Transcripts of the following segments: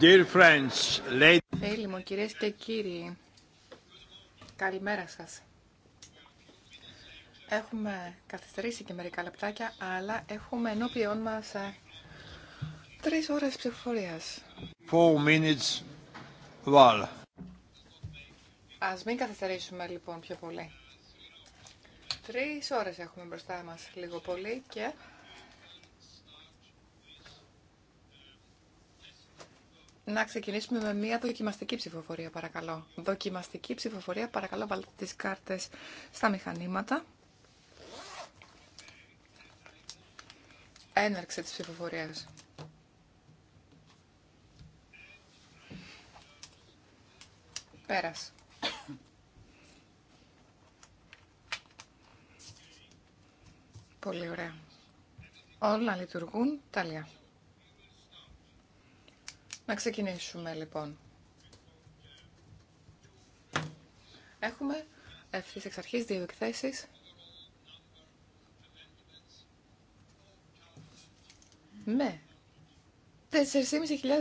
Φίλοι μου, κυρίες και κύριοι, καλημέρα σας. Έχουμε καθυστερήσει και μερικά λεπτάκια, αλλά έχουμε ενώπιόν μας ε, τρεις ώρες ψηφοφορίας. Four minutes Ας μην καθυστερήσουμε λοιπόν πιο πολύ. Τρεις ώρες έχουμε μπροστά μας λίγο πολύ και να ξεκινήσουμε με μία δοκιμαστική ψηφοφορία, παρακαλώ. Δοκιμαστική ψηφοφορία, παρακαλώ, βάλτε τις κάρτες στα μηχανήματα. Έναρξη της ψηφοφορίας. Πέρας. Πολύ ωραία. Όλα λειτουργούν τέλεια. Να ξεκινήσουμε λοιπόν. Έχουμε ευθύς εξ αρχής δύο εκθέσεις. Με 4.500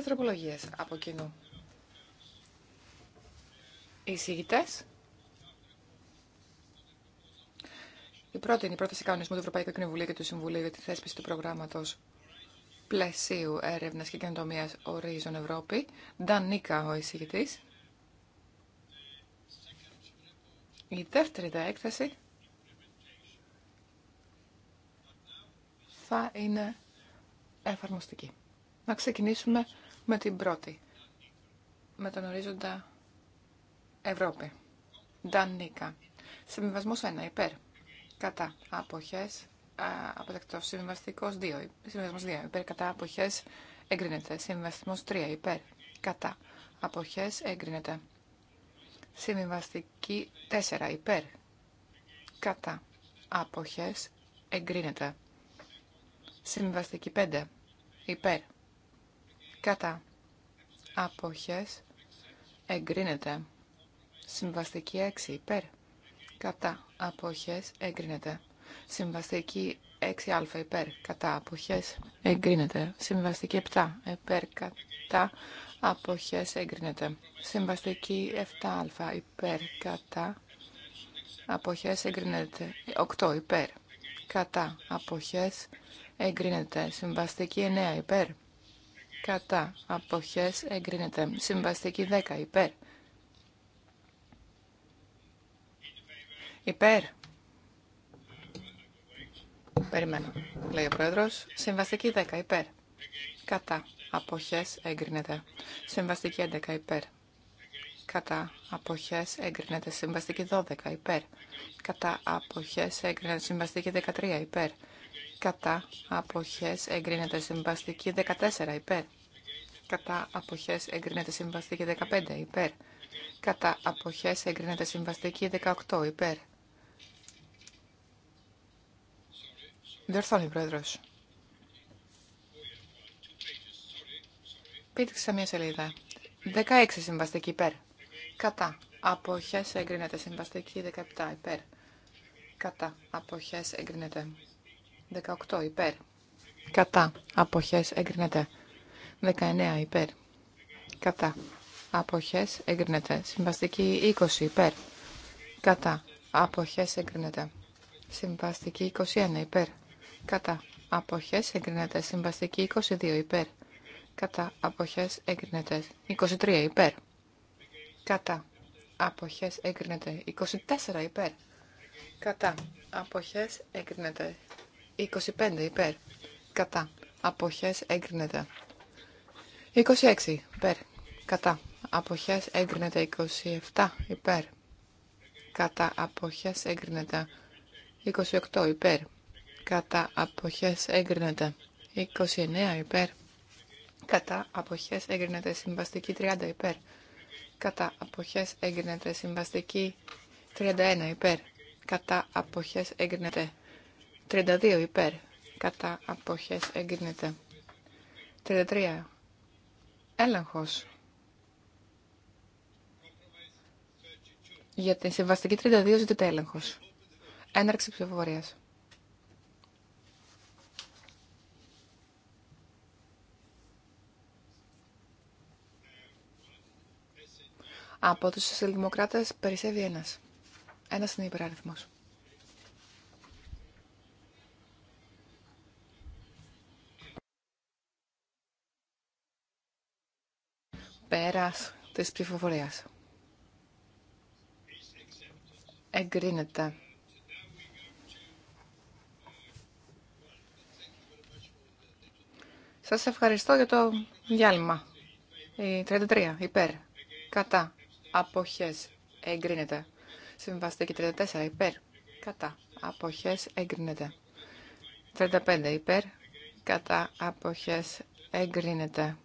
τροπολογίες από κοινού. Οι εισηγητές. Η πρώτη είναι η πρόταση κανονισμού του Ευρωπαϊκού Κοινοβουλίου και του Συμβουλίου για τη θέσπιση του προγράμματος πλαισίου έρευνα και καινοτομία Ορίζον Ευρώπη. Νταν Νίκα, ο εισηγητή. Η δεύτερη τα έκθεση θα είναι εφαρμοστική. Να ξεκινήσουμε με την πρώτη, με τον ορίζοντα Ευρώπη. Νταν Νίκα. Συμβιβασμός 1. Υπέρ. Κατά. Αποχές αποδεκτό. Συμβαστικό 2. Συμβασμό 2. Υπέρ κατά αποχέ εγκρίνεται. Συμβασμό 3. Υπέρ κατά αποχέ εγκρίνεται. Συμβαστική 4. Υπέρ κατά αποχέ εγκρίνεται. Συμβαστική 5. Υπέρ κατά αποχέ εγκρίνεται. Συμβαστική 6. Υπέρ κατά αποχέ εγκρίνεται. Συμβαστική 6α υπέρ κατά αποχές εγκρίνεται. Συμβαστική 7 υπέρ κατά αποχές εγκρίνεται. Συμβαστική 7α υπέρ κατά αποχές εγκρίνεται. 8 υπέρ κατά αποχές εγκρίνεται. Συμβαστική 9 υπέρ κατά αποχές εγκρίνεται. Συμβαστική 10 υπέρ. Υπέρ περιμένω, λέει ο πρόεδρο. Συμβαστική 10 υπέρ. Κατά. Αποχές εγκρίνεται. Συμβαστική 11 υπέρ. Κατά. Αποχές εγκρίνεται. Συμβαστική 12 υπέρ. Κατά. Αποχές εγκρίνεται. Συμβαστική 13 υπέρ. Κατά. Αποχές εγκρίνεται. Συμβαστική 14 υπέρ. Κατά. Αποχές εγκρίνεται. Συμβαστική 15 υπέρ. Κατά. Αποχέ εγκρίνεται. Συμβαστική 18 υπέρ Διορθώνει ο πρόεδρο. Πήδηξα μία σελίδα. 16 συμβαστική υπέρ. Κατά. Αποχέ εγκρίνεται. Συμβαστική 17 υπέρ. Κατά. Αποχές εγκρίνεται. 18 υπέρ. Κατά. Αποχές εγκρίνεται. 19 υπέρ. Κατά. Αποχέ εγκρίνεται. Συμβαστική 20 υπέρ. Κατά. Αποχέ εγκρίνεται. Συμβαστική 21 υπέρ. Κατά αποχές εγκρίνεται. Συμβαστική 22 υπέρ. Κατά αποχές εγκρίνεται. 23 υπέρ. Κατά αποχές εγκρίνεται. 24 υπέρ. Κατά αποχές εγκρίνεται. 25 υπέρ. Κατά αποχές εγκρίνεται. 26 υπέρ. Κατά αποχές εγκρίνεται. 27 υπέρ. Κατά αποχές εγκρίνεται. 28 υπέρ κατά αποχές έγκρινεται. 29 υπέρ, κατά αποχές έγκρινεται. Συμβαστική 30 υπέρ, κατά αποχές έγκρινεται. Συμβαστική 31 υπέρ, κατά αποχές έγκρινεται. 32 υπέρ, κατά αποχές έγκρινεται. 33. Έλεγχος. Για την συμβαστική 32 ζητείται έλεγχος. Έναρξη ψηφοφορίας. Από τους σοσιαλδημοκράτες περισσεύει ένας. Ένας είναι υπεράριθμος. Πέρας της ψηφοφορίας. Εγκρίνεται. Σας ευχαριστώ για το διάλειμμα. Η 33, υπέρ. Κατά αποχές εγκρίνεται. Συμβαστική 34 υπέρ, κατά αποχές εγκρίνεται. 35 υπέρ, κατά αποχές εγκρίνεται.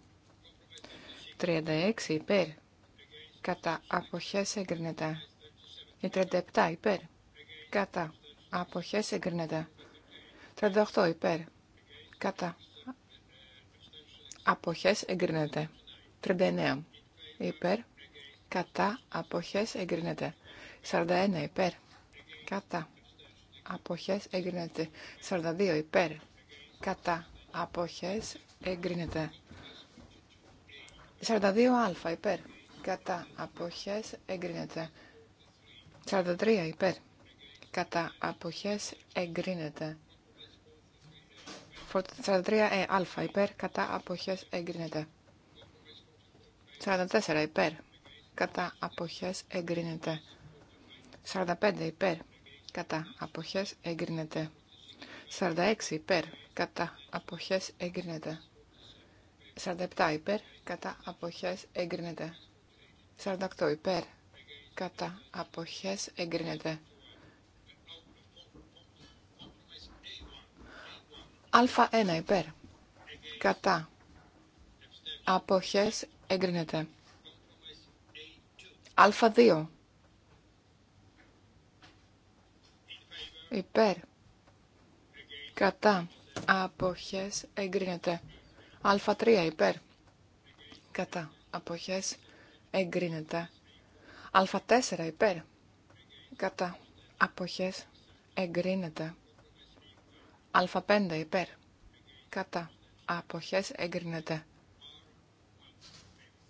36 υπέρ, κατά αποχές εγκρίνεται. 37 υπέρ, κατά αποχές εγκρίνεται. 38 υπέρ, κατά αποχές εγκρίνεται. 39 υπέρ, κατά αποχές εγκρίνεται. 41 υπέρ κατά αποχές εγκρίνεται. 42 υπέρ κατά αποχές εγκρίνεται. 42α υπέρ κατά αποχές εγκρίνεται. 43 υπέρ κατά αποχές εγκρίνεται. 43 ε, α υπέρ κατά αποχές εγκρίνεται. 44 υπέρ κατά αποχές εγκρίνεται. 45 υπέρ κατά αποχές εγκρίνεται. 46 υπέρ κατά αποχές εγκρίνεται. 47 υπέρ κατά αποχές εγκρίνεται. 48 υπέρ κατά αποχές εγκρίνεται. Α1 υπέρ κατά αποχές εγκρίνεται. Α2. Υπέρ. Κατά. Αποχές εγκρίνεται. Α3 υπέρ. Κατά. Αποχές εγκρίνεται. Α4 υπέρ. Κατά. Αποχές εγκρίνεται. Α5 υπέρ. Κατά. Αποχές εγκρίνεται.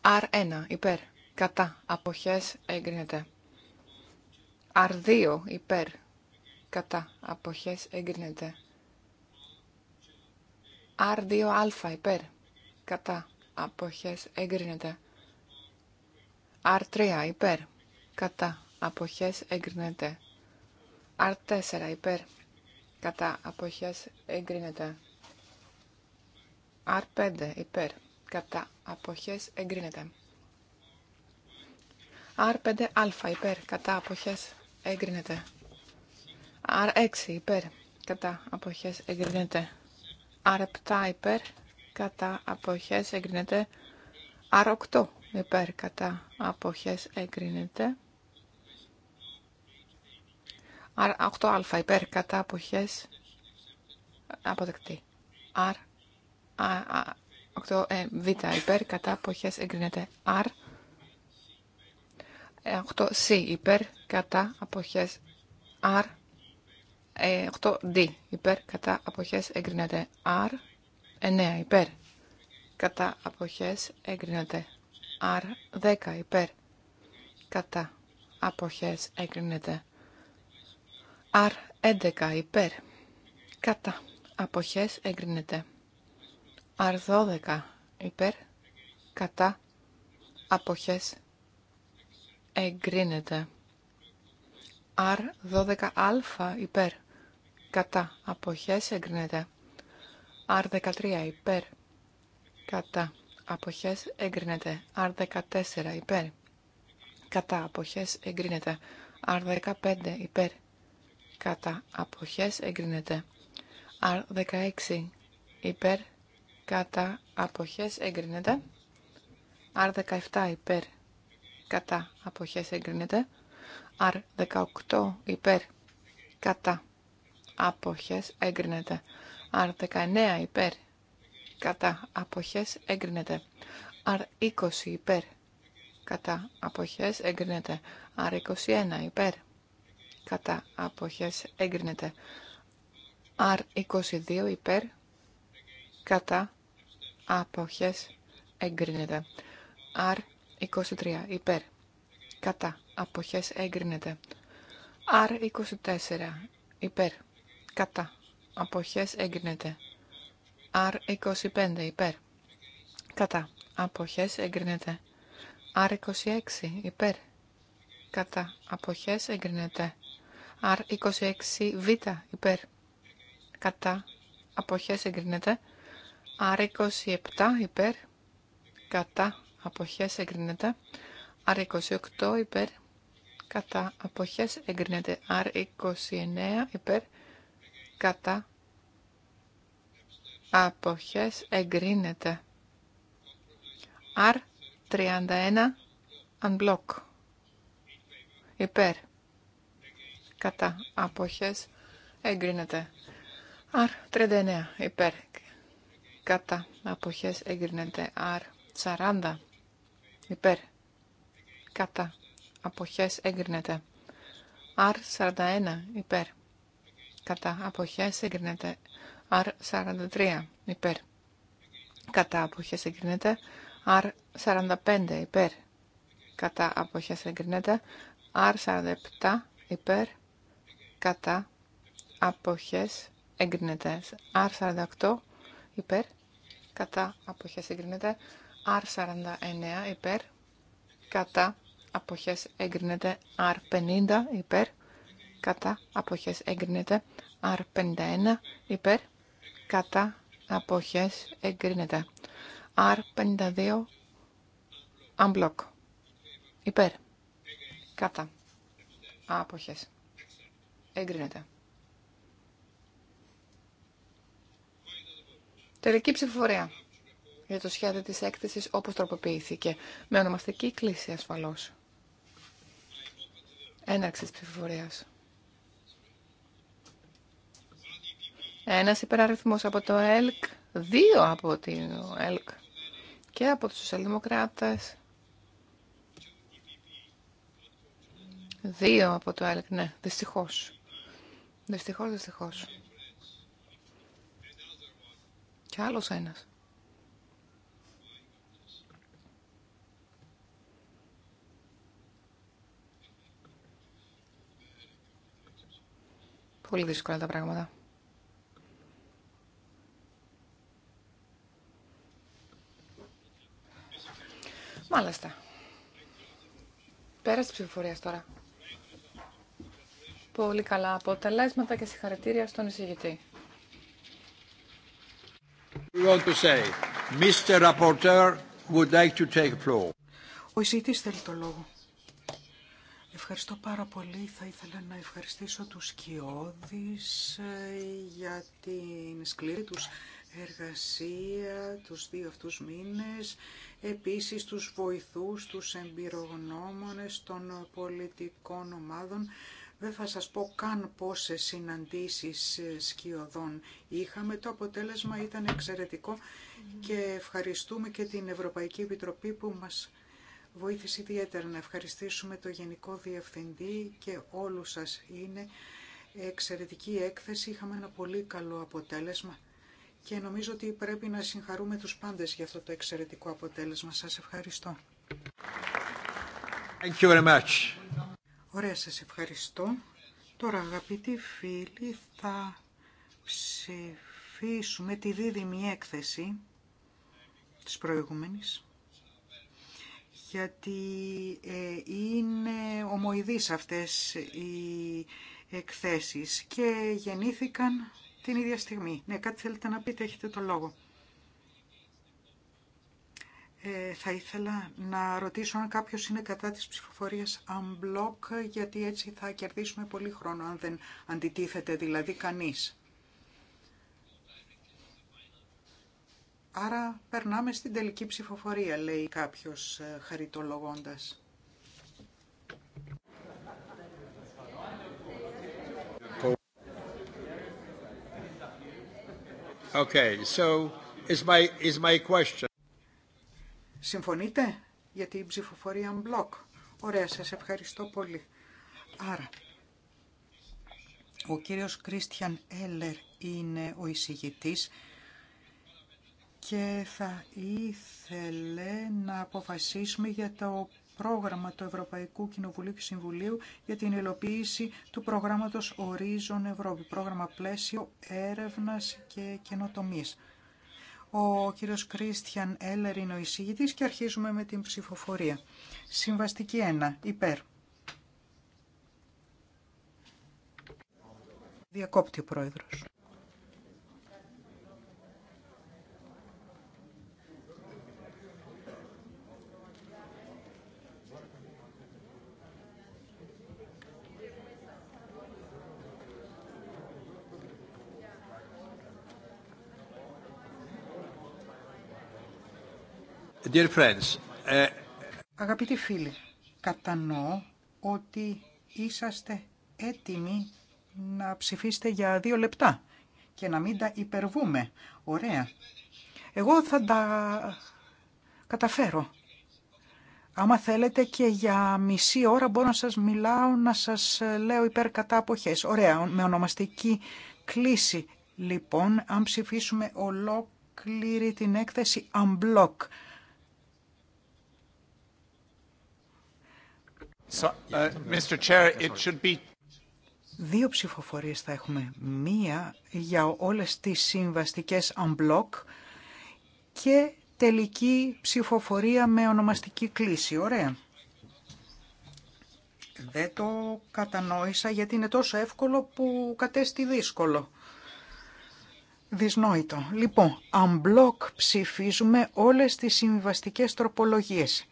R1 υπέρ κατά αποχές έγκρινε. Αρ2 υπέρ κατά αποχές έγκρινε. Αρ2α υπέρ κατά αποχές εγκρίνεται. έγκρινε. υπέρ κατά αποχές εγκρίνεται. έγκρινε. 4 υπέρ κατά αποχές εγκρίνεται. Αρ5 υπέρ κατά αποχές εγκρίνεται. R5α υπέρ κατά αποχές εγκρίνεται. R6 υπέρ κατά αποχές εγκρίνεται. R7 υπέρ κατά αποχές εγκρίνεται. R8 υπέρ κατά αποχές εγκρίνεται. R8α υπέρ κατά αποχές αποδεκτή. R8β ε, υπέρ κατά αποχές εγκρίνεται. R 8C ε, υπέρ κατά αποχές R 8D ε, υπέρ κατά αποχές εγκρίνεται R 9 ε, υπέρ κατά αποχές εγκρίνεται R 10 υπέρ κατά αποχές εγκρίνεται R 11 υπέρ κατά αποχές εγκρίνεται R12 υπέρ κατά αποχές εγκρίνεται εγκρίνεται. R12α υπέρ. Κατά. Αποχές εγκρίνεται. R13 υπέρ. Κατά. Αποχές εγκρίνεται. R14 υπέρ. Κατά. Αποχές εγκρίνεται. R15 υπέρ. Κατά. Αποχές εγκρίνεται. R16 υπέρ. Κατά. Αποχές εγκρίνεται. R17 υπέρ κατά αποχές εγκρίνεται. R18 υπέρ κατά αποχές εγκρίνεται. R19 υπέρ κατά αποχές εγκρίνεται. R20 υπέρ κατά αποχές εγκρίνεται. R21 υπέρ κατά αποχές εγκρίνεται. R22 υπέρ κατά αποχές εγκρίνεται. R 23 υπέρ. Κατά. Αποχές Αρ R24 υπέρ. Κατά. Αποχές Αρ R25 υπέρ. Κατά. Αποχές Αρ R26 υπέρ. Κατά. Αποχές Αρ R26 β υπέρ. Κατά. Αποχές Αρ R27 υπέρ. Κατά αποχές εγκρίνεται. R28 υπέρ κατά αποχές εγκρίνεται. R29 υπέρ κατά αποχές εγκρίνεται. R31 unblock υπέρ κατά αποχές εγκρίνεται. R39 υπέρ κατά αποχές εγκρίνεται. R40 υπέρ, κατά, αποχές εγκρίνεται. R41 υπέρ, κατά, αποχές εγκρίνεται. R43 υπέρ, κατά, αποχές εγκρίνεται. R45 υπέρ, κατά, αποχές εγκρίνεται. R47 υπέρ, κατά, αποχές εγκρίνεται. R48 υπέρ, κατά, αποχές εγκρίνεται. R49 υπέρ, κατά αποχές εγκρίνεται R50 υπέρ, κατά αποχές εγκρίνεται R51 υπέρ, κατά αποχές εγκρίνεται R52 unblock υπέρ, κατά αποχές εγκρίνεται. Τελική ψηφοφορία για το σχέδιο της έκθεσης όπως τροποποιήθηκε. Με ονομαστική κλίση ασφαλώς. Έναρξη της ψηφοφορίας. Ένας υπεραριθμός από το ΕΛΚ, δύο από το ΕΛΚ και από τους σοσιαλδημοκράτες. Δύο από το ΕΛΚ, ναι, δυστυχώς. Δυστυχώς, δυστυχώς. Και άλλος ένας. Πολύ δύσκολα τα πράγματα. Μάλιστα. τη ψηφοφορία τώρα. Πολύ καλά αποτελέσματα και συγχαρητήρια στον εισηγητή. Ο εισηγητής θέλει το λόγο. Ευχαριστώ πάρα πολύ. Θα ήθελα να ευχαριστήσω τους Κιώδης ε, για την σκληρή τους εργασία τους δύο αυτούς μήνες, επίσης τους βοηθούς, τους εμπειρογνώμονες των πολιτικών ομάδων. Δεν θα σας πω καν πόσες συναντήσεις ε, σκιωδών είχαμε. Το αποτέλεσμα ήταν εξαιρετικό και ευχαριστούμε και την Ευρωπαϊκή Επιτροπή που μας βοήθησε ιδιαίτερα να ευχαριστήσουμε το Γενικό Διευθυντή και όλους σας. Είναι εξαιρετική έκθεση, είχαμε ένα πολύ καλό αποτέλεσμα και νομίζω ότι πρέπει να συγχαρούμε τους πάντες για αυτό το εξαιρετικό αποτέλεσμα. Σας ευχαριστώ. Thank you very much. Ωραία, σας ευχαριστώ. Τώρα αγαπητοί φίλοι θα ψηφίσουμε τη δίδυμη έκθεση της προηγούμενης γιατί ε, είναι ομοειδείς αυτές οι εκθέσεις και γεννήθηκαν την ίδια στιγμή. Ναι, κάτι θέλετε να πείτε, έχετε το λόγο. Ε, θα ήθελα να ρωτήσω αν κάποιος είναι κατά της ψηφοφορίας unblock, γιατί έτσι θα κερδίσουμε πολύ χρόνο, αν δεν αντιτίθεται δηλαδή κανείς. Άρα περνάμε στην τελική ψηφοφορία, λέει κάποιος ε, χαριτολογώντας. Okay, so is my, is my question. Συμφωνείτε για την ψηφοφορία μπλοκ. Ωραία, σας ευχαριστώ πολύ. Άρα, ο κύριος Κρίστιαν Έλλερ είναι ο εισηγητής και θα ήθελε να αποφασίσουμε για το πρόγραμμα του Ευρωπαϊκού Κοινοβουλίου και Συμβουλίου για την υλοποίηση του προγράμματος Ορίζων Ευρώπη, πρόγραμμα πλαίσιο έρευνας και καινοτομίας. Ο κύριος Κρίστιαν Έλερ είναι ο εισηγητής και αρχίζουμε με την ψηφοφορία. Συμβαστική 1. Υπέρ. Διακόπτει ο Πρόεδρος. Ε, Αγαπητοί φίλοι, κατανοώ ότι είσαστε έτοιμοι να ψηφίσετε για δύο λεπτά και να μην τα υπερβούμε. Ωραία. Εγώ θα τα καταφέρω. Άμα θέλετε και για μισή ώρα μπορώ να σας μιλάω, να σας λέω υπέρ κατά Ωραία, με ονομαστική κλίση. Λοιπόν, αν ψηφίσουμε ολόκληρη την έκθεση unblock, Uh, Δύο ψηφοφορίες θα έχουμε. Μία για όλες τις συμβαστικές unblock και τελική ψηφοφορία με ονομαστική κλίση. Ωραία. Δεν το κατανόησα γιατί είναι τόσο εύκολο που κατέστη δύσκολο. Δυσνόητο. Λοιπόν, unblock ψηφίζουμε όλες τις συμβαστικές τροπολογίες.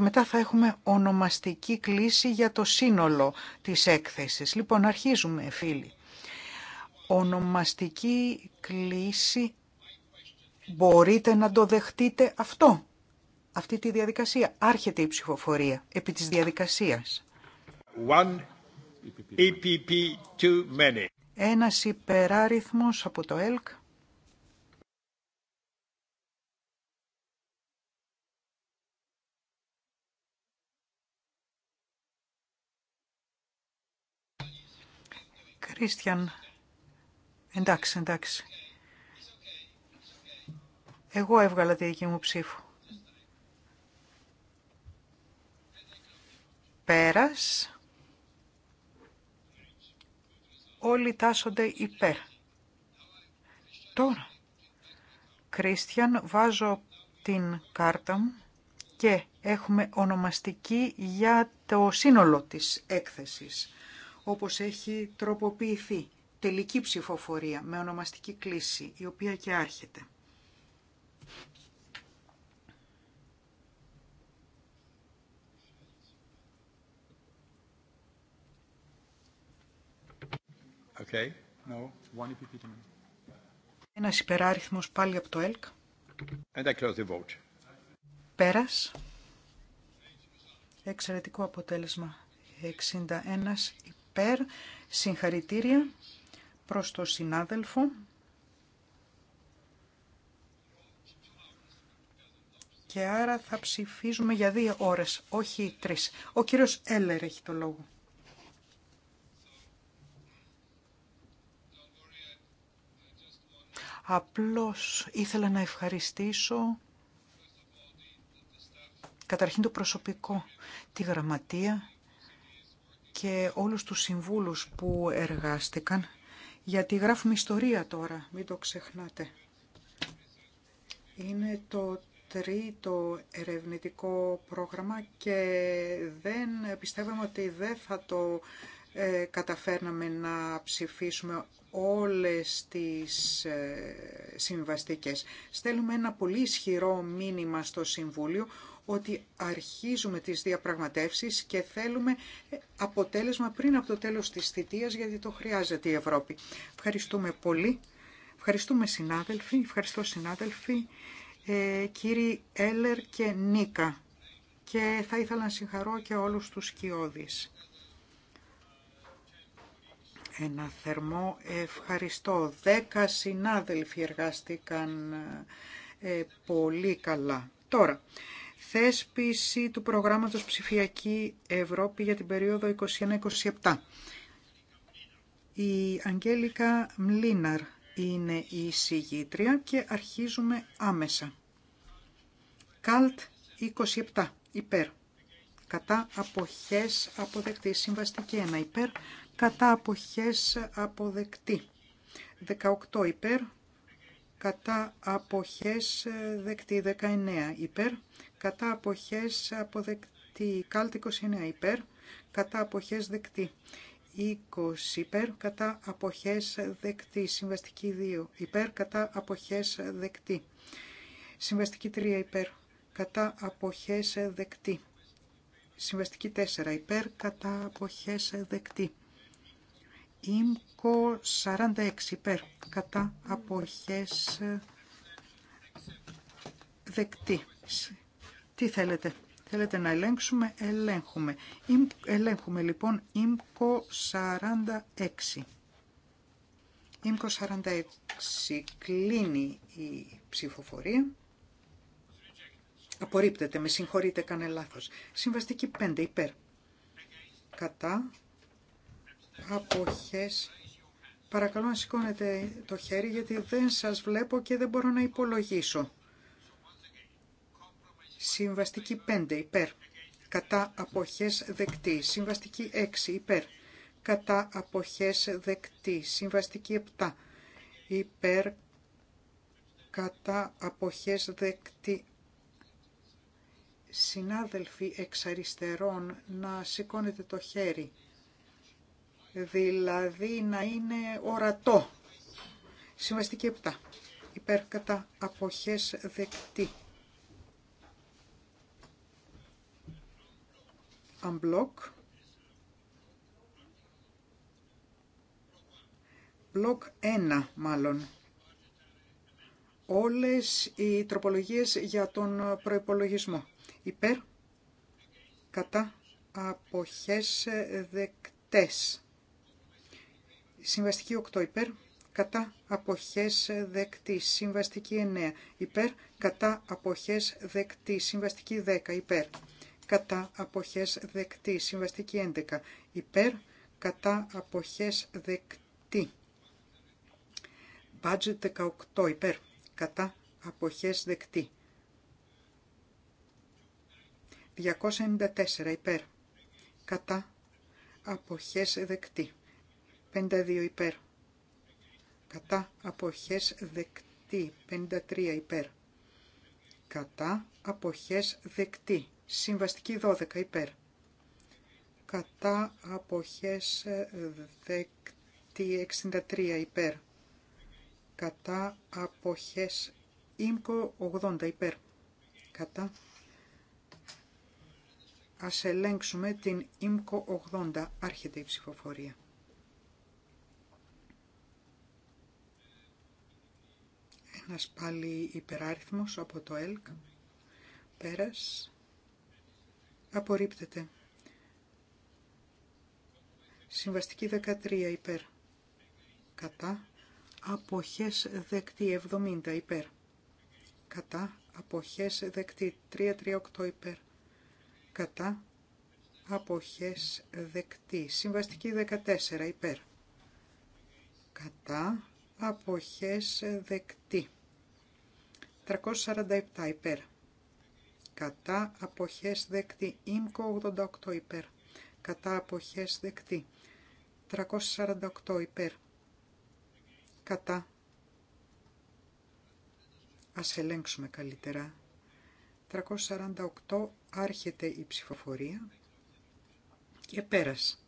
και μετά θα έχουμε ονομαστική κλίση για το σύνολο της έκθεσης. Λοιπόν, αρχίζουμε φίλοι. Ονομαστική κλίση, μπορείτε να το δεχτείτε αυτό, αυτή τη διαδικασία. Άρχεται η ψηφοφορία επί της διαδικασίας. One EPP too many. Ένας υπεράριθμος από το ΕΛΚ. Κρίστιαν, εντάξει, εντάξει. Εγώ έβγαλα τη δική μου ψήφο. Πέρας. Όλοι τάσσονται υπέρ. Τώρα, Κρίστιαν, βάζω την κάρτα μου και έχουμε ονομαστική για το σύνολο της έκθεσης όπως έχει τροποποιηθεί. Τελική ψηφοφορία με ονομαστική κλίση, η οποία και άρχεται. Okay. No. Ένας υπεράριθμος πάλι από το ΕΛΚ. And close the Πέρας. Εξαιρετικό αποτέλεσμα. 61 Συγχαρητήρια προς το συνάδελφο. Και άρα θα ψηφίζουμε για δύο ώρες, όχι τρεις. Ο κύριος Έλερ έχει το λόγο. Απλώς ήθελα να ευχαριστήσω καταρχήν το προσωπικό, τη γραμματεία, και όλους τους συμβούλους που εργάστηκαν, γιατί γράφουμε ιστορία τώρα, μην το ξεχνάτε. Είναι το τρίτο ερευνητικό πρόγραμμα και δεν πιστεύουμε ότι δεν θα το ε, καταφέρναμε να ψηφίσουμε όλες τις ε, συμβαστικές. Στέλνουμε ένα πολύ ισχυρό μήνυμα στο Συμβούλιο ότι αρχίζουμε τις διαπραγματεύσεις και θέλουμε αποτέλεσμα πριν από το τέλος της θητείας γιατί το χρειάζεται η Ευρώπη. Ευχαριστούμε πολύ. Ευχαριστούμε συνάδελφοι. Ευχαριστώ συνάδελφοι. Ε, κύριοι Έλερ και Νίκα. Και θα ήθελα να συγχαρώ και όλους τους σκιώδεις. Ένα θερμό ευχαριστώ. Δέκα συνάδελφοι εργάστηκαν ε, πολύ καλά. Τώρα, θέσπιση του προγράμματος Ψηφιακή Ευρώπη για την περίοδο 21-27. Η Αγγέλικα Μλίναρ είναι η συγγήτρια και αρχίζουμε άμεσα. Καλτ 27 υπέρ. Κατά αποχές αποδεκτή. Συμβαστική 1 υπέρ. Κατά αποχές αποδεκτή. 18 υπέρ. Κατά αποχές δεκτή. 19 υπέρ κατά αποχές αποδεκτή. Κάλτ 29 υπέρ, κατά αποχές δεκτή. 20 υπέρ, κατά αποχές δεκτή. Συμβαστική 2 υπέρ, κατά αποχές δεκτή. Συμβαστική 3 υπέρ, κατά αποχές δεκτή. Συμβαστική 4 υπέρ, κατά αποχές δεκτή. Ήμκο 46 υπέρ, κατά αποχές δεκτή. Τι θέλετε. Θέλετε να ελέγξουμε. Ελέγχουμε. Ελέγχουμε λοιπόν ΙΜΚΟ 46. ΙΜΚΟ 46. Κλείνει η ψηφοφορία. Απορρίπτεται. Με συγχωρείτε. Κάνε λάθος. Συμβαστική 5. Υπέρ. Κατά. Αποχές. Παρακαλώ να σηκώνετε το χέρι γιατί δεν σας βλέπω και δεν μπορώ να υπολογίσω. Συμβαστική 5 υπέρ. Κατά αποχές δεκτή. Συμβαστική 6 υπέρ. Κατά αποχές δεκτή. Συμβαστική 7 υπέρ. Κατά αποχές δεκτή. Συνάδελφοι εξ αριστερών να σηκώνετε το χέρι. Δηλαδή να είναι ορατό. Συμβαστική 7. Υπέρ κατά αποχές δεκτή. unblock. Μπλοκ 1 μάλλον. Όλες οι τροπολογίες για τον προϋπολογισμό. Υπέρ, κατά, αποχές δεκτές. Συμβαστική 8 υπέρ, κατά αποχές δεκτή. Συμβαστική 9 υπέρ, κατά αποχές δεκτή. Συμβαστική 10 υπέρ, κατά αποχές δεκτή. Συμβαστική 11 υπέρ κατά αποχές δεκτή. Budget 18 υπέρ κατά αποχές δεκτή. 294 υπέρ κατά αποχές δεκτή. 52 υπέρ κατά αποχές δεκτή. 53 υπέρ κατά αποχές δεκτή. Συμβαστική 12 υπέρ. Κατά αποχές ε, δεκτή 63 υπέρ. Κατά αποχές ΙΜΚΟ 80 υπέρ. Κατά. Ας ελέγξουμε την ΙΜΚΟ 80. Άρχεται η ψηφοφορία. Ένας πάλι υπεράριθμος από το ΕΛΚ. Πέρας. Απορρίπτεται. Συμβαστική 13 υπέρ. Κατά. Αποχές δεκτή 70 υπέρ. Κατά. Αποχές δεκτή 338 υπέρ. Κατά. Αποχές δεκτή. Συμβαστική 14 υπέρ. Κατά. Αποχές δεκτή. 347 υπέρ κατά αποχές δεκτή. Ίμκο 88 υπέρ, κατά αποχές δεκτή. 348 υπέρ, κατά. Ας ελέγξουμε καλύτερα. 348 άρχεται η ψηφοφορία και πέρας.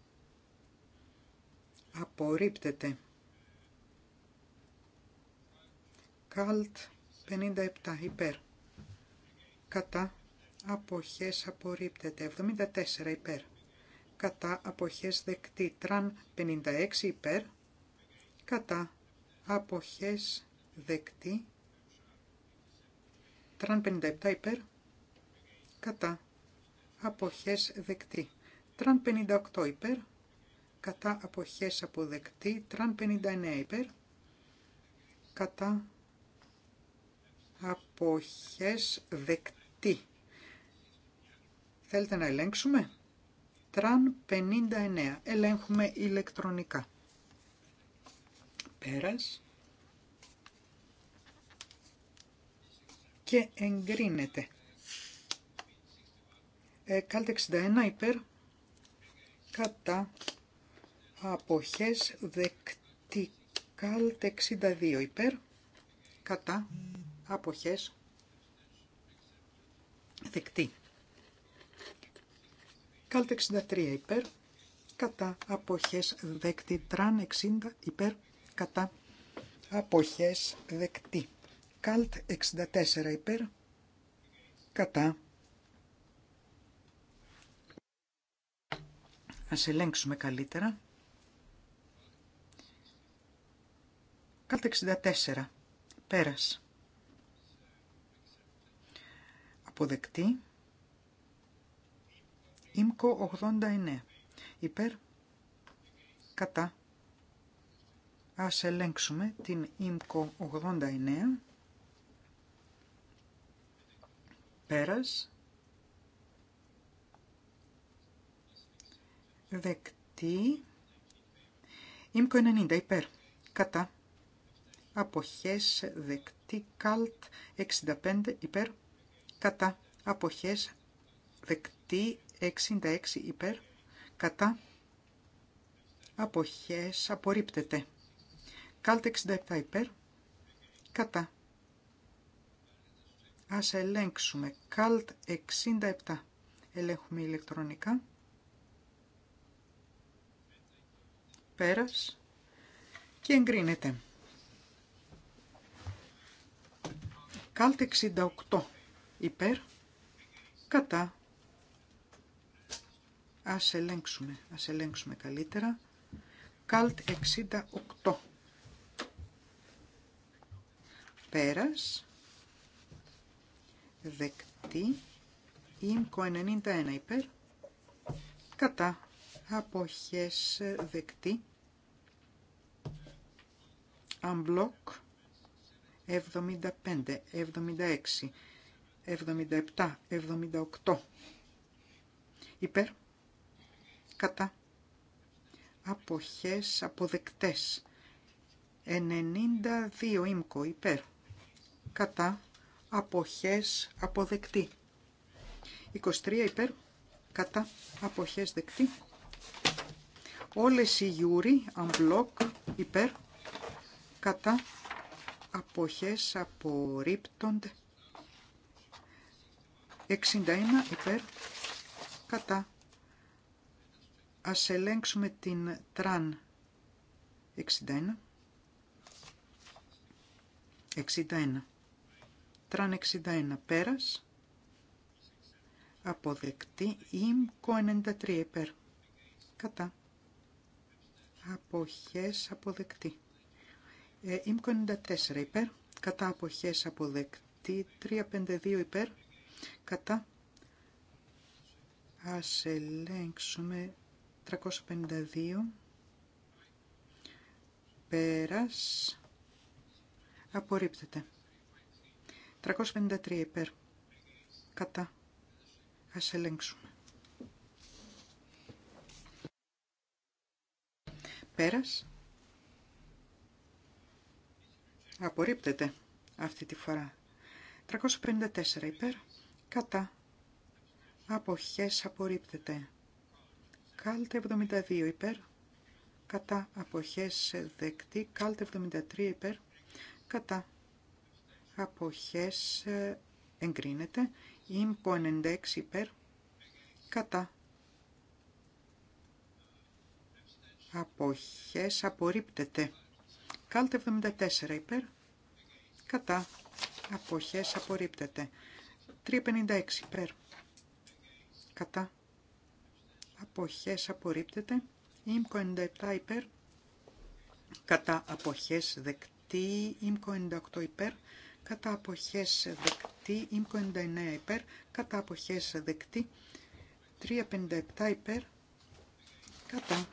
Απορρίπτεται. Καλτ 57 υπέρ. Κατά αποχές απορρίπτεται 74 υπέρ. Κατά αποχές δεκτή τραν 56 υπέρ. Κατά αποχές δεκτή τραν 57 υπέρ. Κατά αποχές δεκτή τραν 58 υπέρ. Κατά αποχές αποδεκτή τραν 59 υπέρ. Κατά αποχές δεκτή Θέλετε να ελέγξουμε. Τραν 59. Ελέγχουμε ηλεκτρονικά. Πέρας. Και εγκρίνεται. Ε, κάλτε 61 υπέρ. Κατά. Αποχές δεκτή. Κάλτε 62 υπέρ. Κατά. Αποχές δεκτή. Κάλτε 63 υπέρ, κατά αποχές δεκτή. Τραν 60 υπέρ, κατά αποχές δεκτή. Καλτ 64 υπέρ, κατά. Ας ελέγξουμε καλύτερα. Καλτ 64, πέρας. Αποδεκτή. Ήμκο 89. Υπέρ. Κατά. Ας ελέγξουμε την Ήμκο 89. Πέρας. Δεκτή. Ήμκο 90. Υπέρ. Κατά. Αποχές δεκτή. Καλτ 65. Υπέρ. Κατά. Αποχές δεκτή 66 υπέρ κατά αποχές απορρίπτεται. Κάλτε 67 υπέρ κατά. Ας ελέγξουμε. Καλτ 67. Ελέγχουμε ηλεκτρονικά. Πέρας. Και εγκρίνεται. Καλτ 68. Υπέρ. Κατά. Ας ελέγξουμε, ας ελέγξουμε καλύτερα. Καλτ 68. Πέρας. Δεκτή. Ήμκο 91 υπέρ. Κατά. Αποχές δεκτή. Αμπλοκ 75, 76, 77, 78. Υπέρ κατά αποχές αποδεκτές 92 ΙΜΚΟ υπέρ κατά αποχές αποδεκτή 23 υπέρ κατά αποχές δεκτή όλες οι γιούρι αμπλοκ υπέρ κατά αποχές απορρίπτονται 61 υπέρ κατά Ας ελέγξουμε την τραν 61. 61. Τραν 61 πέρας. Αποδεκτή ΙΜΚΟ 93 υπέρ. Κατά. Αποχές αποδεκτή. Ε, 94 υπέρ. Κατά αποχές αποδεκτή. 352 υπέρ. Κατά. Ας ελέγξουμε 352 πέρας απορρίπτεται 353 υπέρ κατά ας ελέγξουμε πέρας απορρίπτεται αυτή τη φορά 354 υπέρ κατά αποχές απορρίπτεται Κάλτε 72 υπέρ, κατά αποχές δεκτή. Κάλτε 73 υπέρ, κατά αποχές ε, εγκρίνεται. Ήμκο 96 υπέρ, κατά αποχές απορρίπτεται. Κάλτε 74 υπέρ, κατά αποχές απορρίπτεται. 356 υπέρ, κατά αποχές απορρίπτεται. Ήμκο 97 υπέρ, κατά αποχές δεκτή. Ήμκο 98 υπέρ, κατά αποχές δεκτή. Ήμκο 99 υπέρ, κατά αποχές δεκτή. 357 υπέρ, κατά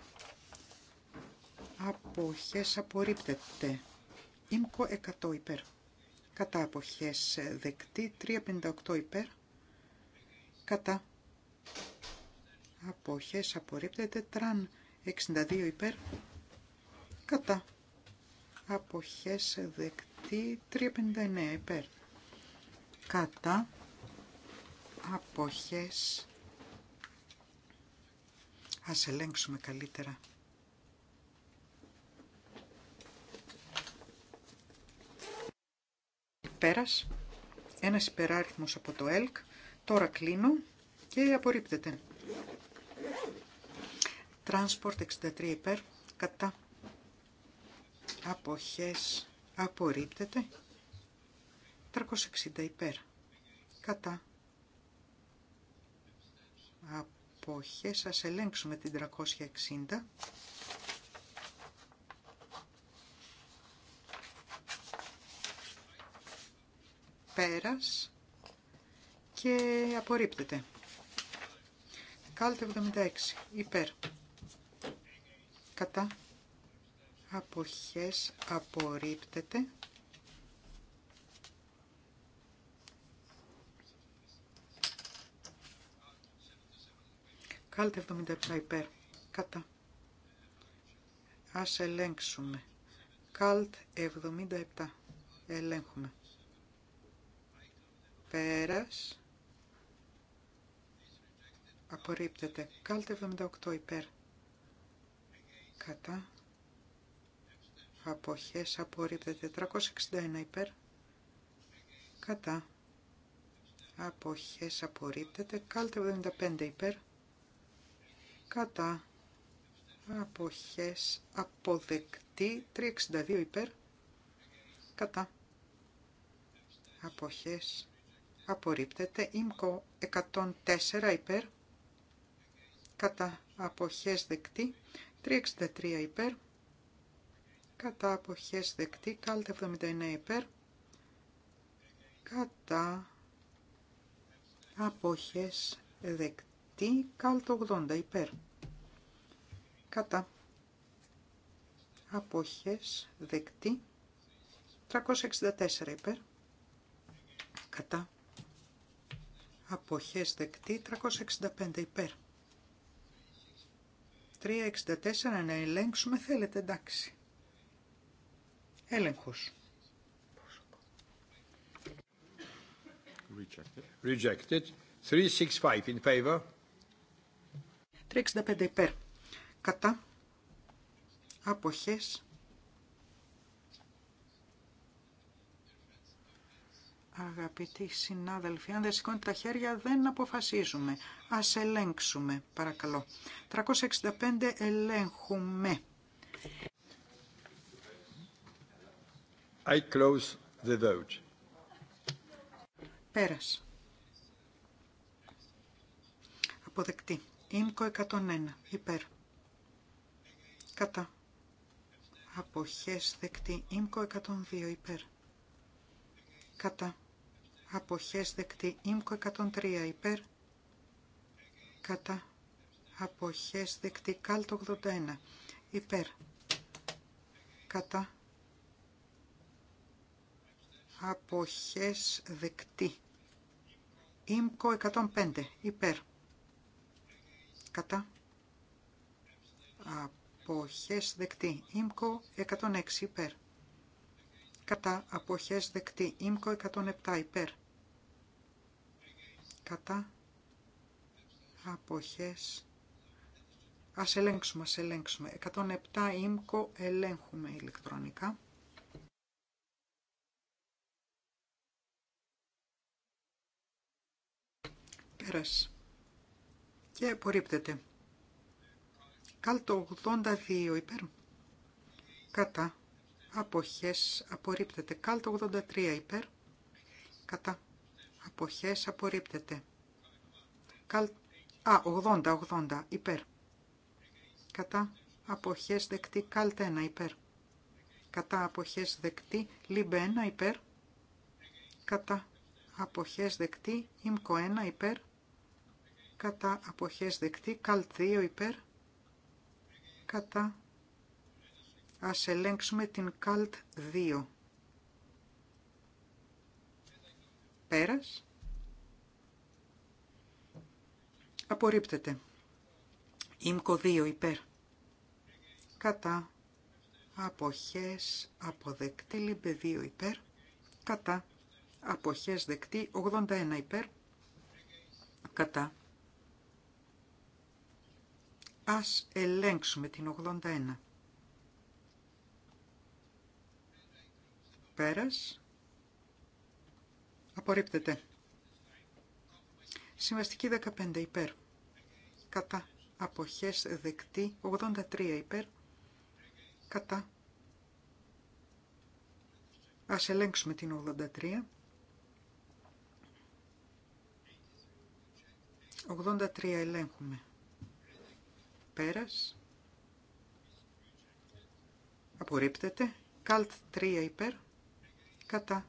αποχές απορρίπτεται. Ήμκο 100 υπέρ. Κατά αποχές δεκτή 358 υπέρ. Κατά αποχές απορρίπτεται τραν 62 υπέρ κατά αποχές δεκτή 359 υπέρ κατά αποχές ας ελέγξουμε καλύτερα πέρας ένας υπεράριθμος από το ΕΛΚ τώρα κλείνω και απορρίπτεται Transport 63 υπέρ κατά αποχές απορρίπτεται 360 υπέρ κατά αποχές ας ελέγξουμε την 360 πέρας και απορρίπτεται. Κάλτε 76 υπέρ κατά αποχές απορρίπτεται. Κάλτε 77 υπέρ, κατά. Ας ελέγξουμε. Καλτ 77. Ελέγχουμε. Πέρας. Απορρίπτεται. Καλτ 78 υπέρ κατά αποχές απορρίπτεται 361 υπέρ κατά αποχές απορρίπτεται κάλτε 75 υπέρ κατά αποχές αποδεκτή 362 υπέρ κατά αποχές απορρίπτεται ΙΜΚΟ 104 υπέρ κατά αποχές δεκτή 363 υπέρ. Κατά αποχές δεκτή. Κάλτε 79 υπέρ. Κατά αποχές δεκτή. Κάλτε 80 υπέρ. Κατά αποχές δεκτή. 364 υπέρ. Κατά αποχές δεκτή. 365 υπέρ. 364 να ελέγξουμε θέλετε εντάξει. Έλεγχος. Rejected. Rejected. 365 in favor. 365 υπέρ. Κατά. Αποχές. Αγαπητοί συνάδελφοι, αν δεν σηκώνετε τα χέρια δεν αποφασίζουμε. Ας ελέγξουμε, παρακαλώ. 365 ελέγχουμε. I close the vote. Πέρας. Αποδεκτή. Ήμκο 101. Υπέρ. Κατά. Αποχές δεκτή. Ήμκο 102. Υπέρ. Κατά αποχές δεκτή. Ήμκο 103 υπέρ, κατά, αποχές δεκτή. Κάλτο 81 υπέρ, κατά, αποχές δεκτή. Ήμκο 105 υπέρ, κατά, αποχές δεκτή. Ήμκο 106 υπέρ κατά αποχές δεκτή. ΙΜΚΟ 107 υπέρ. Κατά αποχές. Ας ελέγξουμε, ας ελέγξουμε. 107 ήμκο ελέγχουμε ηλεκτρονικά. Πέρασε. Και απορρίπτεται. Κάλτο 82 υπέρ. Κατά αποχές απορρίπτεται. Κάλτ 83 υπέρ, κατά, αποχές απορρίπτεται. Καλ... Α, 80, 80 υπέρ, κατά, αποχές δεκτή. Κάλτ 1 υπέρ, κατά, αποχές δεκτή. Λίμπε 1 υπέρ, κατά, αποχές δεκτή. Ήμκο 1 υπέρ, κατά, αποχές δεκτή. Καλτ 2 υπέρ, κατά, Ας ελέγξουμε την Καλτ 2. Πέρας. Απορρίπτεται. ΙΜΚΟ 2 υπέρ. Κατά. Αποχές αποδεκτή. ΛΥΜΠΕ 2 υπέρ. Κατά. Αποχές δεκτή. 81 υπέρ. Κατά. Ας ελέγξουμε την 81. Πέρας. Απορρίπτεται. Συμβαστική 15 υπέρ. Κατά. Αποχές δεκτή 83 υπέρ. Κατά. Ας ελέγξουμε την 83. 83 ελέγχουμε. Πέρας. Απορρίπτεται. Καλτ 3 υπέρ κατά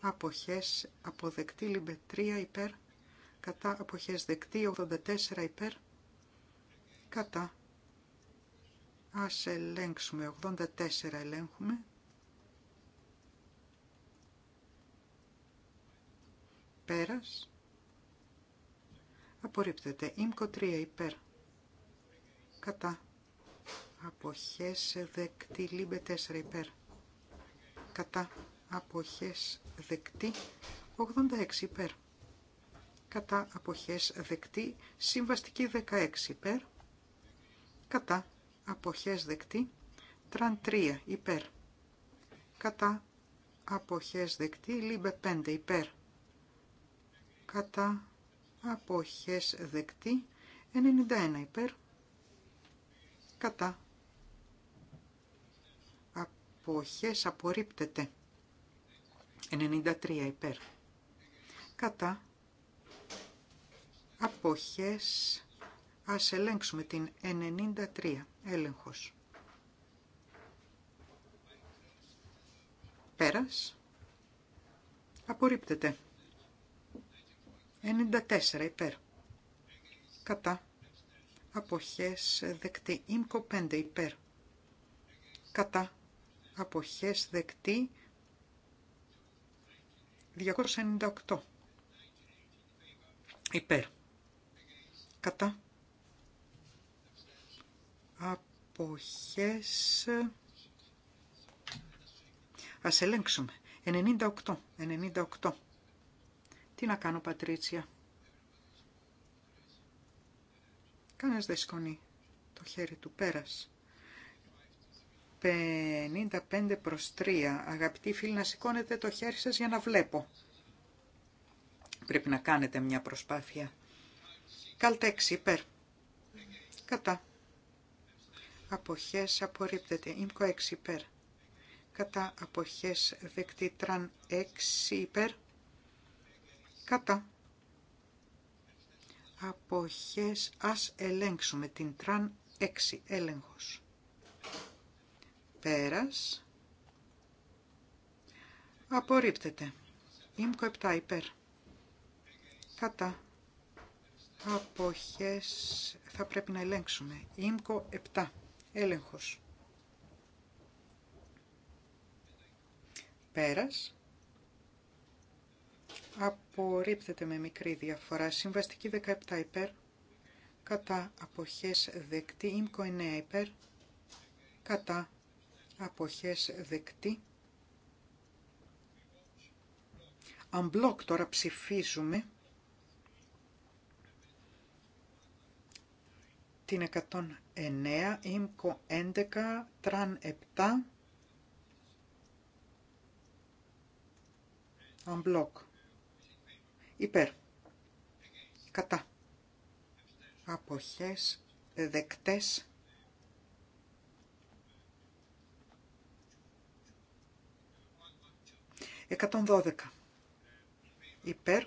αποχές αποδεκτή λίμπε 3 υπέρ, κατά αποχές δεκτή 84 υπέρ, κατά ας ελέγξουμε 84 ελέγχουμε πέρας απορρίπτεται ΙΜΚΟ 3 υπέρ κατά αποχές δεκτή λίμπε 4 υπέρ κατά αποχές δεκτή 86 υπέρ. Κατά αποχές δεκτή συμβαστική 16 υπέρ. Κατά αποχές δεκτή 33 υπέρ. Κατά αποχές δεκτή λίμπε 5 υπέρ. Κατά αποχές δεκτή 91 υπέρ. Κατά αποχές απορρίπτεται 93 υπέρ. Κατά αποχές ας ελέγξουμε την 93 έλεγχος. Πέρας. Απορρίπτεται. 94 υπέρ. Κατά. Αποχές δεκτή. Ήμκο 5 υπέρ. Κατά. Αποχές δεκτή. 298 υπέρ κατά αποχές ας ελέγξουμε 98 98 τι να κάνω Πατρίτσια κανένας δεν σκονεί το χέρι του πέρας 55 προς 3. Αγαπητοί φίλοι, να σηκώνετε το χέρι σας για να βλέπω. Πρέπει να κάνετε μια προσπάθεια. Καλτέξι, υπέρ. Κατά. Αποχές απορρίπτεται. Ήμκο 6 υπέρ. Κατά αποχές δεκτή τραν 6 υπέρ. Κατά. Αποχές ας ελέγξουμε την τραν 6 έλεγχος. Πέρας. Απορρίπτεται. Ήμκο 7 υπέρ. Κατά. Αποχές θα πρέπει να ελέγξουμε. Ήμκο 7. Έλεγχος. Πέρας. Απορρίπτεται με μικρή διαφορά. Συμβαστική 17 υπέρ. Κατά αποχές δεκτή. Ήμκο 9 υπέρ. Κατά αποχές δεκτή. Αμπλόκ τώρα ψηφίζουμε την 109, ΙΜΚΟ 11, ΤΡΑΝ 7, αμπλόκ, υπέρ, κατά, αποχές, δεκτές, 112 υπέρ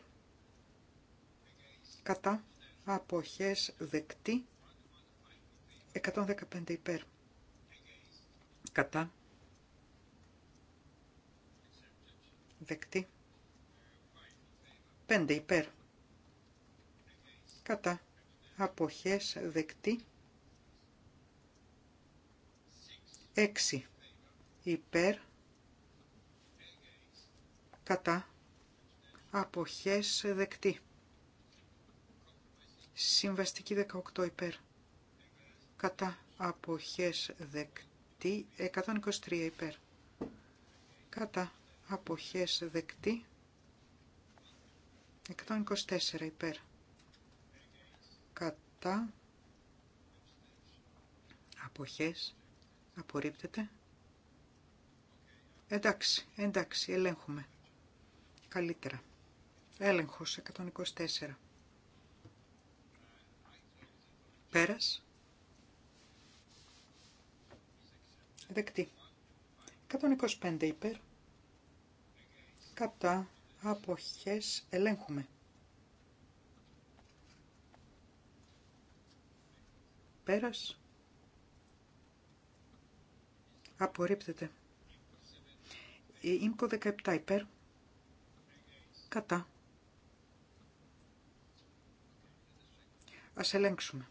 κατά αποχές δεκτή 115 υπέρ κατά δεκτή 5 υπέρ κατά αποχές δεκτή 6 υπέρ κατά αποχές δεκτή. Συμβαστική 18 υπέρ κατά αποχές δεκτή 123 υπέρ κατά αποχές δεκτή 124 υπέρ κατά αποχές απορρίπτεται εντάξει, εντάξει, ελέγχουμε καλύτερα. Έλεγχος 124. Πέρας. Δεκτή. 125 υπέρ. Κατά αποχές ελέγχουμε. Πέρας. Απορρίπτεται. Η ΙΜΚΟ 17 υπέρ. Κατά. Ας ελέγξουμε.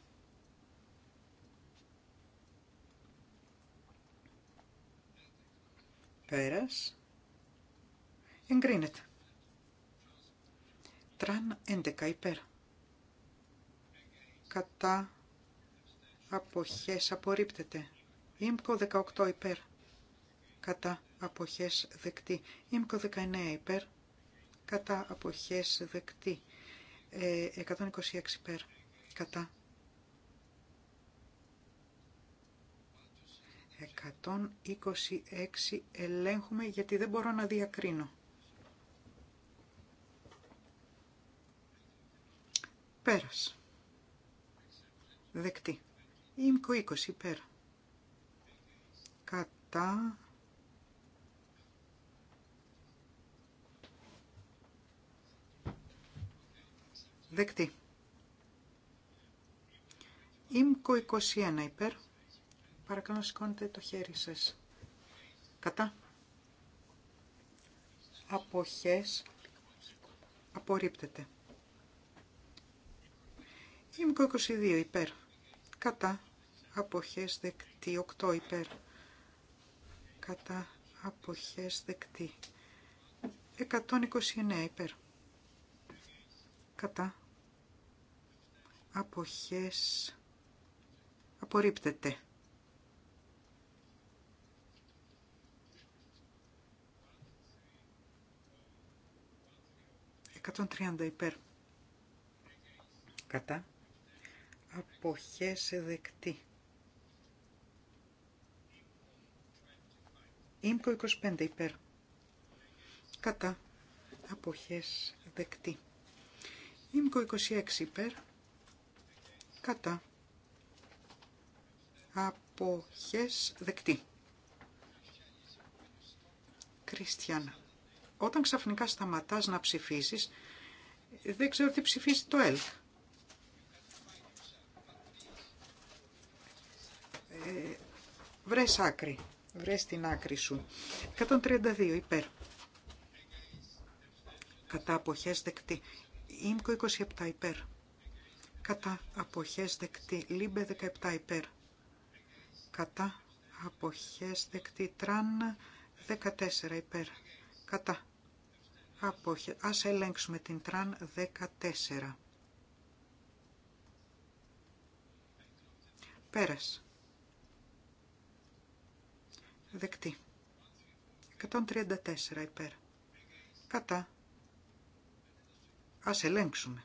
Πέρας. Εγκρίνεται. Τραν 11 υπέρ. Κατά. Αποχές απορρίπτεται. Ήμκο 18 υπέρ. Κατά. Αποχές δεκτή. Ήμκο 19 υπέρ κατά αποχές δεκτή 126 ε, Πέρα. κατά 126 ελέγχουμε γιατί δεν μπορώ να διακρίνω. Πέρας. Δεκτή. Ήμκο 20 πέρα. Κατά Δεκτή. Ήμκο 21 υπέρ. Παρακαλώ σηκώνετε το χέρι σας. Κατά. Αποχές. Απορρίπτεται. Ήμκο 22 υπέρ. Κατά. Αποχές δεκτή. 8 υπέρ. Κατά. Αποχές δεκτή. 129 υπέρ. Κατά αποχές απορρίπτεται. Εκατόν τριάντα υπέρ. Κατά. Αποχές δεκτή. Ήμκο 25 υπέρ. Κατά. Αποχές δεκτή. Ήμκο 26 υπέρ κατά αποχές δεκτή. Κριστιανά, όταν ξαφνικά σταματάς να ψηφίσεις, δεν ξέρω τι ψηφίζει το ΕΛΚ. Ε, βρες άκρη, βρες την άκρη σου. 132 υπέρ. Κατά αποχές δεκτή. Ήμκο 27 υπέρ κατά αποχές δεκτή λίμπε 17 υπέρ κατά αποχές δεκτή τραν 14 υπέρ κατά αποχές ας ελέγξουμε την τραν 14 πέρας δεκτή 134 υπέρ κατά ας ελέγξουμε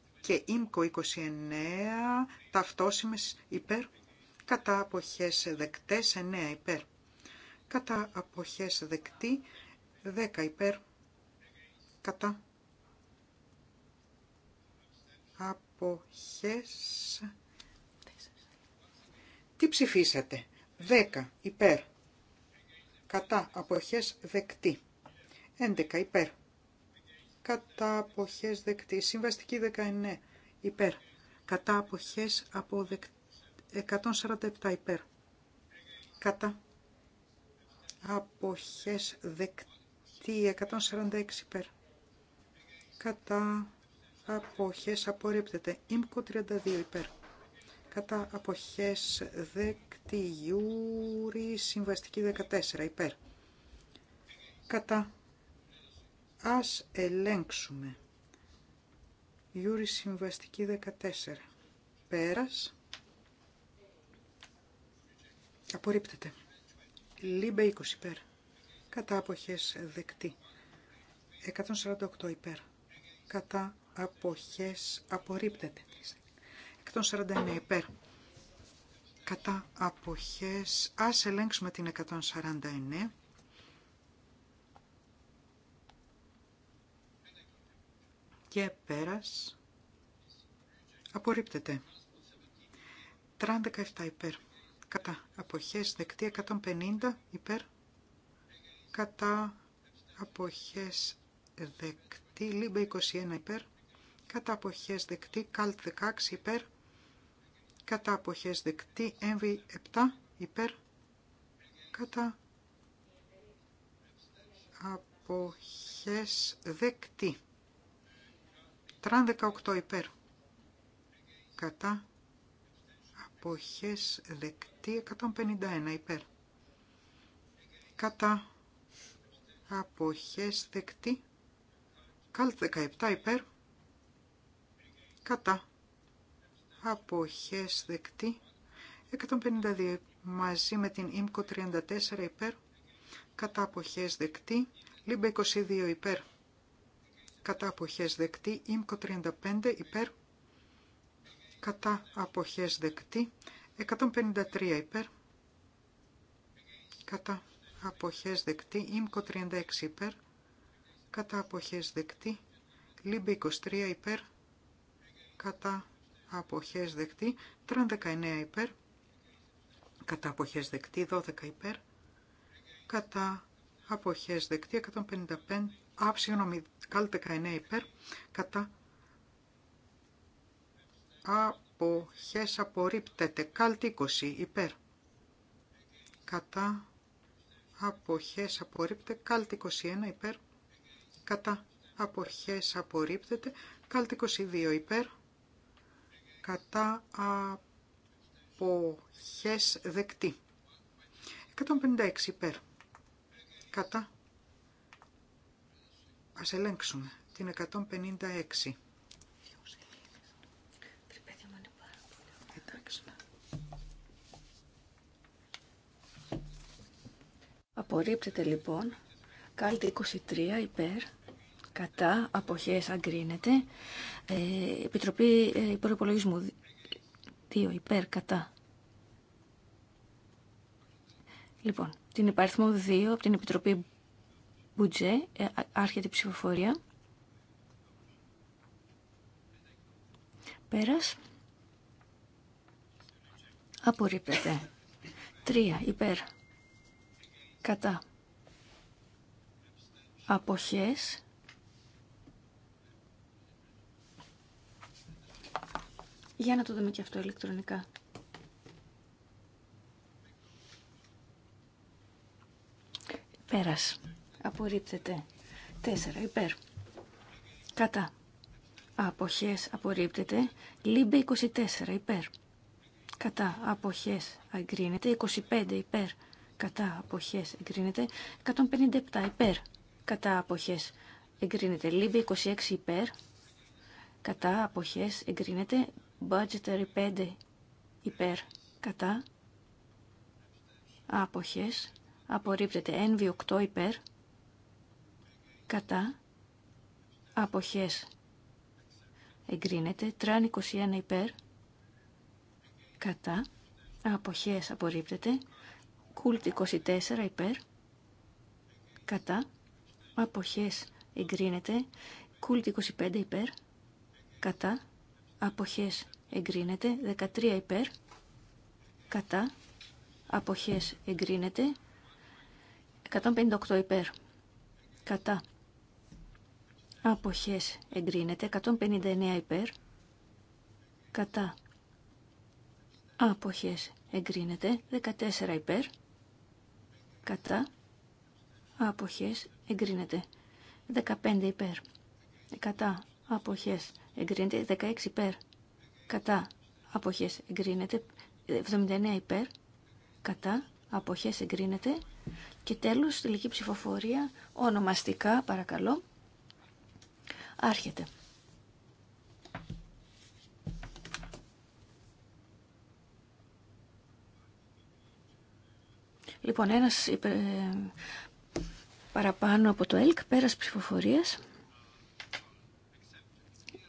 και ΙΜΚΟ 29 ταυτόσιμες υπέρ, κατά αποχές δεκτές 9 υπέρ, κατά αποχές δεκτή 10 υπέρ, κατά αποχές... Τι ψηφίσατε. 10 υπέρ. Κατά αποχές δεκτή. 11 υπέρ κατά αποχές δεκτή. Συμβαστική 19 υπέρ. Κατά αποχές 147 υπέρ. Κατά αποχές δεκτή 146 υπέρ. Κατά αποχές απορρίπτεται. Ήμκο 32 υπέρ. Κατά αποχές δεκτή γιούρι συμβαστική 14 υπέρ. Κατά Ας ελέγξουμε. Γιούρι συμβαστική 14. Πέρας. Απορρίπτεται. Λίμπε 20 υπέρ. Κατά αποχές δεκτή. 148 υπέρ. Κατά αποχές απορρίπτεται. 149 υπέρ. Κατά αποχές. Ας ελέγξουμε την 149. και πέρας απορρίπτεται. Τραν 17 υπέρ. Κατά αποχές δεκτή 150 υπέρ. Κατά αποχές δεκτή λίμπε 21 υπέρ. Κατά αποχές δεκτή καλτ 16 υπέρ. Κατά αποχές δεκτή έμβη 7 υπέρ. Κατά αποχές δεκτή. Τραν 18 υπέρ. Κατά. Αποχές δεκτή 151 υπέρ. Κατά. Αποχές δεκτή. Καλτ 17 υπέρ. Κατά. Αποχές δεκτή. 152 μαζί με την ΙΜΚΟ 34 υπέρ. Κατά αποχές δεκτή. Λίμπε 22 υπέρ κατά αποχές δεκτή, ΙΜΚΟ 35 υπέρ, κατά αποχές δεκτή, 153 υπέρ, κατά αποχές δεκτή, ΙΜΚΟ 36 υπέρ, κατά αποχές δεκτή, ΛΥΜΠΗ 23 υπέρ, κατά αποχές δεκτή, 39 19 υπέρ, κατά αποχές δεκτή, 12 υπέρ, κατά αποχές δεκτή, 155 Α, συγγνώμη, 19 υπέρ, κατά αποχές απορρίπτεται. Καλ 20 υπέρ, κατά αποχές απορρίπτεται. Καλ 21 υπέρ, κατά αποχές απορρίπτεται. Καλ 22 υπέρ, κατά αποχές δεκτή. 156 υπέρ, κατά Ας ελέγξουμε την 156. Απορρίπτεται λοιπόν. Κάλτη 23 υπέρ. Κατά. Αποχές αγκρίνεται. Ε, Επιτροπή ε, Υπολογισμού 2 υπέρ. Κατά. Λοιπόν, την υπαριθμό 2 από την Επιτροπή Μπουτζέ, ε, άρχεται η ψηφοφορία. Πέρας. Απορρίπτεται. Τρία Υπέρ. Κατά. Αποχές. Για να το δούμε και αυτό ηλεκτρονικά. Πέρας απορρίπτεται. 4 υπέρ. Κατά. Αποχές απορρίπτεται. Λίμπε 24 υπέρ. Κατά. Αποχές εγκρίνεται. 25 υπέρ. Κατά. Αποχές εγκρίνεται. 157 υπέρ. Κατά. Αποχές εγκρίνεται. Λίμπε 26 υπέρ. Κατά. Αποχές εγκρίνεται. Budgetary 5 υπέρ. Κατά. Αποχές απορρίπτεται. NV8 υπέρ κατά αποχές εγκρίνεται, τραν 21 υπέρ, κατά, αποχές απορρίπτεται, κουλτ 24 υπέρ, κατά, αποχές εγκρίνεται, κουλτ 25 υπέρ, κατά, αποχές εγκρίνεται, 13 υπέρ, κατά, αποχές εγκρίνεται, 158 υπέρ, κατά, Αποχές εγκρίνεται. 159 υπέρ. Κατά. Αποχές εγκρίνεται. 14 υπέρ. Κατά. Αποχές εγκρίνεται. 15 υπέρ. Κατά. Αποχές εγκρίνεται. 16 υπέρ. Κατά. Αποχές εγκρίνεται. 79 υπέρ. Κατά. Αποχές εγκρίνεται. Και τέλος, τελική ψηφοφορία, ονομαστικά, παρακαλώ. Άρχεται. Λοιπόν, ένας ε, παραπάνω από το ΕΛΚ, πέρας ψηφοφορίας.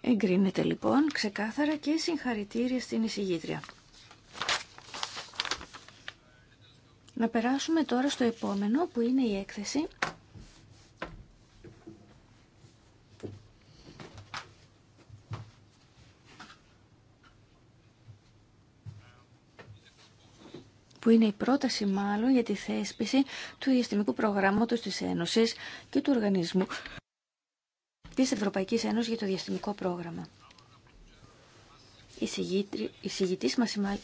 Εγκρίνεται λοιπόν ξεκάθαρα και συγχαρητήρια στην εισηγήτρια. Να περάσουμε τώρα στο επόμενο που είναι η έκθεση που είναι η πρόταση μάλλον για τη θέσπιση του Διαστημικού Προγράμματος της Ένωσης και του Οργανισμού της Ευρωπαϊκής Ένωσης για το Διαστημικό Πρόγραμμα. Η συγητής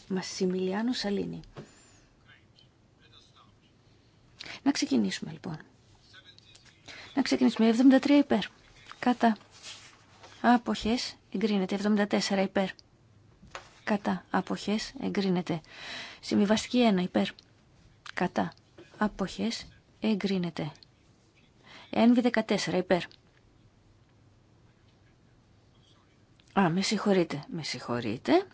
Μασιμιλιάνου Σαλίνη. Να ξεκινήσουμε λοιπόν. Να ξεκινήσουμε. 73 υπέρ. Κατά. Αποχές εγκρίνεται. 74 υπέρ κατά αποχές εγκρίνεται. Συμβιβαστική 1 υπέρ κατά αποχές εγκρίνεται. NV14 υπέρ. Α, με συγχωρείτε, με συγχωρειτε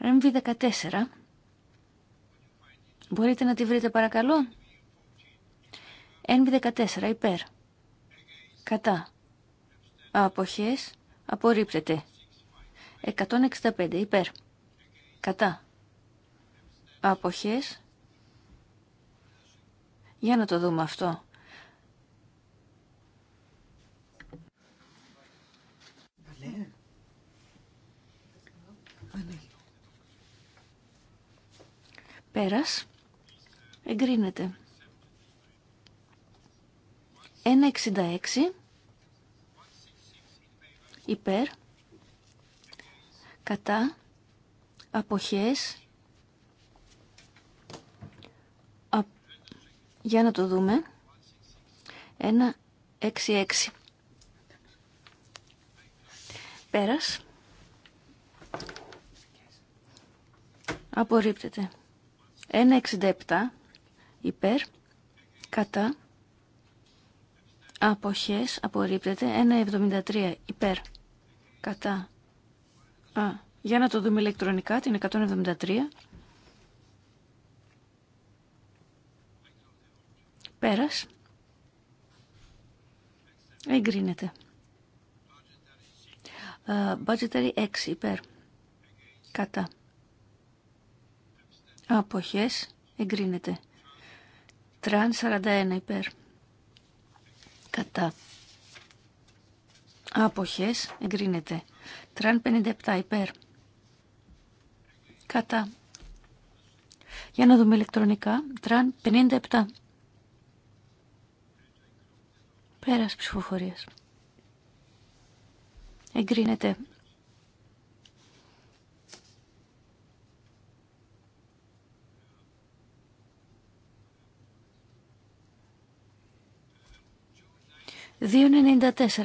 MV14. Μπορείτε να τη βρείτε παρακαλώ. NV14 υπέρ. Κατά. Αποχές Απορρίπτεται. 165 υπέρ. Κατά. Αποχές. Για να το δούμε αυτό. Πέρας. Εγκρίνεται. 1,66 υπέρ, κατά, αποχές, α, για να το δούμε, 1-6-6. Πέρας. Απορρίπτεται. 1,67 υπέρ, κατά, αποχές, απορρίπτεται, 1,73 υπέρ, Κατά. Α, για να το δούμε ηλεκτρονικά, την 173. Πέρας. Εγκρίνεται. budgetary 6 υπέρ. Κατά. Αποχές. Εγκρίνεται. Τραν 41 υπέρ. Κατά. Αποχές εγκρίνεται. Τραν 57 υπέρ. Κατά. Για να δούμε ηλεκτρονικά. Τραν 57. Πέρας ψηφοφορίας. Εγκρίνεται. Δύο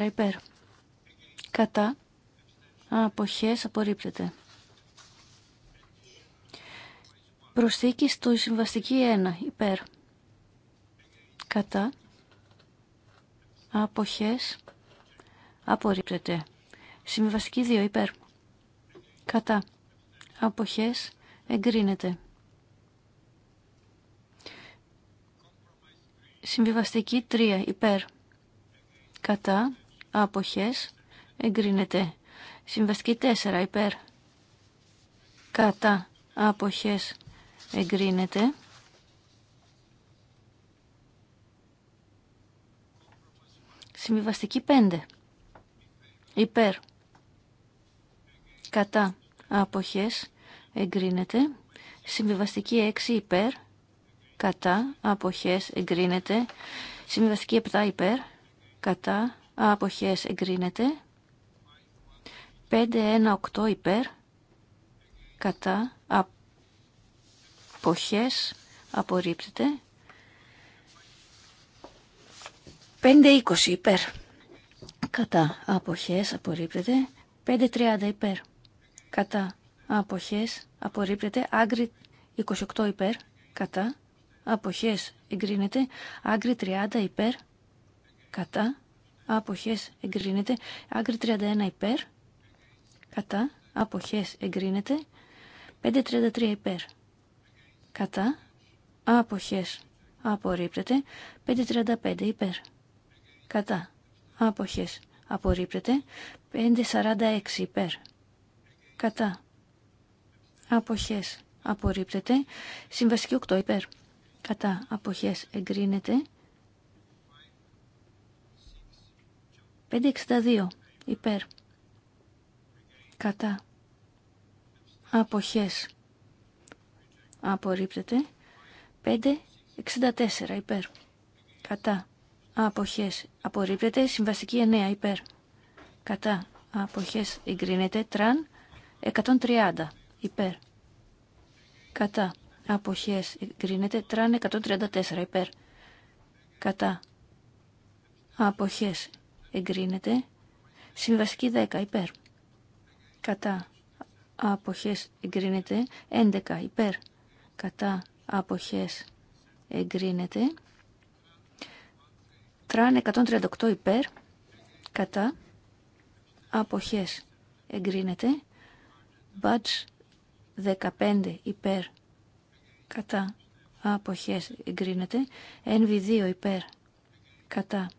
υπέρ κατά αποχές απορρίπτεται. Προσθήκη στο συμβαστική 1 υπέρ κατά αποχές απορρίπτεται. Συμβαστική 2 υπέρ κατά αποχές εγκρίνεται. Συμβιβαστική 3 υπέρ κατά αποχές εγκρίνεται. Συμβαστική 4 υπέρ κατά αποχές εγκρίνεται. Συμβιβαστική 5 υπέρ κατά αποχές εγκρίνεται. Συμβιβαστική 6 υπέρ κατά αποχές εγκρίνεται. Συμβιβαστική 7 υπέρ κατά αποχές εγκρίνεται. 5-1-8 υπέρ κατά αποχές απορρίπτεται 5-20 υπέρ κατά αποχές απορρίπτεται 5-30 υπέρ κατά αποχές απορρίπτεται άγκρι 28 υπέρ κατά αποχές 530 30 υπέρ κατά αποχές εγκρίνεται άγκρι 31 υπέρ κατά αποχές εγκρίνεται 5.33 υπέρ κατά αποχές απορρίπτεται 5.35 υπέρ κατά αποχές απορρίπτεται 5.46 υπέρ κατά αποχές απορρίπτεται συμβαστική 8 υπέρ κατά αποχές εγκρίνεται 5.62 υπέρ κατά αποχές απορρίπτεται 5.64 υπέρ κατά αποχές απορρίπτεται συμβαστική 9 υπέρ κατά αποχές εγκρίνεται τραν 130 υπέρ κατά αποχές εγκρίνεται τραν 134 υπέρ κατά αποχές εγκρίνεται συμβαστική 10 υπέρ κατά αποχές εγκρίνεται 11 υπέρ κατά αποχές εγκρίνεται τραν 138 υπέρ κατά αποχές εγκρίνεται μπατς 15 υπέρ κατά αποχές εγκρίνεται NV2 υπέρ κατά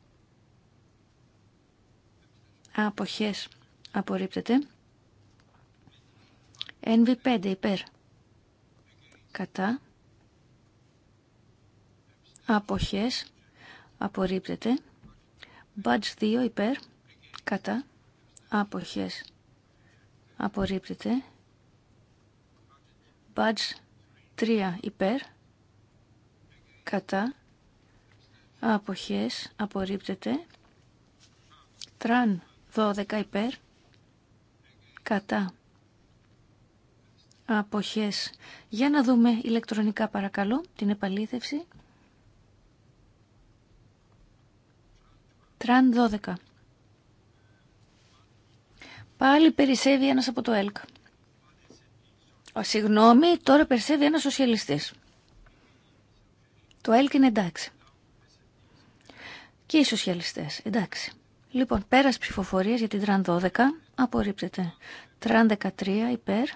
αποχές απορρίπτεται NV5 υπέρ. Κατά. Αποχές. Απορρίπτεται. Badge 2 υπέρ. Κατά. Αποχές. Απορρίπτεται. Badge 3 υπέρ. Κατά. Αποχές. Απορρίπτεται. Τραν 12 υπέρ. Κατά αποχές. Για να δούμε ηλεκτρονικά παρακαλώ την επαλήθευση. Τραν 12. Πάλι περισσεύει ένας από το ΕΛΚ. Ο, συγγνώμη, τώρα περισσεύει ένας σοσιαλιστής. Το ΕΛΚ είναι εντάξει. Και οι σοσιαλιστές, εντάξει. Λοιπόν, πέρας ψηφοφορίας για την Τραν 12, απορρίπτεται. Τραν 13 υπέρ,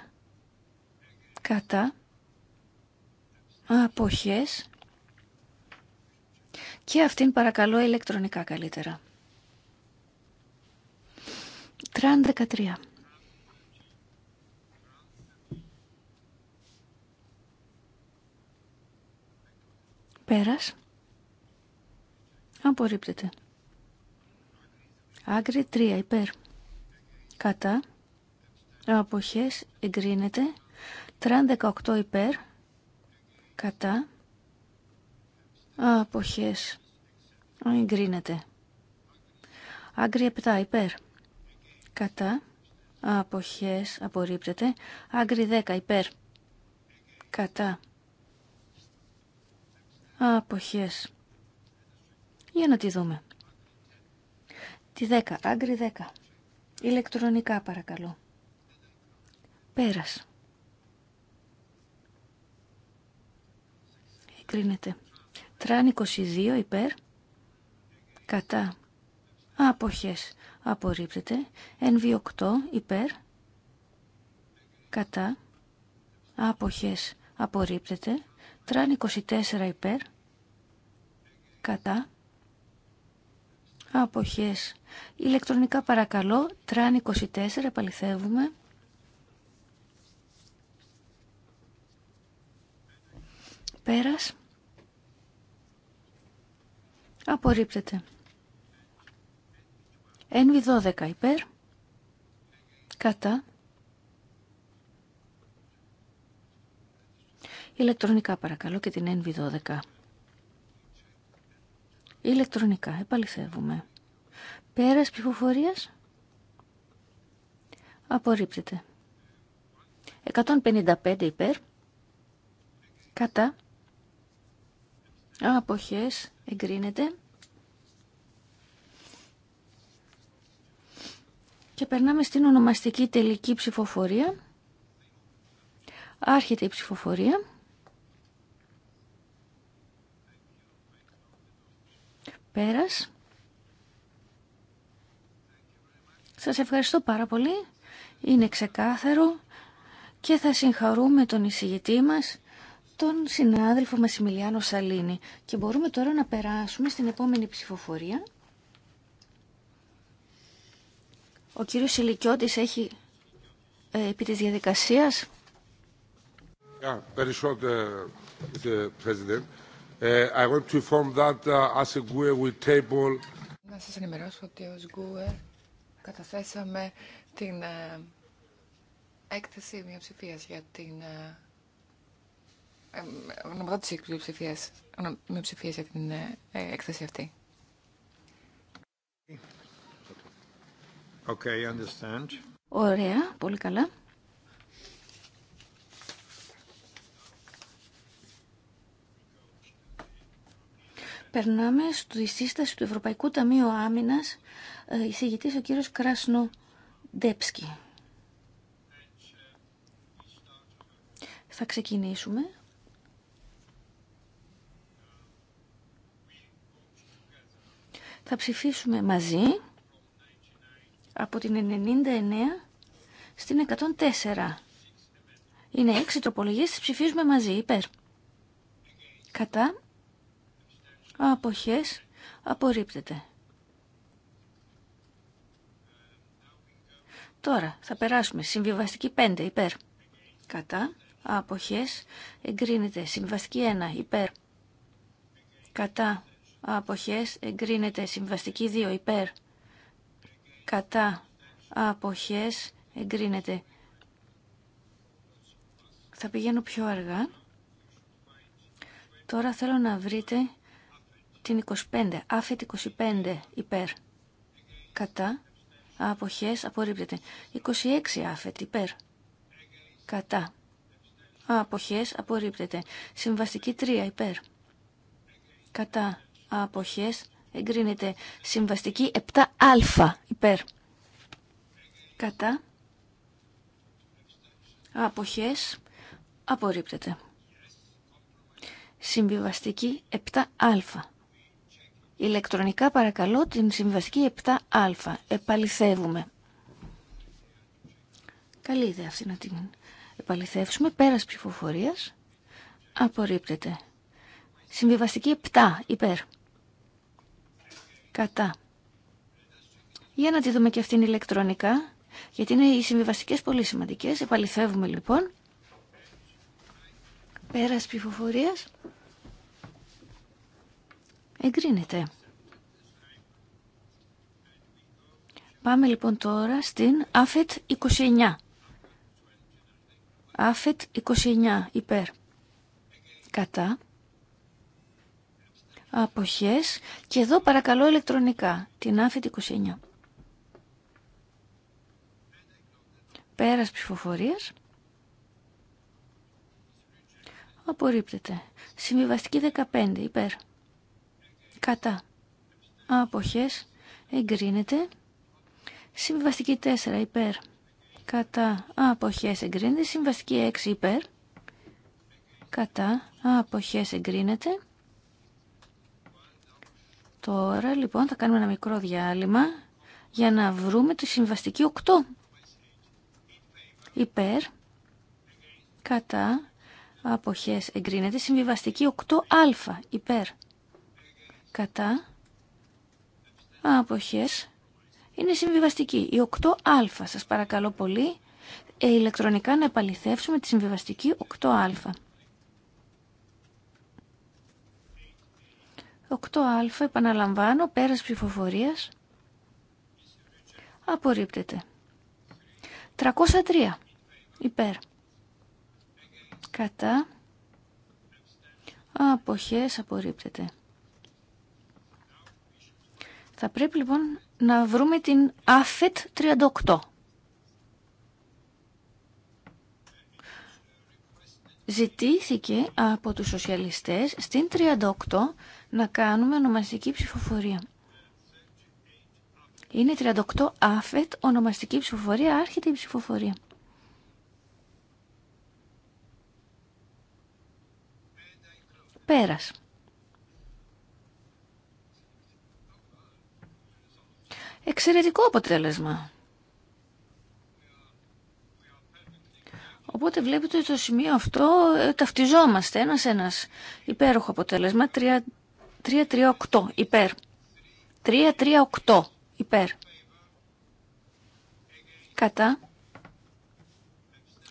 κατά αποχές και αυτήν παρακαλώ ηλεκτρονικά καλύτερα. Τραν 13. Πέρας. Απορρίπτεται. Άγκρι 3 υπέρ. Κατά. Αποχές εγκρίνεται 18 υπέρ κατά αποχές εγκρίνεται. Άγκρι 7 υπέρ κατά αποχές απορρίπτεται. Άγκρι 10 υπέρ κατά αποχές. Για να τη δούμε. Τη 10, άγκρι 10. Ηλεκτρονικά παρακαλώ. Πέρασε. Τραν 22 υπέρ. Κατά. Αποχές. Απορρίπτεται. NV8 υπέρ. Κατά. Αποχές. Απορρίπτεται. Τραν 24 υπέρ. Κατά. Αποχές. Ηλεκτρονικά παρακαλώ. Τραν 24. Επαληθεύουμε. Πέρας. Απορρίπτεται. Ένβι 12 υπέρ. Κατά. Ηλεκτρονικά παρακαλώ και την ένβι 12. Ηλεκτρονικά. Επαληθεύουμε. Πέρας ψηφοφορίας. Απορρίπτεται. 155 υπέρ. Κατά. Αποχές εγκρίνεται. Και περνάμε στην ονομαστική τελική ψηφοφορία. Άρχεται η ψηφοφορία. Πέρας. Σας ευχαριστώ πάρα πολύ. Είναι ξεκάθαρο και θα συγχαρούμε τον εισηγητή μας, τον συνάδελφο Μασιμιλιάνο Σαλίνη. Και μπορούμε τώρα να περάσουμε στην επόμενη ψηφοφορία. Ο κύριος Σιλικιώτης έχει ε, επί της διαδικασίας. Yeah, very short, uh, President. Uh, I want to inform that uh, as a GUE we table... Να σας ενημερώσω ότι ως GUE καταθέσαμε την uh, έκθεση μειοψηφίας για την uh, γνωμοδότηση μειοψηφίας, μειοψηφίας για την έκθεση αυτή. Ωραία, πολύ καλά. Περνάμε στη σύσταση του Ευρωπαϊκού Ταμείου Άμυνας, ε, εισηγητής ο κύριος Κράσνο Ντέψκι. Θα ξεκινήσουμε. Θα ψηφίσουμε μαζί από την 99 στην 104. Είναι έξι τροπολογίες, ψηφίζουμε μαζί, υπέρ. Κατά. Αποχές. Απορρίπτεται. Τώρα θα περάσουμε. Συμβιβαστική 5 υπέρ. Κατά. Αποχές. Εγκρίνεται. Συμβιβαστική 1 υπέρ. Κατά. Αποχές. Εγκρίνεται. Συμβιβαστική 2 υπέρ κατά αποχές εγκρίνεται. Θα πηγαίνω πιο αργά. Τώρα θέλω να βρείτε την 25, άφετη 25 υπέρ κατά αποχές απορρίπτεται. 26 άφετ υπέρ κατά αποχές απορρίπτεται. Συμβαστική 3 υπέρ κατά αποχές εγκρίνεται. Συμβαστική 7α υπέρ. Κατά. Αποχές απορρίπτεται. Συμβιβαστική 7α. Ηλεκτρονικά παρακαλώ την συμβιβαστική 7α. Επαληθεύουμε. Καλή ιδέα αυτή να την επαληθεύσουμε. Πέρας ψηφοφορίας απορρίπτεται. Συμβιβαστική 7 υπέρ. Κατά. Για να τη δούμε και αυτήν ηλεκτρονικά, γιατί είναι οι συμβιβαστικέ πολύ σημαντικέ. Επαληθεύουμε λοιπόν. Πέρας ψηφοφορία. Εγκρίνεται. Πάμε λοιπόν τώρα στην ΑΦΕΤ 29. ΑΦΕΤ 29 υπέρ. Κατά αποχές και εδώ παρακαλώ ηλεκτρονικά την άφητη 29. Πέρας ψηφοφορίας. Απορρίπτεται. Συμβιβαστική 15 υπέρ. Κατά. Αποχές. Εγκρίνεται. Συμβιβαστική 4 υπέρ. Κατά. Αποχές εγκρίνεται. Συμβιβαστική 6 υπέρ. Κατά. Αποχές εγκρίνεται. Τώρα λοιπόν θα κάνουμε ένα μικρό διάλειμμα για να βρούμε τη συμβαστική 8. Υπέρ, κατά, αποχές εγκρίνεται, συμβιβαστική 8α, υπέρ, κατά, αποχές, είναι συμβιβαστική. Η 8α, σας παρακαλώ πολύ, ε, ηλεκτρονικά να επαληθεύσουμε τη συμβιβαστική 8α. 8α, επαναλαμβάνω, πέρας ψηφοφορίας. Απορρίπτεται. 303. Υπέρ. Κατά. Αποχές απορρίπτεται. Θα πρέπει λοιπόν να βρούμε την ΑΦΕΤ 38. Ζητήθηκε από τους σοσιαλιστές στην 38 να κάνουμε ονομαστική ψηφοφορία. Είναι 38 άφετ, ονομαστική ψηφοφορία, άρχεται η ψηφοφορία. Πέρας. Εξαιρετικό αποτέλεσμα. Οπότε βλέπετε το σημείο αυτό ε, ταυτιζόμαστε ένας-ένας υπέροχο αποτέλεσμα. 3-3-8 8 υπέρ. 3-3-8 υπέρ. υπέρ. Κατά.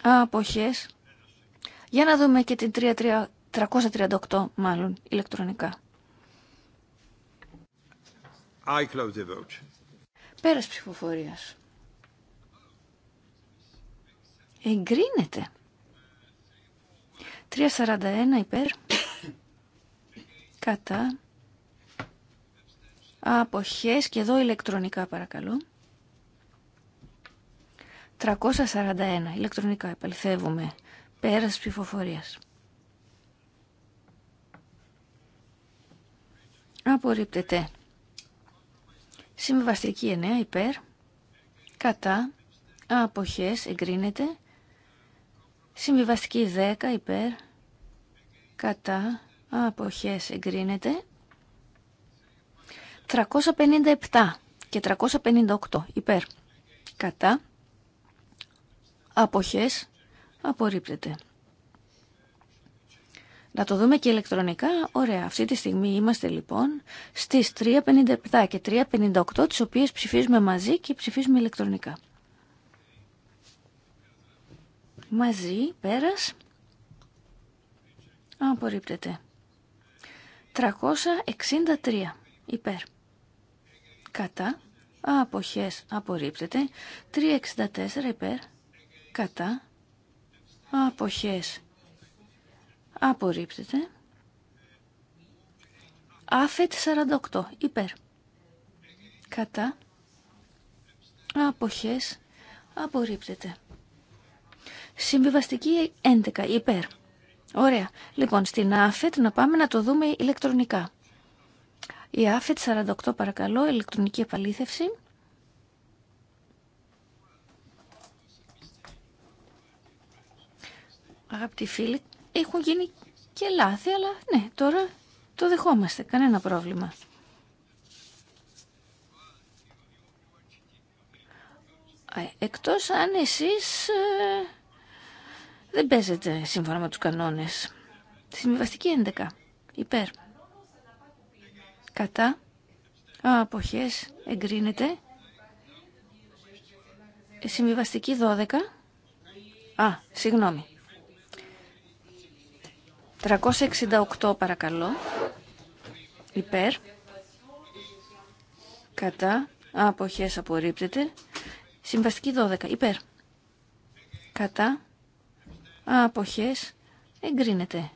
Αποχές. Για να δούμε και την 3, 338 μάλλον ηλεκτρονικά. I close the vote. Πέρας ψηφοφορίας. Εγκρίνεται. 341 υπέρ κατά αποχές και εδώ ηλεκτρονικά παρακαλώ 341 ηλεκτρονικά επαληθεύουμε πέρας ψηφοφορίας απορρίπτεται συμβαστική 9 υπέρ κατά αποχές εγκρίνεται συμβιβαστική 10 υπέρ κατά Αποχές εγκρίνεται. 357 και 358 υπέρ. Κατά. Αποχές απορρίπτεται. Να το δούμε και ηλεκτρονικά. Ωραία, αυτή τη στιγμή είμαστε λοιπόν στις 3.57 και 3.58 τις οποίες ψηφίζουμε μαζί και ψηφίζουμε ηλεκτρονικά. Μαζί, πέρας, απορρίπτεται. 363 υπέρ. Κατά. Αποχές απορρίπτεται. 364 υπέρ. Κατά. Αποχές απορρίπτεται. Άφετ 48 υπέρ. Κατά. Αποχές απορρίπτεται. Συμβιβαστική 11 υπέρ. Ωραία. Λοιπόν, στην ΑΦΕΤ να πάμε να το δούμε ηλεκτρονικά. Η ΑΦΕΤ 48 παρακαλώ, ηλεκτρονική επαλήθευση. Αγαπητοί φίλοι, έχουν γίνει και λάθη, αλλά ναι, τώρα το δεχόμαστε, κανένα πρόβλημα. Ε, εκτός αν εσείς ε, δεν παίζεται σύμφωνα με τους κανόνες. Συμβιβαστική 11. Υπέρ. Κατά. Αποχές. Εγκρίνεται. Ε, συμβιβαστική 12. Α, συγγνώμη. 368 παρακαλώ. Υπέρ. Κατά. Αποχές απορρίπτεται. Συμβαστική 12. Υπέρ. Κατά αποχές εγκρίνεται.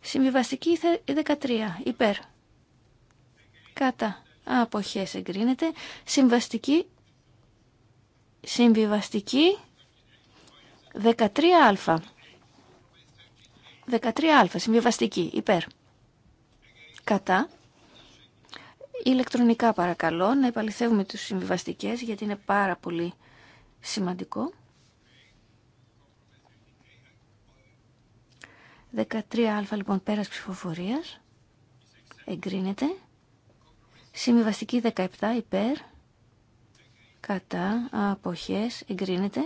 Συμβιβαστική 13 υπέρ. Κατά αποχές εγκρίνεται. Συμβαστική Συμβιβαστική 13α. 13α, συμβιβαστική, υπέρ. Κατά. Ηλεκτρονικά παρακαλώ να επαληθεύουμε τους συμβιβαστικές γιατί είναι πάρα πολύ σημαντικό. 13α λοιπόν πέρας ψηφοφορίας. Εγκρίνεται. Συμβιβαστική 17 υπέρ. Κατά. Αποχές. Εγκρίνεται.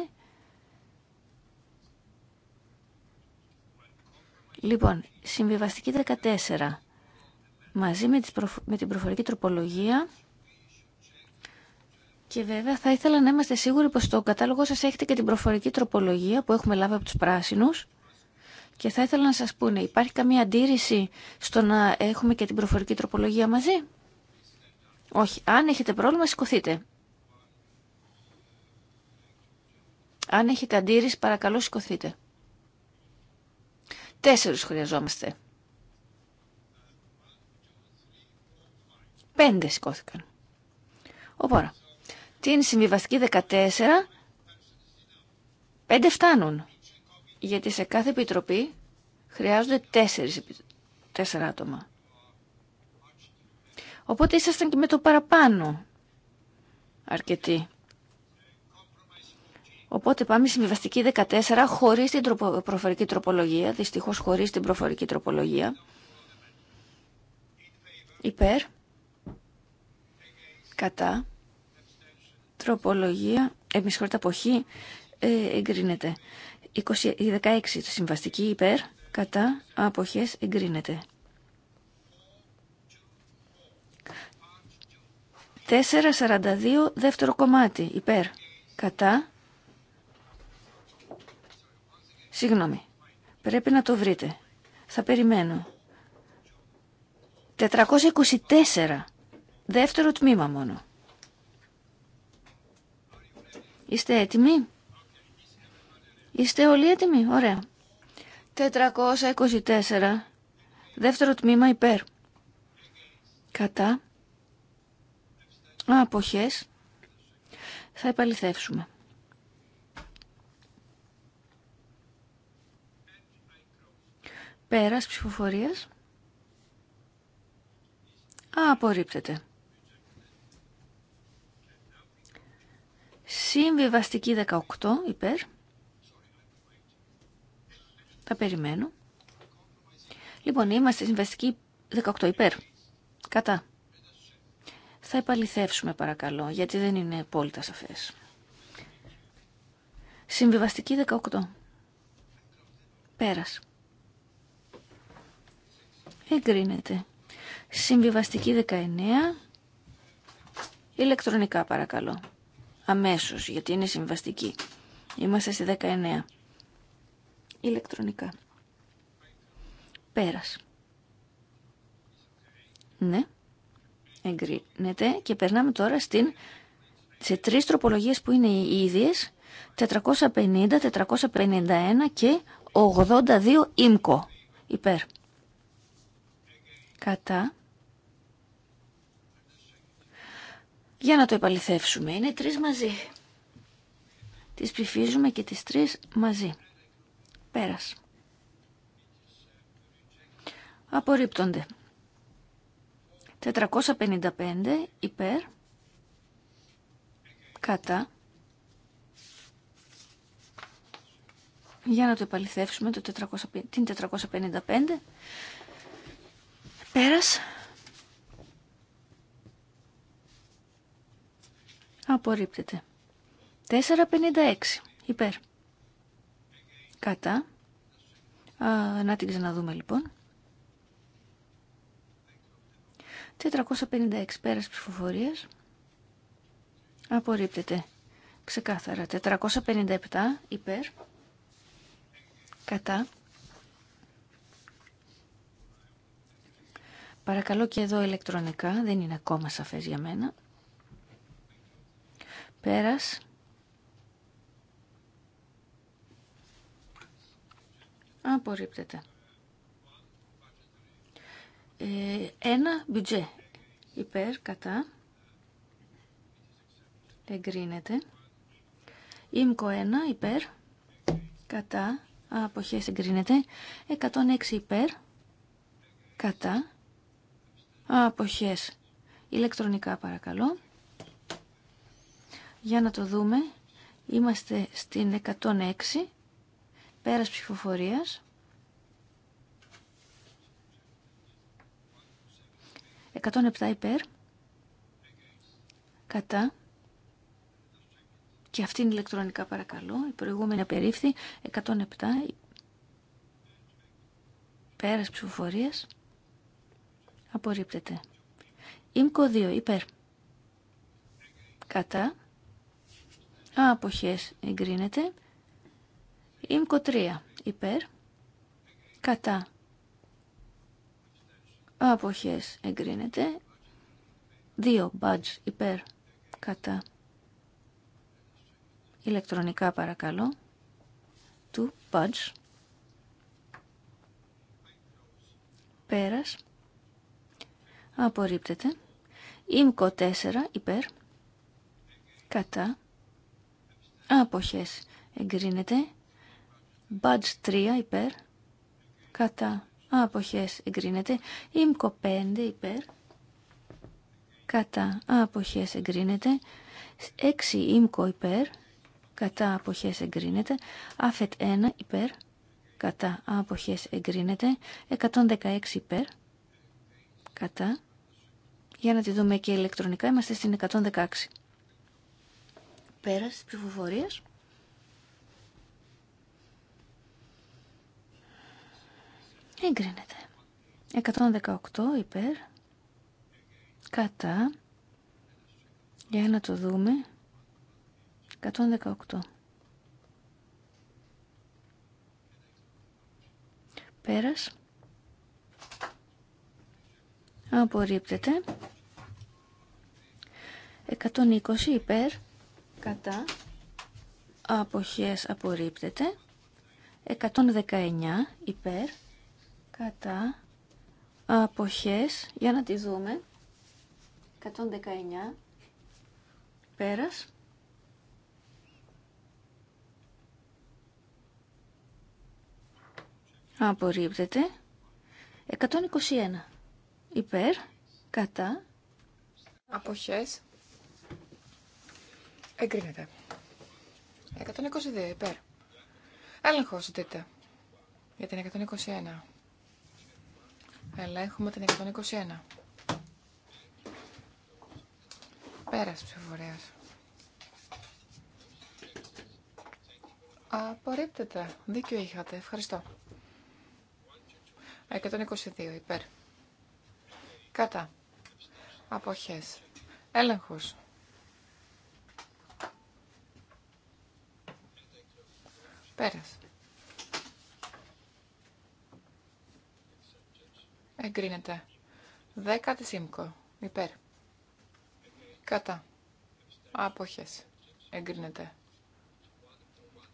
Λοιπόν, συμβιβαστική 14. Μαζί με, με την προφορική τροπολογία και βέβαια θα ήθελα να είμαστε σίγουροι πως στο κατάλογο σας έχετε και την προφορική τροπολογία που έχουμε λάβει από τους πράσινους. Και θα ήθελα να σας πούνε, υπάρχει καμία αντίρρηση στο να έχουμε και την προφορική τροπολογία μαζί. Όχι. Αν έχετε πρόβλημα, σηκωθείτε. Αν έχετε αντίρρηση, παρακαλώ σηκωθείτε. Τέσσερις χρειαζόμαστε. Πέντε σηκώθηκαν. Οπότε, την συμβιβαστική 14, πέντε φτάνουν γιατί σε κάθε επιτροπή χρειάζονται τέσσερις, τέσσερα άτομα. Οπότε ήσασταν και με το παραπάνω αρκετοί. Οπότε πάμε στη συμβιβαστική 14 χωρίς την προφορική τροπολογία, δυστυχώς χωρίς την προφορική τροπολογία. Υπέρ, κατά, τροπολογία, εμείς χωρίς αποχή, ε, εγκρίνεται. 16 συμβαστική υπέρ κατά αποχές εγκρίνεται. 4.42 δεύτερο κομμάτι υπέρ κατά Συγγνώμη, πρέπει να το βρείτε. Θα περιμένω. 424 δεύτερο τμήμα μόνο. Είστε έτοιμοι? Είστε όλοι έτοιμοι. Ωραία. 424. Δεύτερο τμήμα υπέρ. Κατά. Αποχές. Θα επαληθεύσουμε. Πέρας ψηφοφορίας. Απορρίπτεται. Συμβιβαστική 18 υπέρ. Θα περιμένω. Λοιπόν, είμαστε συμβαστική 18 υπέρ. Κατά. Θα επαληθεύσουμε παρακαλώ, γιατί δεν είναι απόλυτα σαφές. Συμβιβαστική 18. Πέρας. Εγκρίνεται. Συμβιβαστική 19. Ηλεκτρονικά παρακαλώ. Αμέσως, γιατί είναι συμβαστική. Είμαστε στη 19 ηλεκτρονικά. Πέρας. Ναι. Εγκρίνεται. Και περνάμε τώρα στην... σε τρεις τροπολογίες που είναι οι ίδιες. 450, 451 και 82 ΙΜΚΟ. Υπέρ. Κατά. Για να το επαληθεύσουμε. Είναι τρεις μαζί. Τις ψηφίζουμε και τις τρεις μαζί. Πέρας. Απορρίπτονται. 455 υπέρ. Κατά. Για να το επαληθεύσουμε το την 455. Πέρας. Απορρίπτεται. 456 υπέρ. Κατά. Α, να την ξαναδούμε λοιπόν. 456 πέρας ψηφοφορίας. Απορρίπτεται. Ξεκάθαρα. 457 υπέρ. Κατά. Παρακαλώ και εδώ ηλεκτρονικά. Δεν είναι ακόμα σαφές για μένα. Πέρας. Απορρίπτεται. Ε, ένα μπιτζέ. Υπέρ, κατά. Εγκρίνεται. Ήμκο 1, υπέρ. Κατά. Αποχές εγκρίνεται. 106 υπέρ. Κατά. Αποχές. Ηλεκτρονικά παρακαλώ. Για να το δούμε. Είμαστε στην 106. Πέρας ψηφοφορίας. 107 υπέρ. Κατά. Και αυτή είναι ηλεκτρονικά παρακαλώ. Η προηγούμενη απερίφθη. 107 πέρας ψηφοφορίας. Απορρίπτεται. Ήμκο 2 υπέρ. Κατά. Αποχές εγκρίνεται. Ήμκο 3. Υπέρ. Κατά. Αποχές εγκρίνεται. 2. Μπάτζ. Υπέρ. Κατά. Ηλεκτρονικά παρακαλώ. Του μπάτζ. Πέρας. Απορρίπτεται. Ήμκο 4. Υπέρ. Κατά. Αποχές εγκρίνεται. Budge 3 υπέρ. Κατά. Αποχές εγκρίνεται. Ήμκο 5 υπέρ. Κατά. Αποχές εγκρίνεται. 6 Ήμκο υπέρ. Κατά. Αποχές εγκρίνεται. Αφετ 1 υπέρ. Κατά. Αποχές εγκρίνεται. 116 υπέρ. Κατά. Για να τη δούμε και ηλεκτρονικά. Είμαστε στην 116. Πέραση της πληροφορία. Εγκρίνεται. 118 υπέρ. Κατά. Για να το δούμε. 118. Πέρας. Απορρίπτεται. 120 υπέρ. Κατά. Αποχές απορρίπτεται. 119 υπέρ κατά αποχές για να τη δούμε 119 πέρας απορρίπτεται 121 υπέρ κατά αποχές εγκρίνεται 122 υπέρ έλεγχο ζητείτε για την 121 Ελέγχουμε την 121. Πέρας ψηφοφορία. Απορρίπτεται. Δίκιο είχατε. Ευχαριστώ. 122 υπέρ. Κατά. Αποχές. Έλεγχος. Πέρας. Εγκρίνεται. 10 τη ΣΥΜΚΟ. Υπέρ. Κατά. Άποχες. Εγκρίνεται.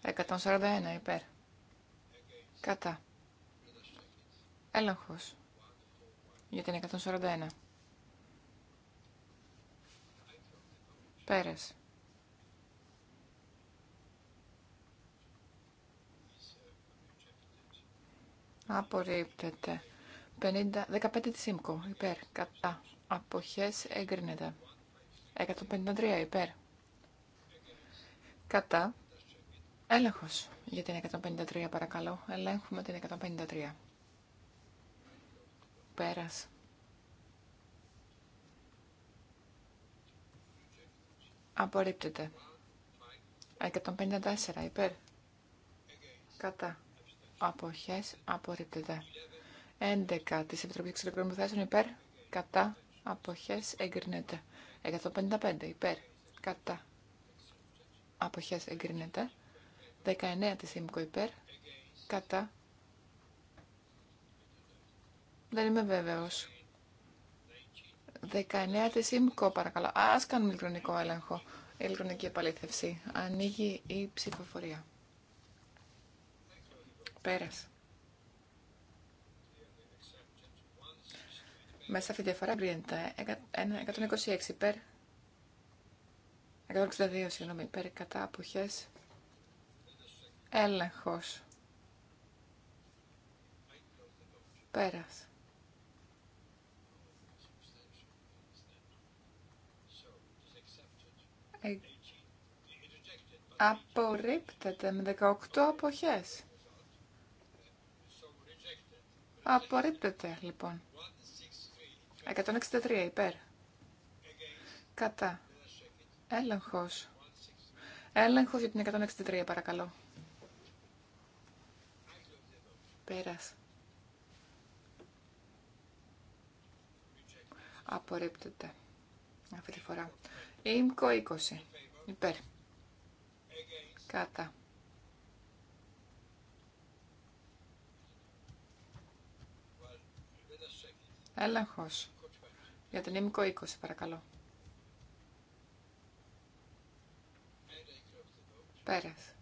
141 υπέρ. Κατά. Έλεγχος. Για την 141. Πέρες. Απορρίπτεται. 15 της ΣΥΜΚΟ, υπέρ, κατά, αποχές, εγκρίνεται. 153 υπέρ. Κατά, έλεγχος για την 153 παρακαλώ, ελέγχουμε την 153. Πέρας. Απορρίπτεται. 154 υπέρ. Κατά. Αποχές απορρίπτεται. 11 της Επιτροπής Εξωτερικών Υποθέσεων υπέρ, κατά, αποχές, εγκρίνεται. 155 υπέρ, κατά, αποχές, εγκρίνεται. 19 της ΕΜΚΟ υπέρ, κατά. Δεν είμαι βέβαιος. 19 της ΕΜΚΟ παρακαλώ. Ας κάνουμε ηλεκτρονικό έλεγχο, ηλεκτρονική επαλήθευση. Ανοίγει η ψηφοφορία. Πέρασε. Μέσα αυτή τη διαφορά βρίσκεται 126 υπέρ 162 συγγνώμη υπέρ κατά αποχές έλεγχος πέρας ε, απορρίπτεται με 18 αποχές απορρίπτεται λοιπόν 163 υπέρ. Κατά. Έλεγχος. Έλεγχος για την 163 παρακαλώ. Πέρας. Απορρίπτεται. Αυτή τη φορά. Ήμκο 20. Υπέρ. Κατά. Έλεγχος. Για τον ΕΜΚΟ 20, παρακαλώ. Πέρας.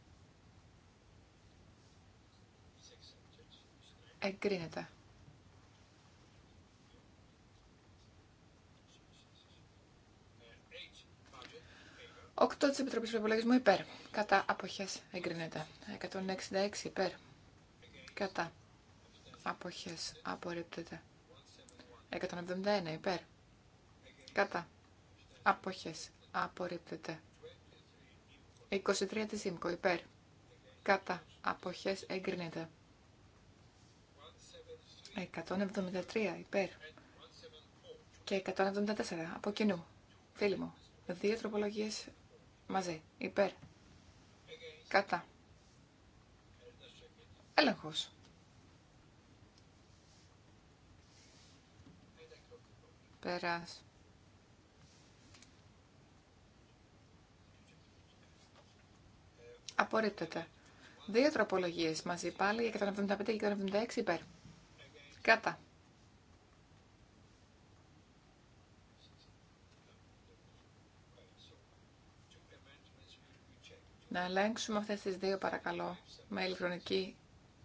Εγκρίνεται. Οκτώ της Επιτροπής Προπολογισμού υπέρ. Κατά αποχές εγκρίνεται. 166 υπέρ. Κατά αποχές απορρίπτεται. 171 υπέρ. Κατά. Αποχές. Απορρίπτεται. 23 της ΙΜΚΟ. Υπέρ. Κατά. Αποχές. Εγκρίνεται. 173. Υπέρ. Και 174. Από κοινού. Φίλοι μου. Δύο τροπολογίες μαζί. Υπέρ. Κατά. Έλεγχος. Πέρας. Απορρίπτεται. Δύο τροπολογίε μαζί πάλι, για 175 και 176 υπέρ. Κατά. Να ελέγξουμε αυτές τις δύο παρακαλώ με ηλεκτρονική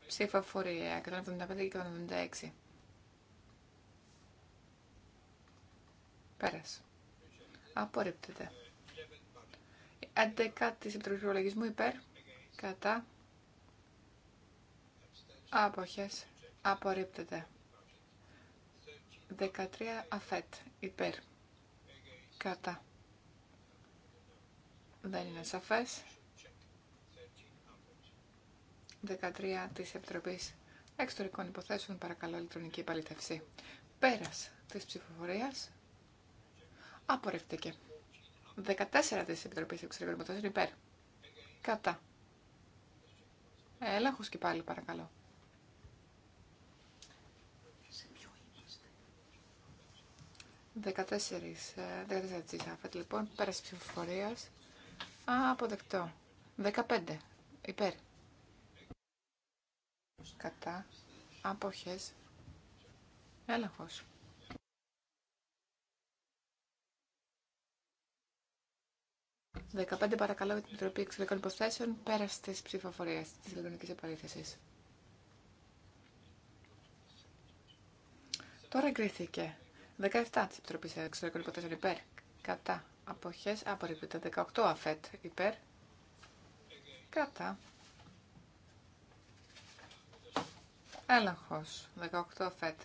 ψηφοφορία 175 και 176. Πέρασε. Απορρίπτεται. 11 της Επιτροπής υπέρ, κατά, άποχες, απορρίπτεται. 13 αφέτ, υπέρ, κατά. Δεν είναι σαφές. 13 της Επιτροπής Εξωτερικών Υποθέσεων, παρακαλώ, ηλεκτρονική επαλήθευση. Πέρας της ψηφοφορίας, απορρίφθηκε. 14 της Επιτροπής Εξωτερικών είναι υπέρ. Κατά. Έλεγχος και πάλι παρακαλώ. 14. Ε, δεκατέσσερα της ΑΦΕΤ λοιπόν, πέρασε ψηφοφορίας. Α, αποδεκτό. 15. Υπέρ. Κατά. Αποχές. Έλεγχος. 15 παρακαλώ για την Επιτροπή Εξωτερικών Υποθέσεων πέρα τη ψηφοφορία τη ηλεκτρονική επαλήθευση. Τώρα εγκρίθηκε. 17 τη Επιτροπή Εξωτερικών Υποθέσεων υπέρ. Κατά. Αποχέ απορρίπτεται. 18 αφέτ υπέρ. Κατά. Έλεγχο. 18 αφέτ.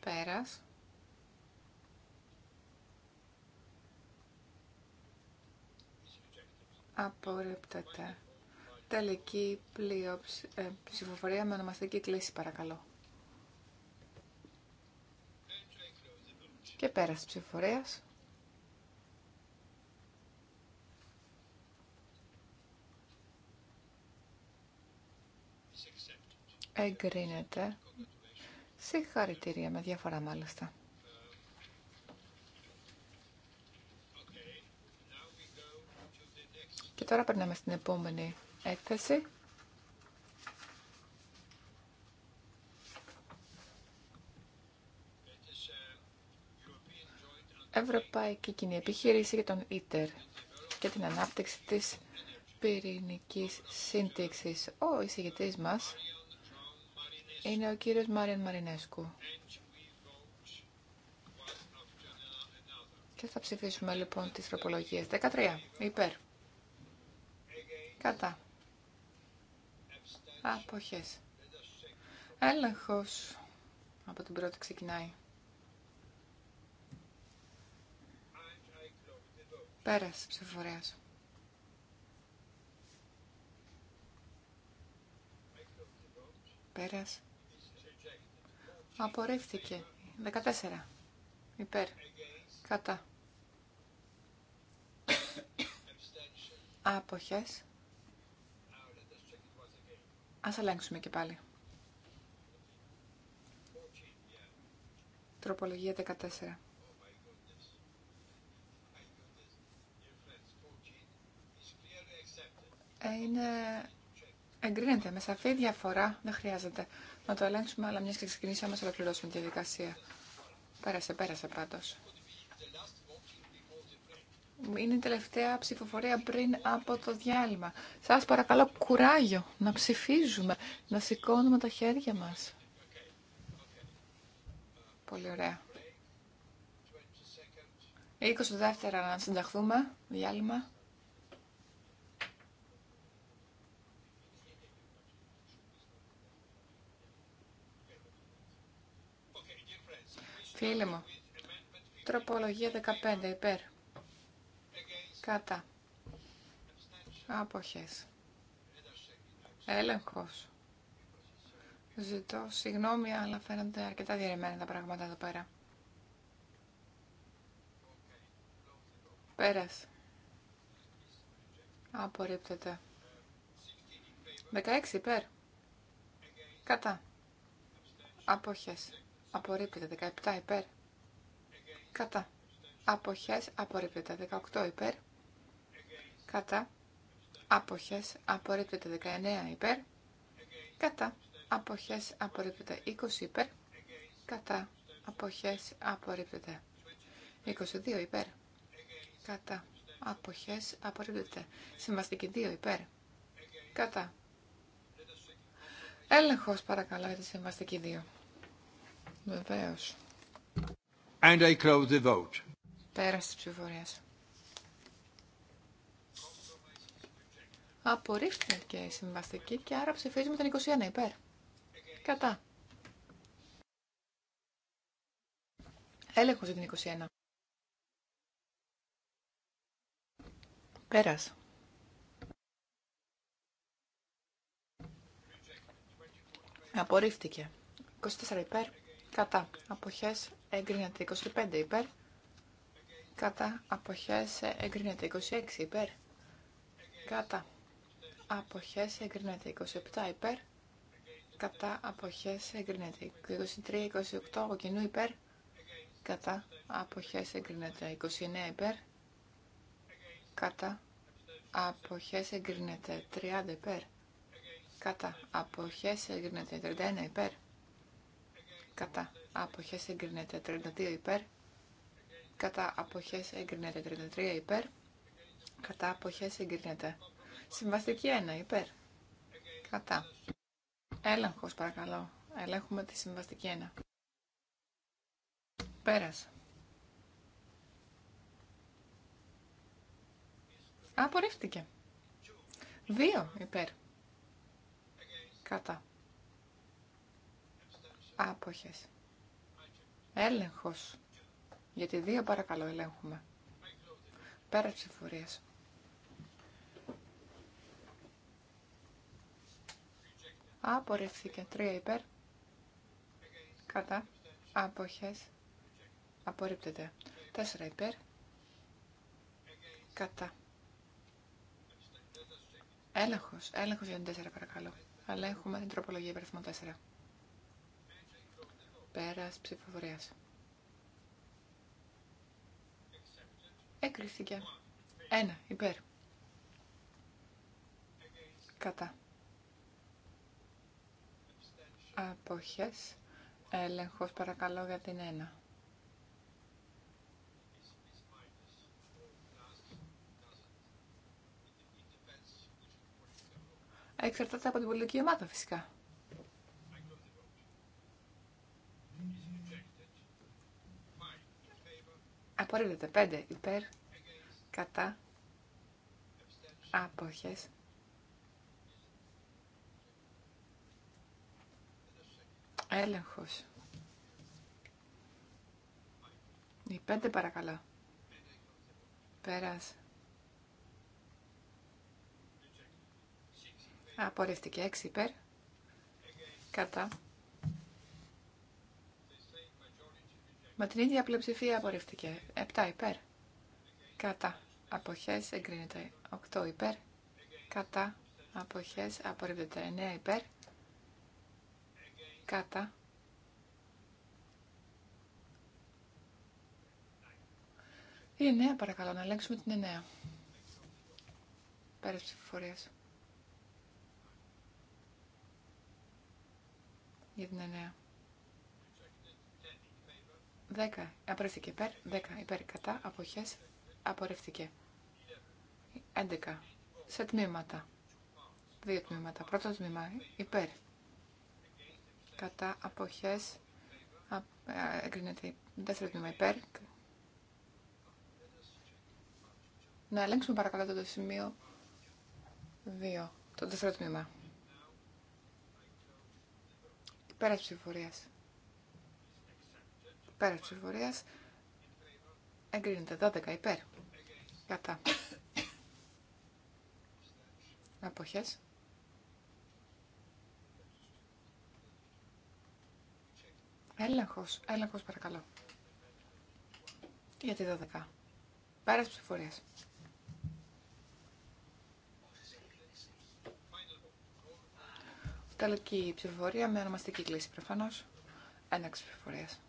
Πέρας. Απορρίπτεται. Τελική πλοίο ε, ψηφοφορία με ονομαστική κλίση, παρακαλώ. Και πέρας ψυχοφορίας; ψηφοφορίας. Εγκρίνεται. Συγχαρητήρια με διαφορά μάλιστα. Και τώρα περνάμε στην επόμενη έκθεση. Ευρωπαϊκή Κοινή Επιχείρηση για τον ΙΤΕΡ και την ανάπτυξη της πυρηνικής σύνδεξης. Ο εισηγητής μας είναι ο κύριος Μάριαν Μαρινέσκου. Και θα ψηφίσουμε λοιπόν τις τροπολογίες. 13. Υπέρ. Κατά. Αποχές. Έλεγχος. Από την πρώτη ξεκινάει. Πέρας ψηφοφορίας. Πέρας. Απορρίφθηκε. 14. Υπέρ. Κατά. Άποχες. Ας ελέγξουμε και πάλι. Τροπολογία 14. Ε, είναι... Εγκρίνεται με σαφή διαφορά. Δεν χρειάζεται να το ελέγξουμε, αλλά μια και ξεκινήσαμε, να ολοκληρώσουμε τη διαδικασία. Πέρασε, πέρασε πάντω. Είναι η τελευταία ψηφοφορία πριν από το διάλειμμα. Σας παρακαλώ κουράγιο να ψηφίζουμε, να σηκώνουμε τα χέρια μας. Πολύ ωραία. 20 δεύτερα να συνταχθούμε, διάλειμμα. Φίλε μου, τροπολογία 15 υπέρ. Κατά. Αποχές. Έλεγχος. Ζητώ συγγνώμη, αλλά φαίνονται αρκετά διαιρεμένα τα πράγματα εδώ πέρα. Πέρας. Απορρίπτεται. 16 υπέρ. Κατά. Αποχές. Απορρίπτεται. 17 υπέρ. Κατά. Αποχές. Απορρίπτεται. 18 υπέρ κατά αποχές απορρίπτεται 19 υπέρ, κατά αποχές απορρίπτεται 20 υπέρ, κατά αποχές απορρίπτεται 22 υπέρ, κατά αποχές απορρίπτεται συμβαστική 2 υπέρ, κατά. Έλεγχος παρακαλώ για τη συμβαστική 2. Βεβαίως. And I close the vote. της Απορρίφθηκε η συμβαστική και άρα ψηφίζουμε την 21 υπέρ. Κατά. Έλεγχος για την 21. Πέρας. Απορρίφθηκε. 24 υπέρ. Κατά. Αποχές εγκρίνεται 25 υπέρ. Κατά. Αποχές εγκρίνεται 26 υπέρ. Κατά αποχές εγκρίνεται 27 υπέρ, κατά αποχές εγκρίνεται 23-28 από κοινού υπέρ, κατά αποχές εγκρίνεται 29 υπέρ, κατά αποχές εγκρίνεται 30 υπέρ, κατά αποχές εγκρίνεται 31 υπέρ, κατά αποχές εγκρίνεται 32 υπέρ, κατά αποχές εγκρίνεται 33 υπέρ, κατά αποχές εγκρίνεται Συμβαστική 1 υπέρ. Κατά. Έλεγχος παρακαλώ. Ελέγχουμε τη συμβαστική 1. Πέρασε. Απορρίφθηκε. 2 υπέρ. Κατά. Άποχες. Έλεγχος. Γιατί δύο παρακαλώ ελέγχουμε. Πέρα ψηφορίας. Απορρίφθηκε. Τρία υπέρ. Κατά. Αποχές. Απορρίπτεται. Τέσσερα υπέρ. Κατά. Έλεγχος. Έλεγχος για την τέσσερα, παρακαλώ. Αλλά έχουμε την τροπολογία υπέρ υπερθμό τέσσερα. Πέρας ψηφοφορίας. Εκρίθηκε. Ένα υπέρ. Κατά. Αποχές. Έλεγχος παρακαλώ για την 1. Εξαρτάται από την πολιτική ομάδα φυσικά. Απορρίπτεται. 5 υπέρ κατά αποχές Έλεγχος. Η πέντε παρακαλώ. Πέρας. Απορρίφθηκε έξι υπέρ. Κατά. Με την ίδια πλειοψηφία απορρίφθηκε. έπτα υπέρ. Κατά. Αποχές εγκρίνεται. οκτώ υπέρ. Κατά. Αποχές απορρίφθηκε. εννέα υπέρ. Κατά. Η ε, 9 ναι, παρακαλώ, να ελέγξουμε την 9. Πέρα ψηφοφορία. Για την 9. 10. Απορρίφθηκε υπέρ. 10. Υπέρ κατά. Αποχές. Απορρίφθηκε. 11. Σε τμήματα. Δύο τμήματα. Πρώτο τμήμα. Υπέρ κατά αποχές ε, εγκρίνεται δεύτερο τμήμα υπέρ. Να ελέγξουμε παρακαλώ το σημείο 2, το δεύτερο τμήμα. Πέρα ψηφορίας. Πέρα ψηφορίας εγκρίνεται 12 υπέρ. Κατά. Αποχές. Έλεγχος, έλεγχος παρακαλώ. Για τη 12. Πέρας ψηφορίας. Τελική ψηφοφορία με ονομαστική κλίση προφανώς. Έναξη ψηφοφορίας.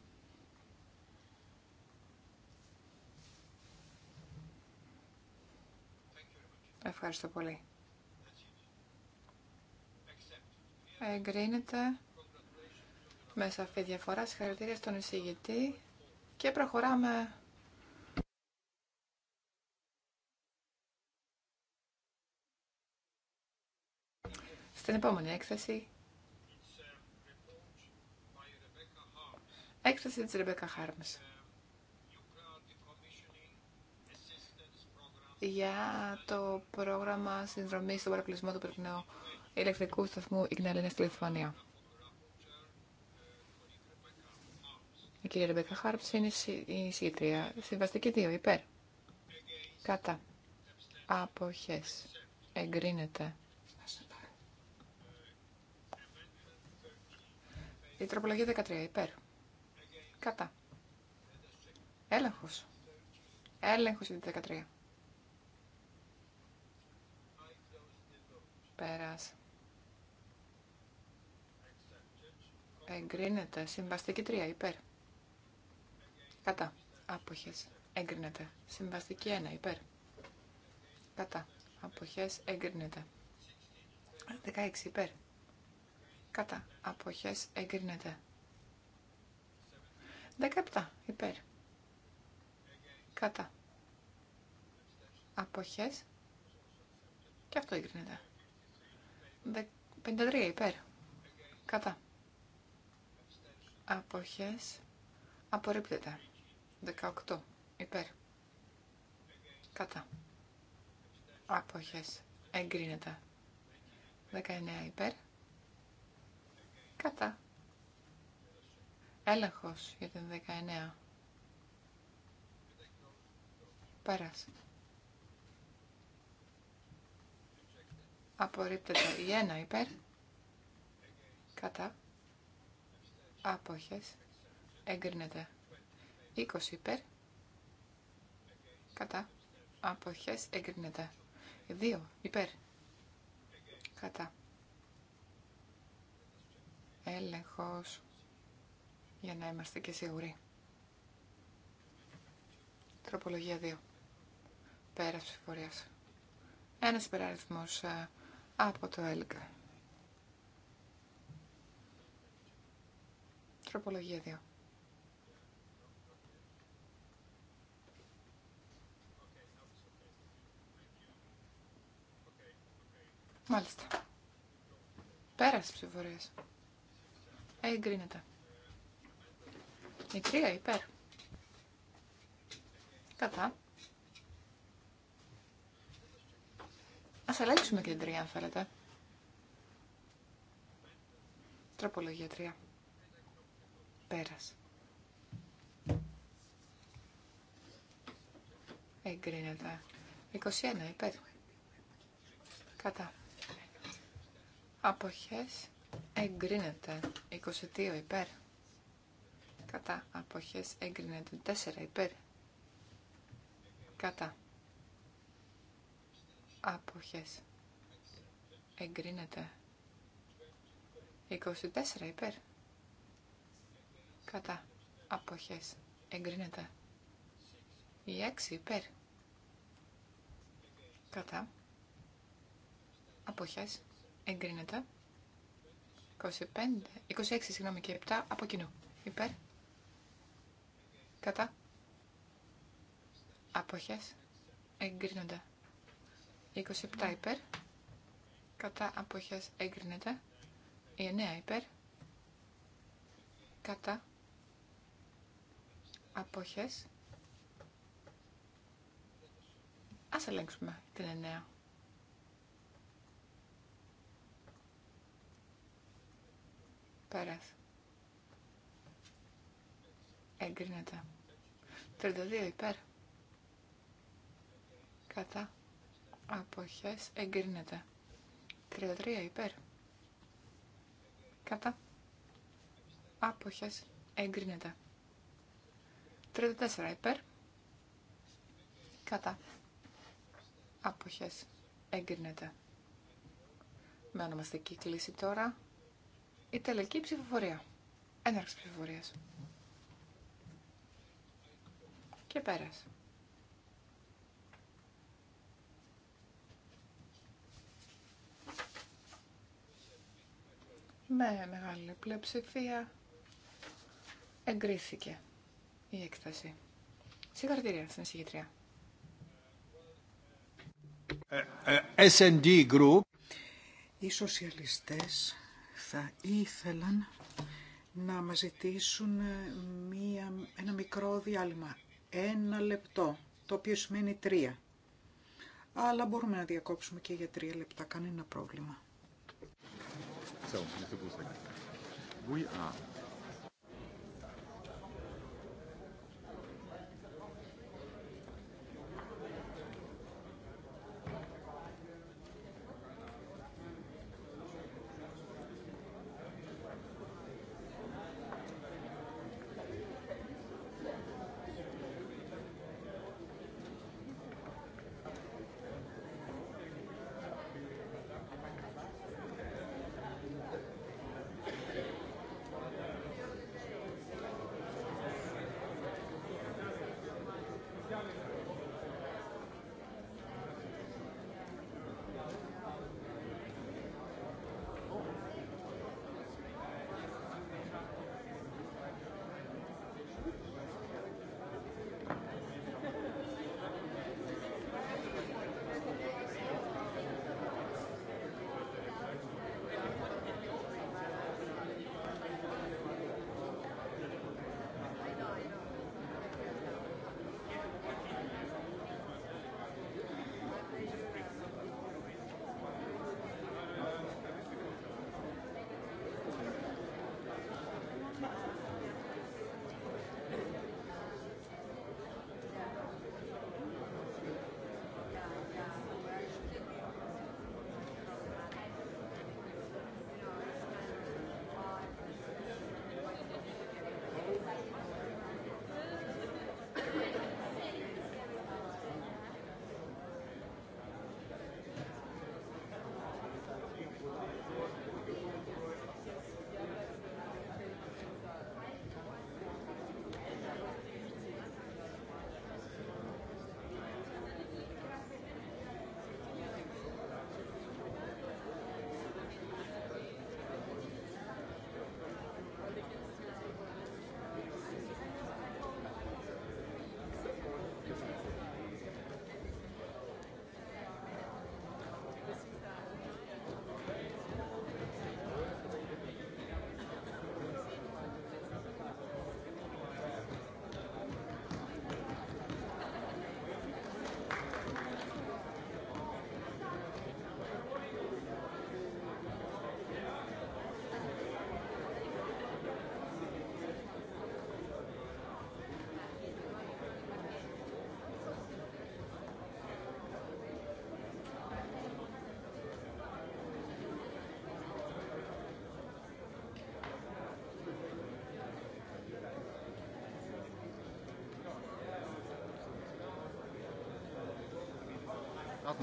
Ευχαριστώ πολύ. Εγκρίνεται με σαφή διαφορά. Συγχαρητήρια στον εισηγητή και προχωράμε. Στην επόμενη έκθεση. Έκθεση της Ρεμπέκα Χάρμς. για το πρόγραμμα συνδρομής στον παρακλεισμό του πυρηνικού ηλεκτρικού σταθμού Ιγναλίνα στη Λιθουανία. Η κυρία Ρεμπέκα Χάρπς είναι η συγκεκριά. Συμβαστική 2. Υπέρ. Κατά. Αποχές. Εγκρίνεται. Η τροπολογία 13. Υπέρ. Κατά. Έλεγχος. Έλεγχος για 13. Πέρας. Εγκρίνεται. Συμβαστική 3. Υπέρ. Κατά. Αποχέ. Έγκρινεται. Συμβαστική 1. Υπέρ. Κατά. Αποχέ. Έγκρινεται. 16. Υπέρ. Κατά. Αποχέ. Έγκρινεται. 17. Υπέρ. Κατά. Αποχέ. Και αυτό έγκρινεται. 53. Υπέρ. Κατά. Αποχέ. Απορρίπτεται. 18 υπέρ. Κατά. Άποχες. Εγκρίνεται. 19 υπέρ. Κατά. Έλεγχος για την 19. Πέρασε. Απορρίπτεται η 1 υπέρ. Κατά. Άποχες. Εγκρίνεται. 20 υπέρ. Κατά. Αποχές εγκρίνεται. 2 υπέρ. Κατά. Έλεγχος. Για να είμαστε και σίγουροι. Τροπολογία 2. Πέρα ψηφορίας. Ένας υπεραριθμός ε, από το ΕΛΚΑ. Τροπολογία 2. Μάλιστα. Πέρασε ψηφορία. Ε, εγκρίνεται. Η τρία υπέρ. Κατά. Ας αλλάξουμε και την τρία αν θέλετε. Τροπολογία τρία. Πέρας. Εγκρίνεται. 21 υπέρ. Κατά. Αποχές εγκρίνεται. 22 υπέρ. Κατά. Αποχές εγκρίνεται. 4 υπέρ. Κατά. Αποχές εγκρίνεται. 24 υπέρ. Κατά. Αποχές εγκρίνεται. Η 6 υπέρ. Κατά. Αποχές Εγκρίνεται. 25, 26 συγγνώμη και 7 από κοινού. Υπέρ. Κατά. Αποχές. Εγκρίνονται. 27 υπέρ. Κατά αποχές εγκρίνεται. 9 υπέρ. Κατά αποχές. Ας ελέγξουμε την 9. Εγκρίνεται. 32 υπέρ. Κατά. Αποχές. Εγκρίνεται. 33 υπέρ. Κατά. Αποχές. Εγκρίνεται. 34 υπέρ. Κατά. Αποχές. Εγκρίνεται. Με ονομαστική κλίση τώρα. Η τελική ψηφοφορία. Έναρξη ψηφοφορία. Και πέρασε. Με μεγάλη πλειοψηφία εγκρίθηκε η έκταση. Συγχαρητήρια στην εισηγητρία. Ε, ε, Group. Οι σοσιαλιστές θα ήθελαν να μας ζητήσουν ε, μία, ένα μικρό διάλειμμα, ένα λεπτό, το οποίο σημαίνει τρία. Αλλά μπορούμε να διακόψουμε και για τρία λεπτά, κανένα πρόβλημα.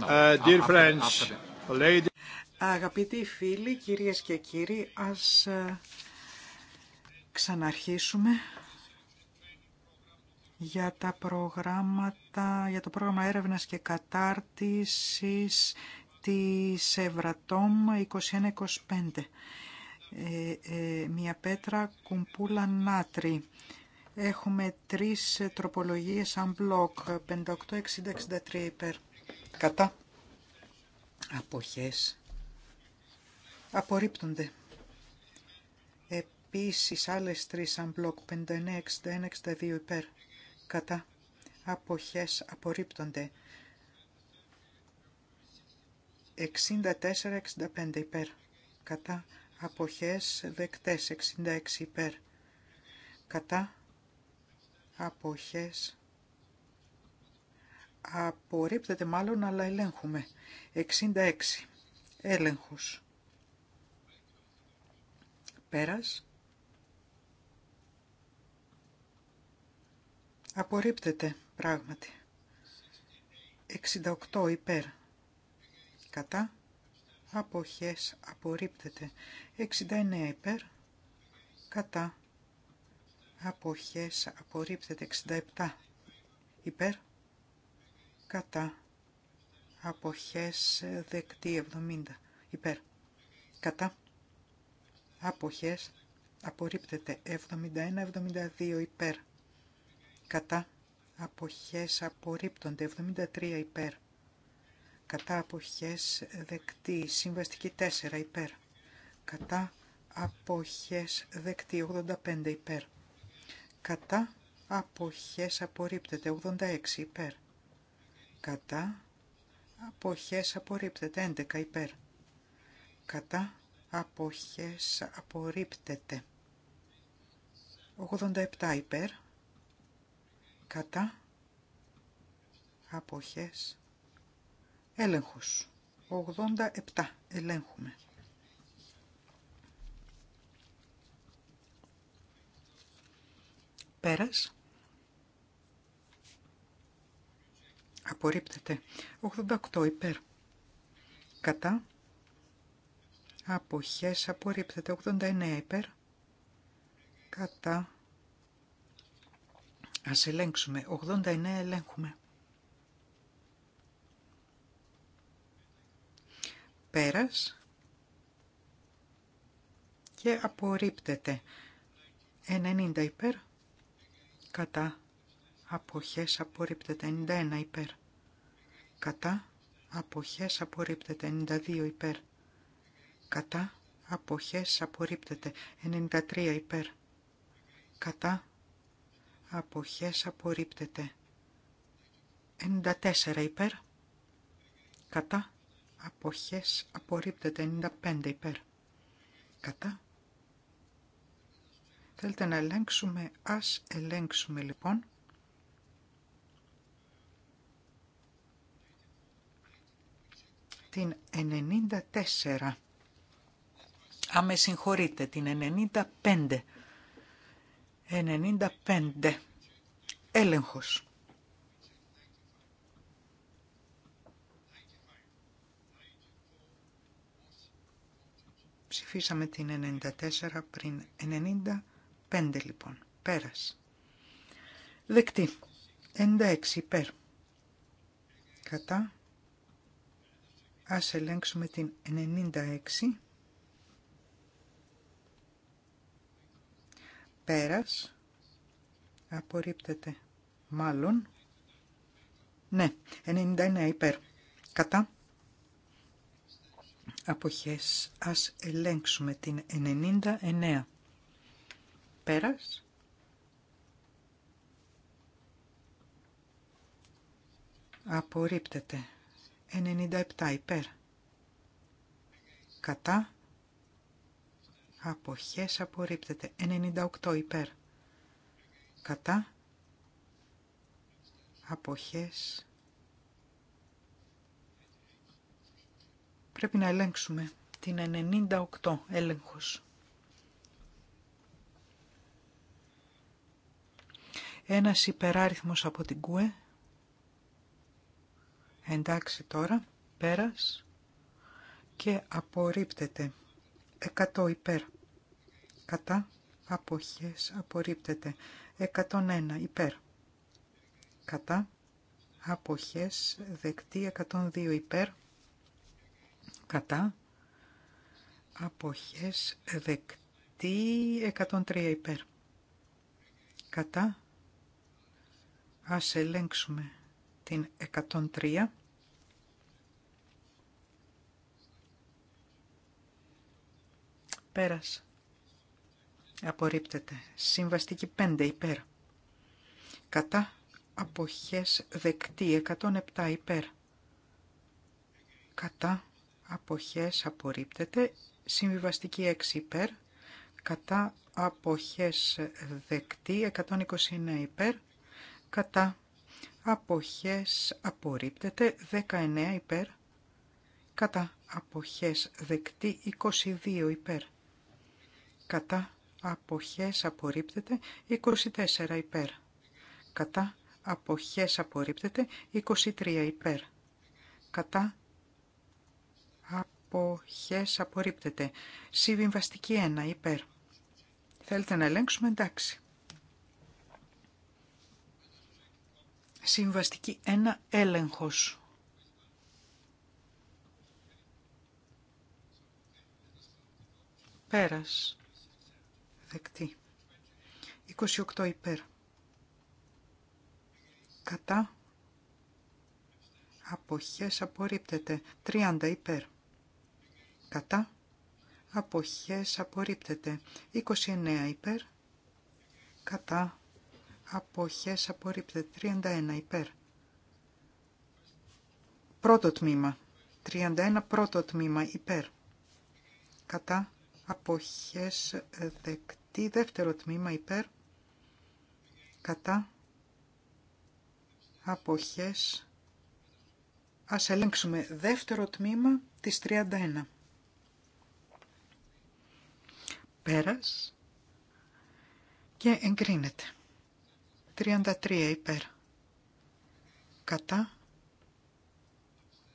Ε, Αγαπητοί φίλοι, κυρίες και κύριοι, ας ε, ξαναρχίσουμε για τα προγράμματα, για το πρόγραμμα έρευνας και κατάρτισης της Ευρατόμ 21-25. Ε, μια πέτρα κουμπούλα νάτρι. Έχουμε τρεις τροπολογίες αν μπλοκ, 58-60-63 υπέρ κατά αποχές απορρίπτονται. Επίσης άλλες τρεις σαν μπλοκ 59, 61, 62 υπέρ κατά αποχές απορρίπτονται. 64, 65 υπέρ κατά αποχές δεκτές 66 υπέρ κατά αποχές Απορρίπτεται μάλλον, αλλά ελέγχουμε. 66. Έλεγχος. Πέρας. Απορρίπτεται, πράγματι. 68 υπέρ. Κατά. Αποχές απορρίπτεται. 69 υπέρ. Κατά. Αποχές απορρίπτεται. 67 υπέρ κατά αποχές ε, δεκτή 70 υπέρ κατά αποχές απορρίπτεται 71-72 υπέρ κατά αποχές απορρίπτονται 73 υπέρ κατά αποχές δεκτή συμβαστική 4 υπέρ κατά αποχές δεκτή 85 υπέρ κατά αποχές απορρίπτεται 86 υπέρ κατά αποχές απορρίπτεται 11 υπέρ κατά αποχές απορρίπτεται 87 υπέρ κατά αποχές έλεγχος 87 ελέγχουμε πέρας Απορρίπτεται. 88 υπέρ. Κατά. Αποχές απορρίπτεται. 89 υπέρ. Κατά. Ας ελέγξουμε. 89 ελέγχουμε. Πέρας. Και απορρίπτεται. 90 υπέρ. Κατά αποχές απορρίπτεται 91 υπέρ. Κατά αποχές απορρίπτεται 92 υπέρ. Κατά αποχές απορρίπτεται 93 υπέρ. Κατά αποχές απορρίπτεται 94 υπέρ. Κατά αποχές απορρίπτεται 95 υπέρ. Κατά Θέλετε να ελέγξουμε, ας ελέγξουμε λοιπόν την 94. Αμέ με συγχωρείτε, την 95. 95. Έλεγχος. Ψηφίσαμε την 94 πριν 95 λοιπόν. Πέρας. Δεκτή. 96 υπέρ. Κατά. Ας ελέγξουμε την 96. Πέρας. Απορρίπτεται. Μάλλον. Ναι, 99 υπέρ. Κατά. Αποχές. Ας ελέγξουμε την 99. Πέρας. Απορρίπτεται. 97 υπέρ. Κατά. Αποχές απορρίπτεται. 98 υπέρ. Κατά. Αποχές. Πρέπει να ελέγξουμε την 98 έλεγχος. Ένας υπεράριθμος από την ΚΟΕ Εντάξει τώρα, πέρας και απορρίπτεται. 100 υπέρ. Κατά αποχές απορρίπτεται. 101 υπέρ. Κατά αποχές δεκτή 102 υπέρ. Κατά αποχές δεκτή 103 υπέρ. Κατά ας ελέγξουμε. 103. Πέρας. Απορρίπτεται. Συμβαστική 5 υπέρ. Κατά αποχές δεκτή 107 υπέρ. Κατά αποχές απορρίπτεται. Συμβιβαστική 6 υπέρ. Κατά αποχές δεκτή 129 υπέρ. Κατά αποχές απορρίπτεται 19 υπέρ, κατά αποχές δεκτή 22 υπέρ, κατά αποχές απορρίπτεται 24 υπέρ, κατά αποχές απορρίπτεται 23 υπέρ, κατά αποχές απορρίπτεται συμβιβαστική 1 υπέρ. Θέλετε να ελέγξουμε εντάξει. Συμβαστική ένα έλεγχος. Πέρας. Δεκτή. 28 υπέρ. Κατά. Αποχές απορρίπτεται. 30 υπέρ. Κατά. Αποχές απορρίπτεται. 29 υπέρ. Κατά αποχές απορρίπτεται. 31 υπέρ. Πρώτο τμήμα. 31 πρώτο τμήμα υπέρ. Κατά αποχές δεκτή. Δεύτερο τμήμα υπέρ. Κατά αποχές. Ας ελέγξουμε δεύτερο τμήμα της 31. Πέρας και εγκρίνεται. 33 υπέρ. Κατά.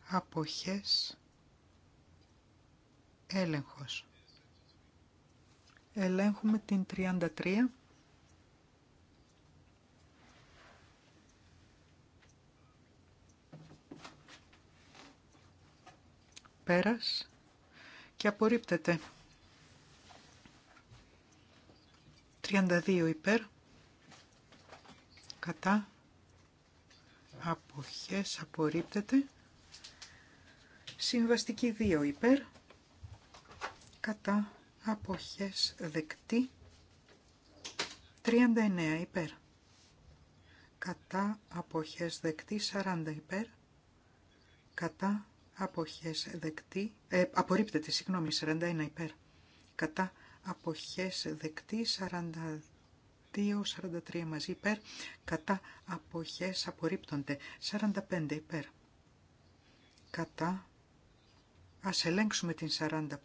Αποχές. Έλεγχος. Ελέγχουμε την 33. Πέρας και απορρίπτεται. 32 υπέρ κατά αποχές απορρίπτεται συμβαστική 2 υπέρ κατά αποχές δεκτή 39 υπέρ κατά αποχές δεκτή 40 υπέρ κατά αποχές δεκτή ε, απορρίπτεται συγγνώμη 41 υπέρ κατά αποχές δεκτή 42 2, 43 μαζί υπέρ, κατά αποχές απορρίπτονται. 45 υπέρ, κατά, ας ελέγξουμε την 45.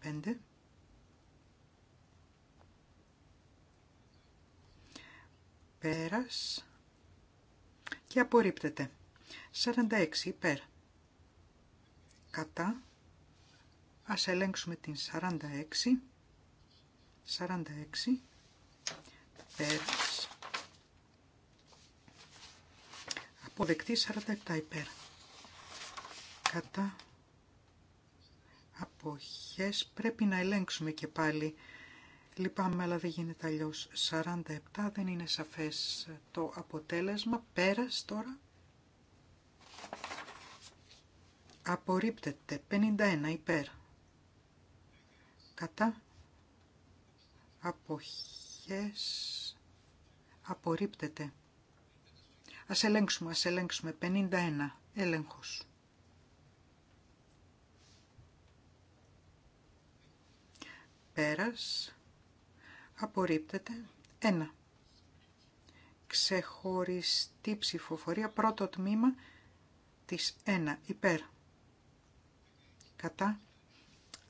Πέρας και απορρίπτεται. 46 υπέρ, κατά, ας ελέγξουμε την 46. 46 πέρας. Αποδεκτή 47 υπέρ. Κατά αποχές πρέπει να ελέγξουμε και πάλι. Λυπάμαι αλλά δεν γίνεται αλλιώς. 47 δεν είναι σαφές το αποτέλεσμα. Πέρας τώρα. Απορρίπτεται 51 υπέρ. Κατά αποχές Απορρίπτεται. Ας ελέγξουμε, ας ελέγξουμε. 51. Έλεγχος. Πέρας. Απορρίπτεται. 1. Ξεχωριστή ψηφοφορία. Πρώτο τμήμα της 1. Υπέρ. Κατά.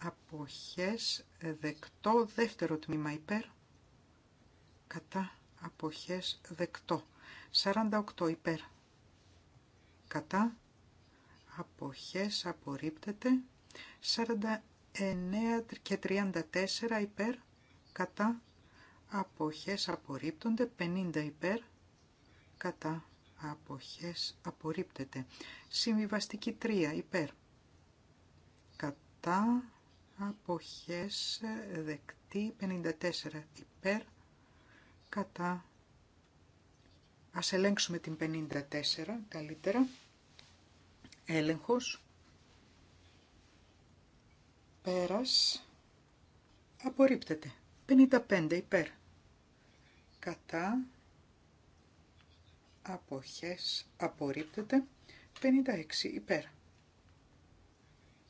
Αποχές. Δεκτό. Δεύτερο τμήμα υπέρ. Κατά αποχές δεκτό. 48 υπέρ. Κατά αποχές απορρίπτεται. 49 και 34 υπέρ. Κατά αποχές απορρίπτονται. 50 υπέρ. Κατά αποχές απορρίπτεται. Συμβιβαστική 3 υπέρ. Κατά αποχές δεκτή 54 υπέρ κατά. Ας ελέγξουμε την 54 καλύτερα. Έλεγχος. Πέρας. Απορρίπτεται. 55 υπέρ. Κατά. Αποχές. Απορρίπτεται. 56 υπέρ.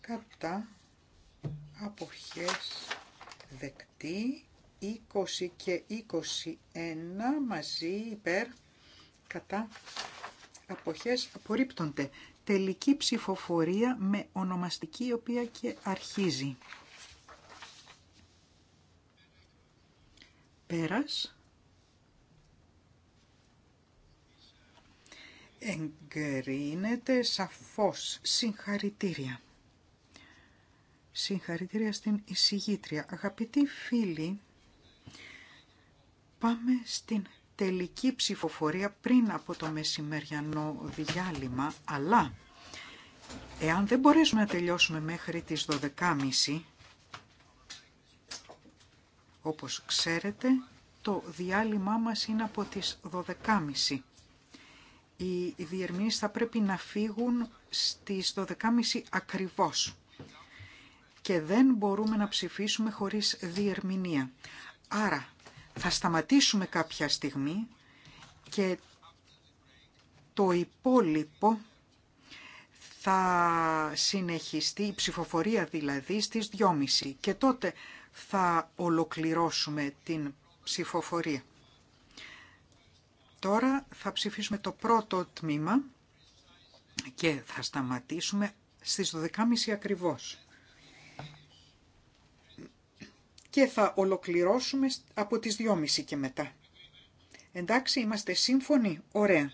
Κατά. Αποχές. Δεκτή. 20 και 21 μαζί υπέρ κατά αποχές απορρίπτονται. Τελική ψηφοφορία με ονομαστική η οποία και αρχίζει. Πέρας. Εγκρίνεται σαφώς. Συγχαρητήρια. Συγχαρητήρια στην εισηγήτρια. Αγαπητοί φίλοι, Πάμε στην τελική ψηφοφορία πριν από το μεσημεριανό διάλειμμα, αλλά εάν δεν μπορέσουμε να τελειώσουμε μέχρι τις 12.30, όπως ξέρετε, το διάλειμμά μας είναι από τις 12.30. Οι διερμηνείς θα πρέπει να φύγουν στις 12.30 ακριβώς και δεν μπορούμε να ψηφίσουμε χωρίς διερμηνία. Άρα θα σταματήσουμε κάποια στιγμή και το υπόλοιπο θα συνεχιστεί, η ψηφοφορία δηλαδή, στις 2.30 και τότε θα ολοκληρώσουμε την ψηφοφορία. Τώρα θα ψηφίσουμε το πρώτο τμήμα και θα σταματήσουμε στις 12.30 ακριβώς και θα ολοκληρώσουμε από τις 2.30 και μετά. Εντάξει, είμαστε σύμφωνοι. Ωραία.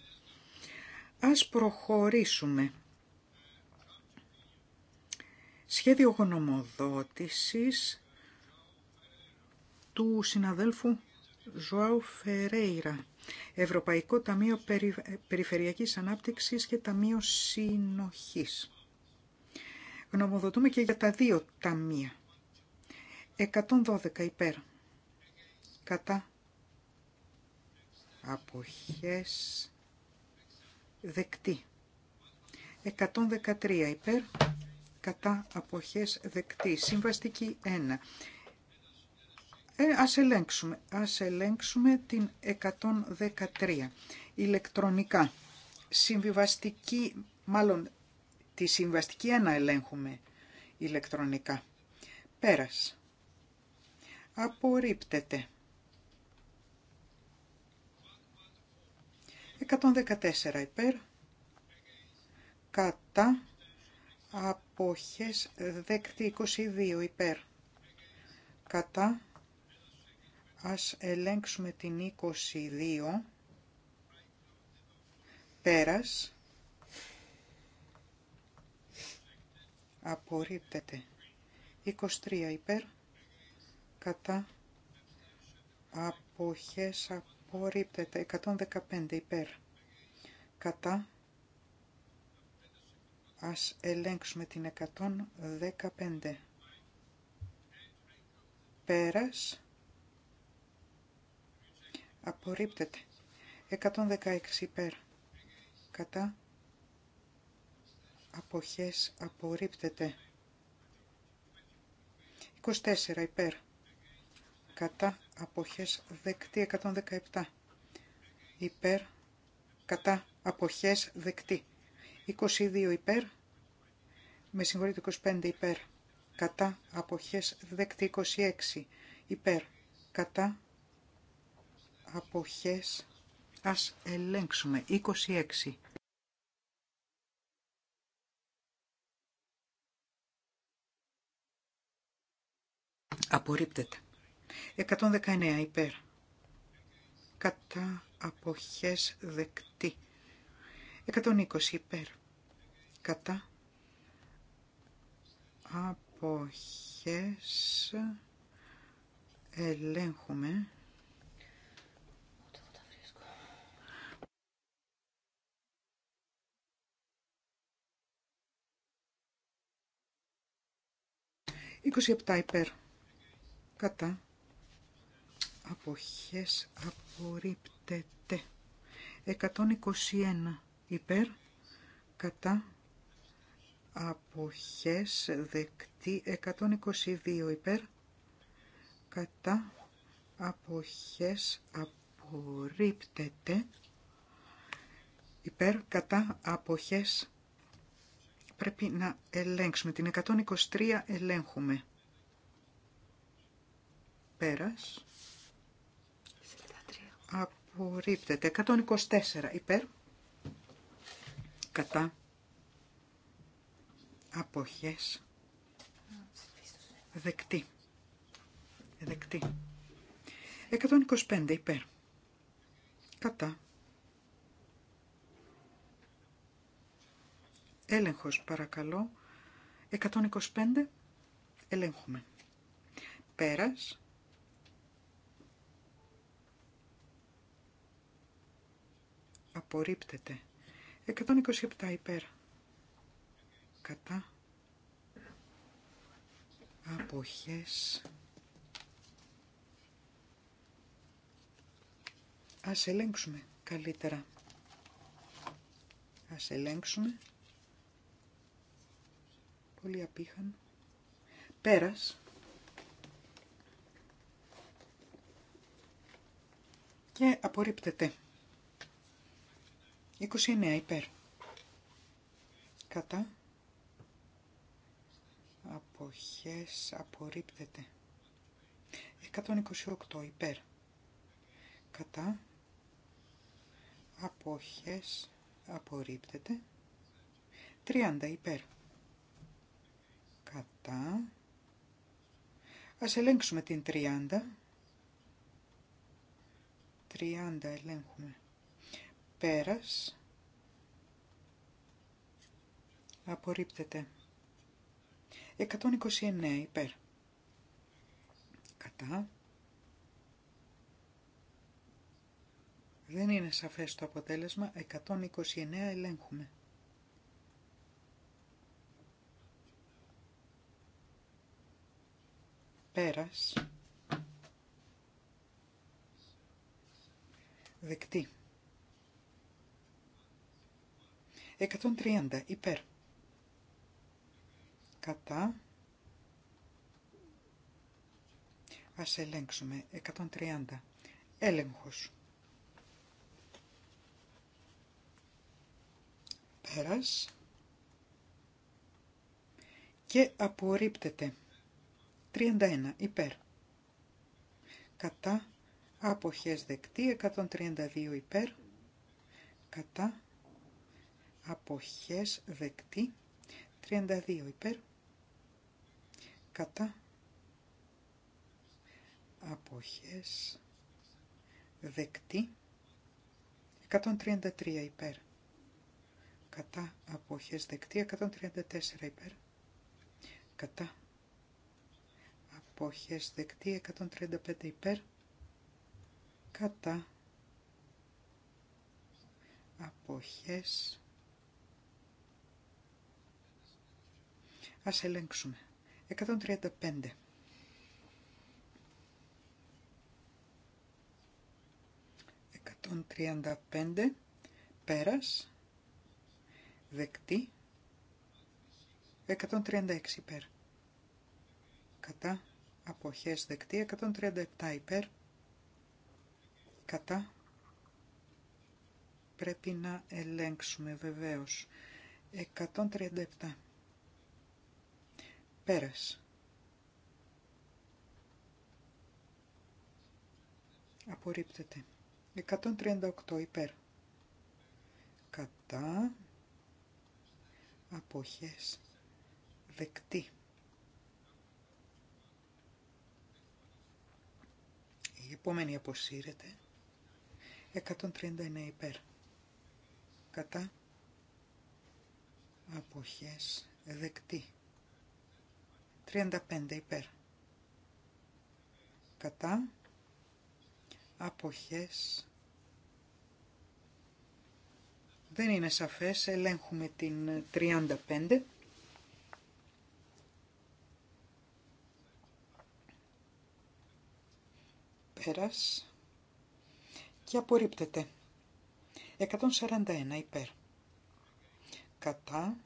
Ας προχωρήσουμε. Σχέδιο γνωμοδότησης του συναδέλφου Ζωάου Φερέιρα. Ευρωπαϊκό Ταμείο Περιφερειακής Ανάπτυξης και Ταμείο Συνοχής. Γνωμοδοτούμε και για τα δύο ταμεία. 112 υπέρ. Κατά. Αποχές. Δεκτή. 113 υπέρ. Κατά. Αποχές. Δεκτή. Συμβαστική 1. Ε, ας ελέγξουμε. Ας ελέγξουμε την 113. Ηλεκτρονικά. Συμβιβαστική, μάλλον τη συμβαστική 1 ελέγχουμε ηλεκτρονικά. Πέρας απορρίπτεται. 114 υπέρ, κατά, αποχές δέκτη 22 υπέρ, κατά, ας ελέγξουμε την 22, πέρας, απορρίπτεται. 23 υπέρ, κατά αποχές απορρίπτεται 115 υπέρ κατά ας ελέγξουμε την 115 πέρας απορρίπτεται 116 υπέρ κατά αποχές απορρίπτεται 24 υπέρ κατά αποχές δεκτή 117 υπέρ κατά αποχές δεκτή 22 υπέρ με συγχωρείτε 25 υπέρ κατά αποχές δεκτή 26 υπέρ κατά αποχές ας ελέγξουμε 26 Απορρίπτεται. 119 υπέρ. Κατά αποχές δεκτή. 120 υπέρ. Κατά αποχές ελέγχουμε. Είκοσι υπέρ. Κατά αποχές απορρίπτεται. 121 υπέρ κατά αποχές δεκτή. 122 υπέρ κατά αποχές απορρίπτεται. Υπέρ κατά αποχές πρέπει να ελέγξουμε. Την 123 ελέγχουμε. Πέρας απορρίπτεται. 124 υπέρ, κατά, αποχές, δεκτή, δεκτή. 125 υπέρ, κατά. Έλεγχος παρακαλώ. 125 ελέγχουμε. Πέρας. απορρίπτεται. 127 υπέρ. Κατά. Αποχές. Ας ελέγξουμε καλύτερα. Ας ελέγξουμε. Πολύ απήχαν. Πέρας. Και απορρίπτεται. 29 υπέρ. Κατά. Αποχές απορρίπτεται. 128 υπέρ. Κατά. Αποχές απορρίπτεται. 30 υπέρ. Κατά. Ας ελέγξουμε την 30. 30 ελέγχουμε. Πέρας. Απορρίπτεται. 129 υπέρ. Κατά. Δεν είναι σαφές το αποτέλεσμα. 129 ελέγχουμε. Πέρας. Δεκτή. 130 υπέρ. Κατά. Ας ελέγξουμε. 130. Έλεγχος. Πέρας. Και απορρίπτεται. 31 υπέρ. Κατά. Αποχές δεκτή. 132 υπέρ. Κατά αποχές δεκτή 32 υπέρ κατά αποχές δεκτή 133 υπέρ κατά αποχές δεκτή 134 υπέρ κατά αποχές δεκτή 135 υπέρ κατά αποχές Ας ελέγξουμε. 135. 135. πέρας δεκτή 136 υπέρ κατά αποχές δεκτή 137 υπέρ κατά πρέπει να ελέγξουμε βεβαίως 137 Πέρας. Απορρίπτεται. 138 υπέρ. Κατά. Αποχές. Δεκτή. Η επόμενη αποσύρεται. 139 υπέρ. Κατά. Αποχές. Δεκτή. 35 υπέρ. Κατά. Αποχές. Δεν είναι σαφές. Ελέγχουμε την 35. Πέρας. Και απορρίπτεται. 141 υπέρ. Κατά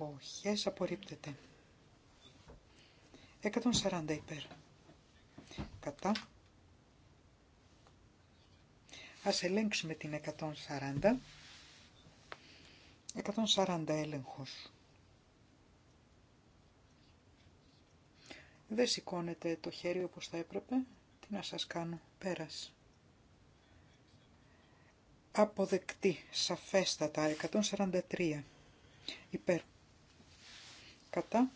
εποχές απορρίπτεται. 140 υπέρ. Κατά. Ας ελέγξουμε την 140. 140 έλεγχος. Δεν σηκώνετε το χέρι όπως θα έπρεπε. Τι να σας κάνω. Πέρας. Αποδεκτή. Σαφέστατα. 143. Υπέρ κατά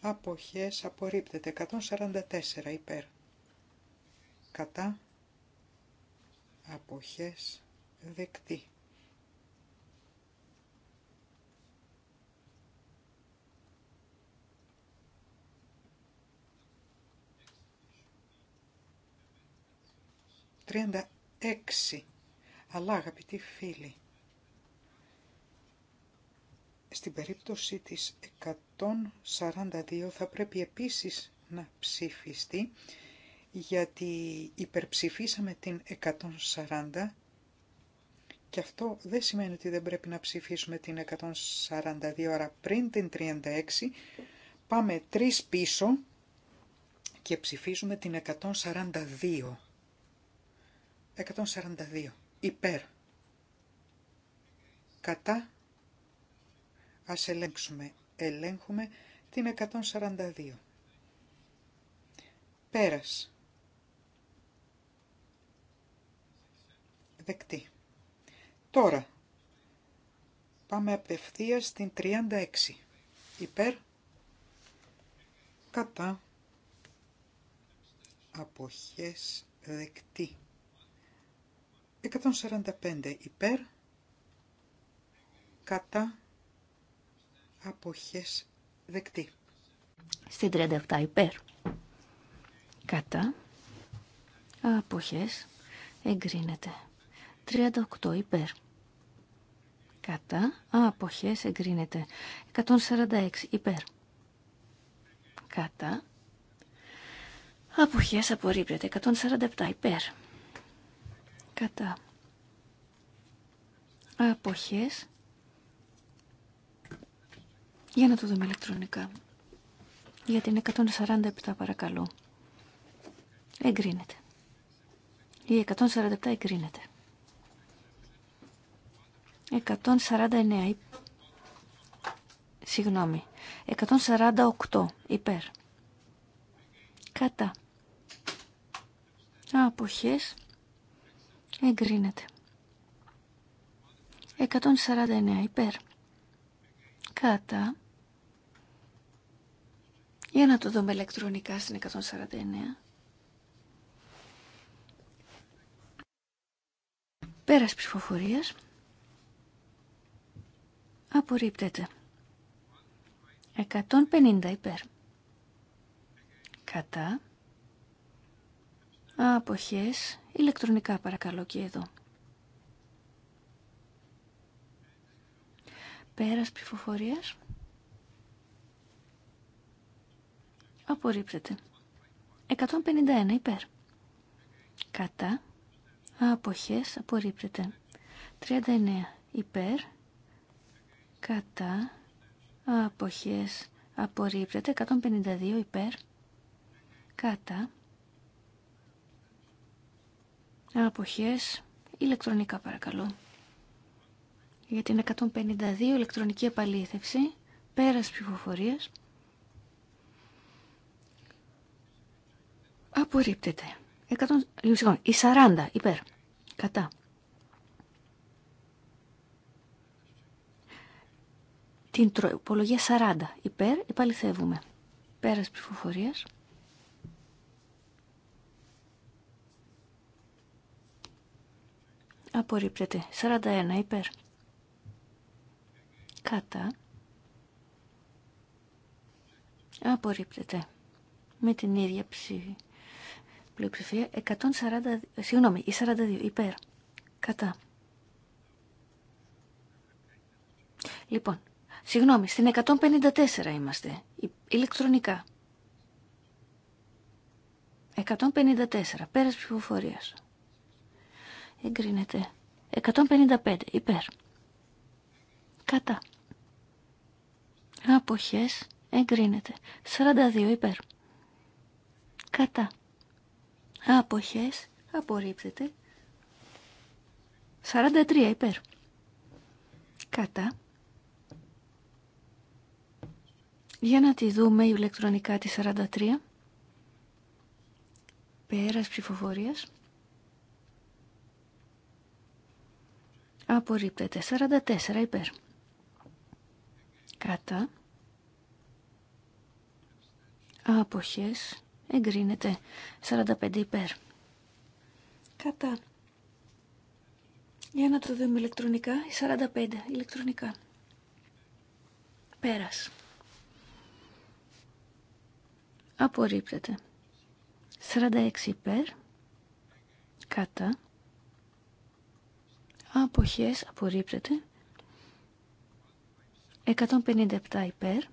αποχές απορρίπτεται 144 υπέρ κατά αποχές δεκτή 36. έξι. Αλλά αγαπητοί φίλοι, στην περίπτωση της 142 θα πρέπει επίσης να ψηφιστεί γιατί υπερψηφίσαμε την 140 και αυτό δεν σημαίνει ότι δεν πρέπει να ψηφίσουμε την 142 ώρα πριν την 36. Πάμε τρεις πίσω και ψηφίζουμε την 142. 142. Υπέρ. Κατά. Ας ελέγξουμε. Ελέγχουμε την 142. Πέρας. Δεκτή. Τώρα. Πάμε απευθείας στην 36. Υπέρ. Κατά. Αποχές δεκτή. 145 υπέρ, κατά αποχές δεκτή. Στην 37 υπέρ. Κατά. Αποχές εγκρίνεται. 38 υπέρ. Κατά. Αποχές εγκρίνεται. 146 υπέρ. Κατά. Αποχές απορρίπτεται. 147 υπέρ. Κατά. Αποχές για να το δούμε ηλεκτρονικά. Για την 147 παρακαλώ. Εγκρίνεται. Η 147 εγκρίνεται. 149 Συγγνώμη. 148 υπέρ. Κατά. Αποχές. Εγκρίνεται. 149 υπέρ. Κατά. Για να το δούμε ηλεκτρονικά στην 149. Πέρας ψηφοφορίας. Απορρίπτεται. 150 υπέρ. Κατά. Αποχές. Ηλεκτρονικά παρακαλώ και εδώ. Πέρας ψηφοφορίας. απορρίπτεται. 151 υπέρ. Κατά. Αποχές απορρίπτεται. 39 υπέρ. Κατά. Αποχές απορρίπτεται. 152 υπέρ. Κατά. Αποχές ηλεκτρονικά παρακαλώ. Για την 152 ηλεκτρονική επαλήθευση πέρας ψηφοφορίας Απορρίπτεται. 100, ε, η 40 υπέρ. Κατά. Την τροπολογία 40 υπέρ υπαλληθεύουμε. Πέρας ψηφοφορίας. Απορρίπτεται. 41 υπέρ. Κατά. Απορρίπτεται. Με την ίδια ψήφη πλειοψηφία 140, ε, συγγνώμη, η 42 υπέρ. Κατά. Λοιπόν, συγγνώμη, στην 154 είμαστε, ηλεκτρονικά. 154, πέρας ψηφοφορίας. Εγκρίνεται. 155, υπέρ. Κατά. Αποχές, εγκρίνεται. 42, υπέρ. Κατά. Αποχές απορρίπτεται. 43 υπέρ. Κατά. Για να τη δούμε ηλεκτρονικά τη 43. Πέρας ψηφοφορίας. Απορρίπτεται. 44 υπέρ. Κατά. Αποχές εγκρίνεται 45 υπέρ. Κατά. Για να το δούμε ηλεκτρονικά, 45 ηλεκτρονικά. Πέρας. Απορρίπτεται. 46 υπέρ. Κατά. Αποχές απορρίπτεται. 157 υπέρ.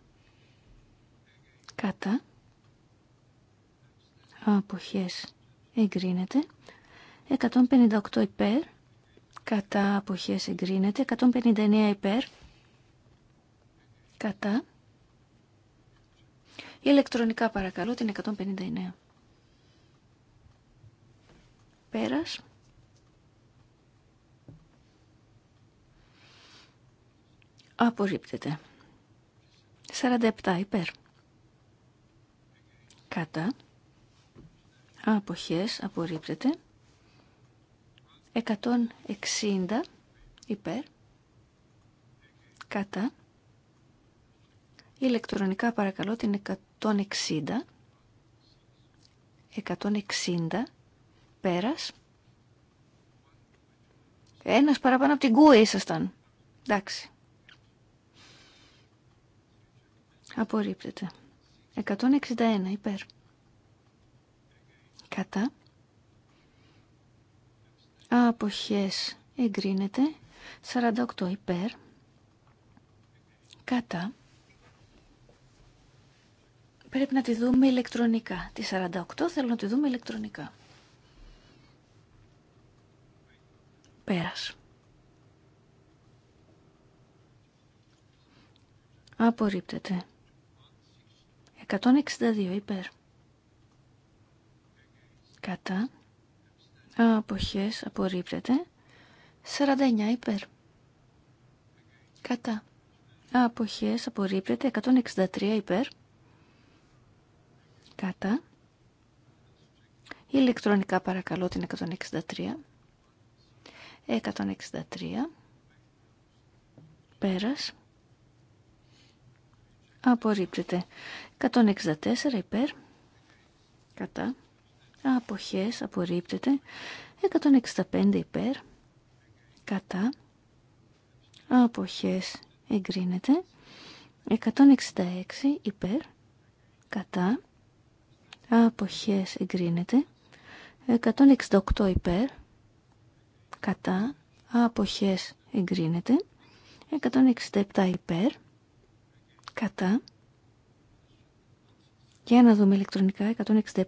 Κατά αποχές εγκρίνεται 158 υπέρ κατά αποχές εγκρίνεται 159 υπέρ κατά ηλεκτρονικά παρακαλώ την 159 πέρας απορρίπτεται 47 υπέρ κατά αποχές απορρίπτεται 160 υπέρ κατά ηλεκτρονικά παρακαλώ την 160 160 πέρας ένας παραπάνω από την κούε ήσασταν εντάξει απορρίπτεται 161 υπέρ κατά αποχές εγκρίνεται 48 υπέρ κατά πρέπει να τη δούμε ηλεκτρονικά τη 48 θέλω να τη δούμε ηλεκτρονικά πέρας απορρίπτεται 162 υπέρ κατά αποχές απορρίπτεται 49 υπέρ κατά αποχές απορρίπτεται 163 υπέρ κατά ηλεκτρονικά παρακαλώ την 163 163 πέρας απορρίπτεται 164 υπέρ κατά αποχές απορρίπτεται 165 υπέρ κατά αποχές εγκρίνεται 166 υπέρ κατά αποχές εγκρίνεται 168 υπέρ κατά αποχές εγκρίνεται 167 υπέρ κατά για να δούμε ηλεκτρονικά 167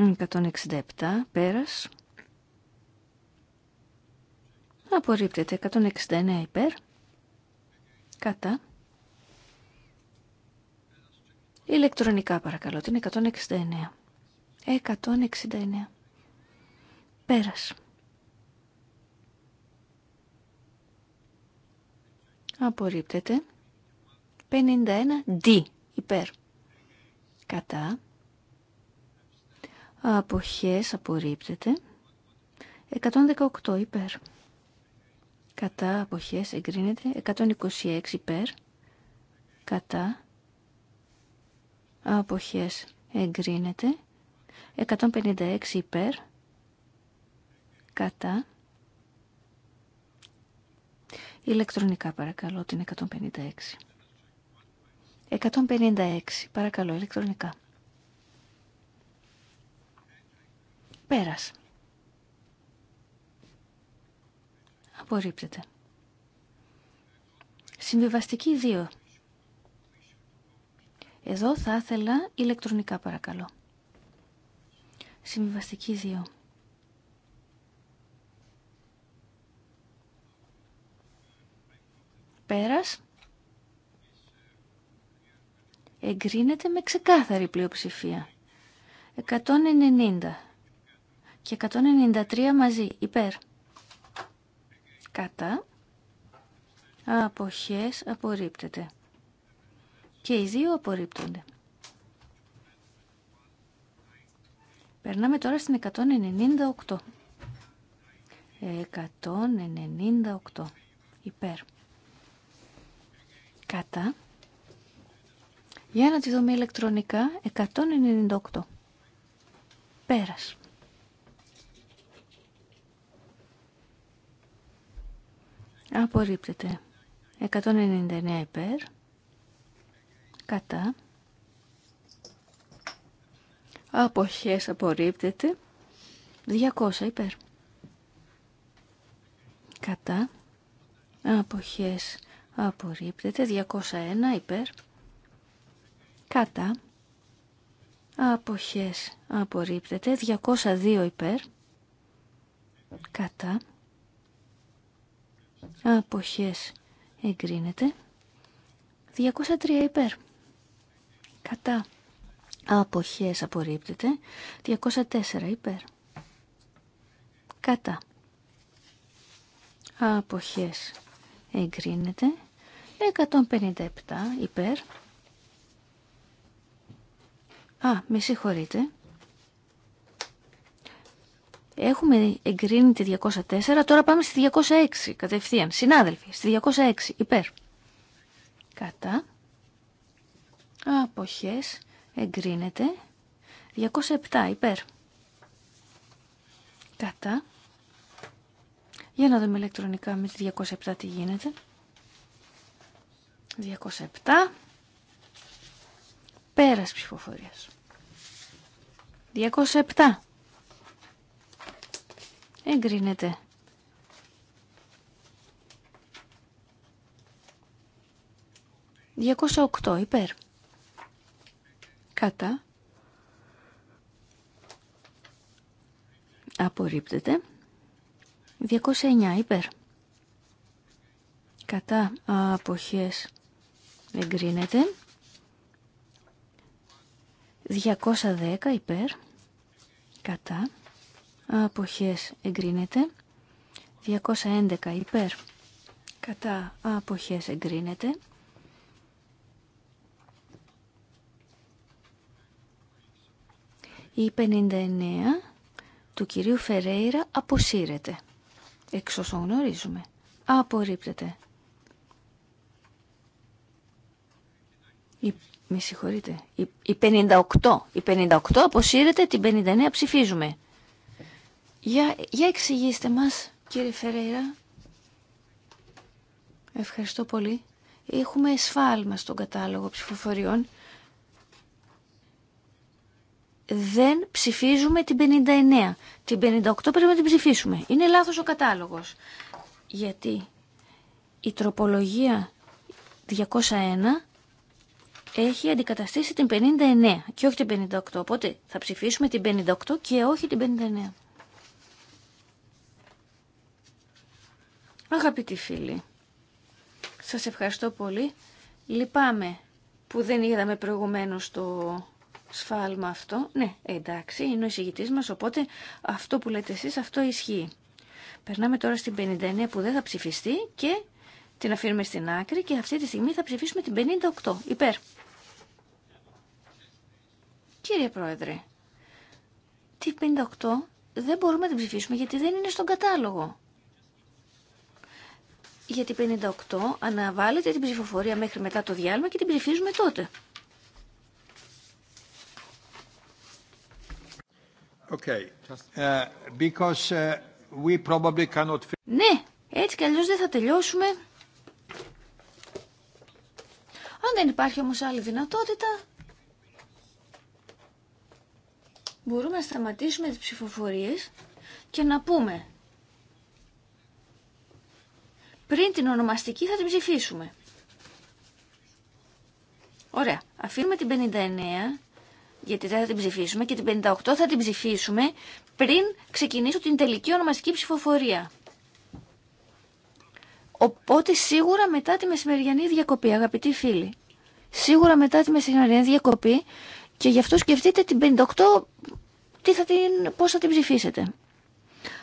167 πέρας. Απορρίπτεται 169 υπέρ. Κατά. Ηλεκτρονικά παρακαλώ, την 169. 169. Πέρας. Απορρίπτεται. 51 D υπέρ. Κατά. Αποχές απορρίπτεται. 118 υπέρ. Κατά αποχές εγκρίνεται. 126 υπέρ. Κατά αποχές εγκρίνεται. 156 υπέρ. Κατά. Ηλεκτρονικά παρακαλώ την 156. 156 παρακαλώ ηλεκτρονικά. Πέρας. Απορρίπτεται. Συμβιβαστική 2. Εδώ θα ήθελα ηλεκτρονικά παρακαλώ. Συμβιβαστική 2. Πέρας. Εγκρίνεται με ξεκάθαρη πλειοψηφία. 190 και 193 μαζί, υπέρ. Κατά. Αποχές απορρίπτεται. Και οι δύο απορρίπτονται. Περνάμε τώρα στην 198. 198. Υπέρ. Κατά. Για να τη δούμε ηλεκτρονικά. 198. Πέρας. Απορρίπτεται. 199 υπέρ. Κατά. Αποχές απορρίπτεται. 200 υπέρ. Κατά. Αποχές απορρίπτεται. 201 υπέρ. Κατά. Αποχές απορρίπτεται. 202 υπέρ. Κατά αποχές εγκρίνεται 203 υπέρ κατά αποχές απορρίπτεται 204 υπέρ κατά αποχές εγκρίνεται 157 υπέρ α, με συγχωρείτε Έχουμε εγκρίνει τη 204, τώρα πάμε στη 206 κατευθείαν. Συνάδελφοι, στη 206 υπέρ. Κατά. Αποχές εγκρίνεται. 207 υπέρ. Κατά. Για να δούμε ηλεκτρονικά με τη 207 τι γίνεται. 207. Πέρας ψηφοφορίας. 207. Εγκρίνεται. «208 υπέρ». Κατά. Απορρίπτεται. 209 υπέρ. Κατά αποχές εγκρίνεται. 210 υπέρ. Κατά αποχές εγκρίνεται. 211 υπέρ κατά αποχές εγκρίνεται. Η 59 του κυρίου Φερέιρα αποσύρεται. Εξ όσων γνωρίζουμε. Απορρίπτεται. Η, με συγχωρείτε. η 58. Η 58 αποσύρεται, την 59 ψηφίζουμε. Για, εξηγήστε μας, κύριε Φερέιρα. Ευχαριστώ πολύ. Έχουμε σφάλμα στον κατάλογο ψηφοφοριών. Δεν ψηφίζουμε την 59. Την 58 πρέπει να την ψηφίσουμε. Είναι λάθος ο κατάλογος. Γιατί η τροπολογία 201 έχει αντικαταστήσει την 59 και όχι την 58. Οπότε θα ψηφίσουμε την 58 και όχι την 59. Αγαπητοί φίλοι, σας ευχαριστώ πολύ. Λυπάμαι που δεν είδαμε προηγουμένως το σφάλμα αυτό. Ναι, εντάξει, είναι ο εισηγητής μας, οπότε αυτό που λέτε εσείς αυτό ισχύει. Περνάμε τώρα στην 59 που δεν θα ψηφιστεί και την αφήνουμε στην άκρη και αυτή τη στιγμή θα ψηφίσουμε την 58. Υπέρ. Κύριε Πρόεδρε, την 58 δεν μπορούμε να την ψηφίσουμε γιατί δεν είναι στον κατάλογο για την 58 αναβάλλεται την ψηφοφορία μέχρι μετά το διάλειμμα και την ψηφίζουμε τότε. Okay. Uh, because, uh, we probably cannot... Ναι, έτσι κι αλλιώς δεν θα τελειώσουμε. Αν δεν υπάρχει όμως άλλη δυνατότητα, μπορούμε να σταματήσουμε τις ψηφοφορίες και να πούμε πριν την ονομαστική θα την ψηφίσουμε. Ωραία. Αφήνουμε την 59 γιατί δεν θα την ψηφίσουμε και την 58 θα την ψηφίσουμε πριν ξεκινήσω την τελική ονομαστική ψηφοφορία. Οπότε σίγουρα μετά τη μεσημεριανή διακοπή, αγαπητοί φίλοι. Σίγουρα μετά τη μεσημεριανή διακοπή και γι' αυτό σκεφτείτε την 58 τι θα την, πώς θα την ψηφίσετε.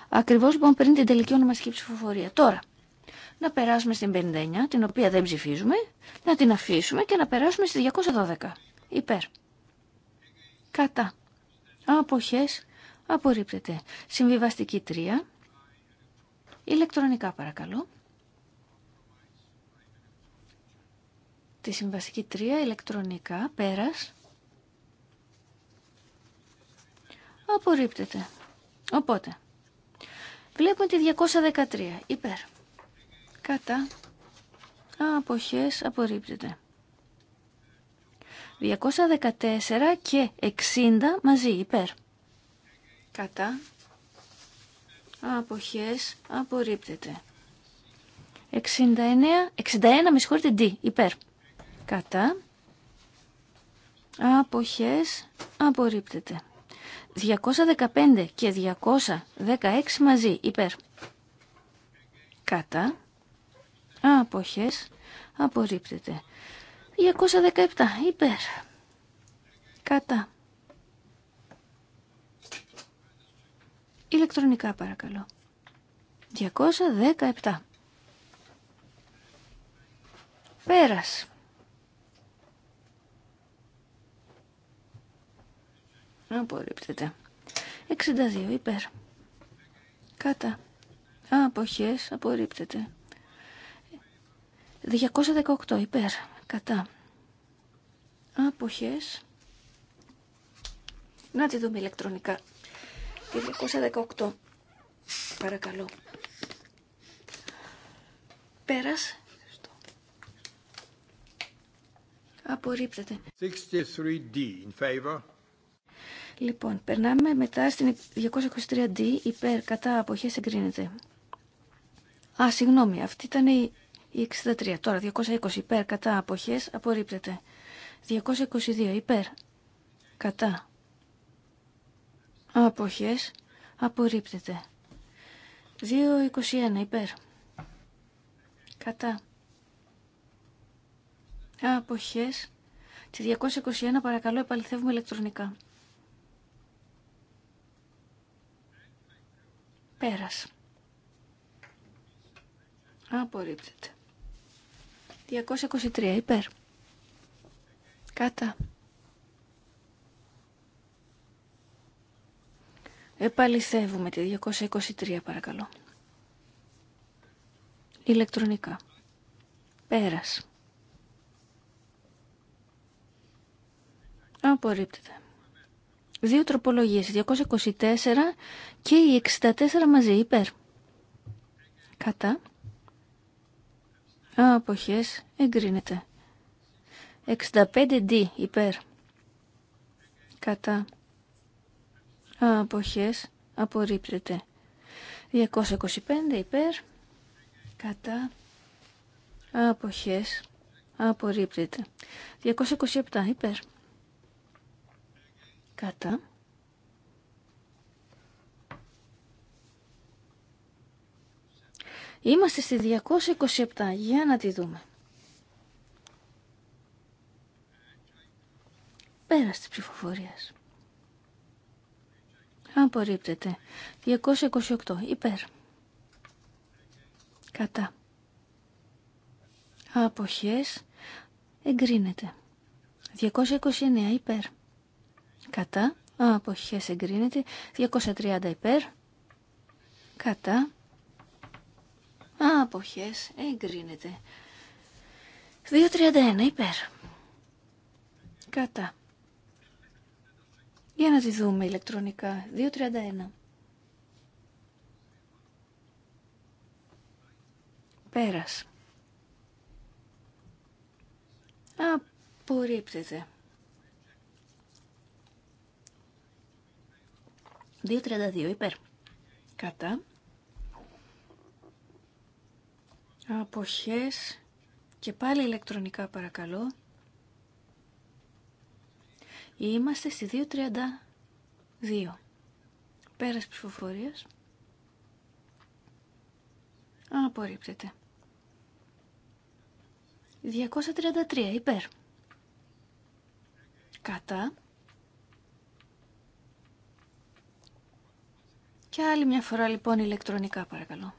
Ακριβώς λοιπόν πριν την τελική ονομαστική ψηφοφορία. Τώρα να περάσουμε στην 59, την οποία δεν ψηφίζουμε, να την αφήσουμε και να περάσουμε στη 212. Υπέρ. Κατά. Αποχές. Απορρίπτεται. Συμβιβαστική 3. Ηλεκτρονικά παρακαλώ. Τη συμβαστική 3 ηλεκτρονικά πέρας. Απορρίπτεται. Οπότε. Βλέπουμε τη 213. Υπέρ κατά αποχές απορρίπτεται. 214 και 60 μαζί υπέρ. Κατά αποχές απορρίπτεται. 69, 61 με συγχωρείτε D υπέρ. Κατά αποχές απορρίπτεται. 215 και 216 μαζί υπέρ. Κατά αποχές απορρίπτεται. 217 υπέρ κατά ηλεκτρονικά παρακαλώ. 217 Πέρας. Απορρίπτεται. 62 υπέρ. Κατά. Αποχές απορρίπτεται. 218 υπέρ. Κατά. Αποχές. Να τη δούμε ηλεκτρονικά. 218. Παρακαλώ. Πέρας. Απορρίπτεται. 63D in favor. Λοιπόν, περνάμε μετά στην 223D υπέρ κατά αποχές εγκρίνεται. Α, συγγνώμη, αυτή ήταν η η 63. Τώρα 220 υπέρ κατά αποχές απορρίπτεται. 222 υπέρ κατά αποχές απορρίπτεται. 221 υπέρ κατά αποχές. Τη 221 παρακαλώ επαληθεύουμε ηλεκτρονικά. Πέρας. Απορρίπτεται. 223 υπέρ. Κάτα. Επαληθεύουμε τη 223 παρακαλώ. Ηλεκτρονικά. Πέρας. Απορρίπτεται. Δύο τροπολογίες, 224 και η 64 μαζί, υπέρ. Κατά αποχές εγκρίνεται. 65D υπέρ κατά αποχές απορρίπτεται. 225 υπέρ κατά αποχές απορρίπτεται. 227 υπέρ κατά Είμαστε στη 227. Για να τη δούμε. Πέρα της ψηφοφορίας. Απορρίπτεται. 228. Υπέρ. Κατά. Αποχές. Εγκρίνεται. 229. Υπέρ. Κατά. Αποχές εγκρίνεται. 230 υπέρ. Κατά. Αποχές εγκρίνεται. 2.31 υπέρ. Κατά. Για να τη δούμε ηλεκτρονικά. 2.31. Πέρας. Απορρίπτεται. 2.32 υπέρ. Κατά. Αποχές και πάλι ηλεκτρονικά παρακαλώ. Είμαστε στη 2.32. Πέρας ψηφοφορίας. Απορρίπτεται. 233 υπέρ. Κατά. Και άλλη μια φορά λοιπόν ηλεκτρονικά παρακαλώ.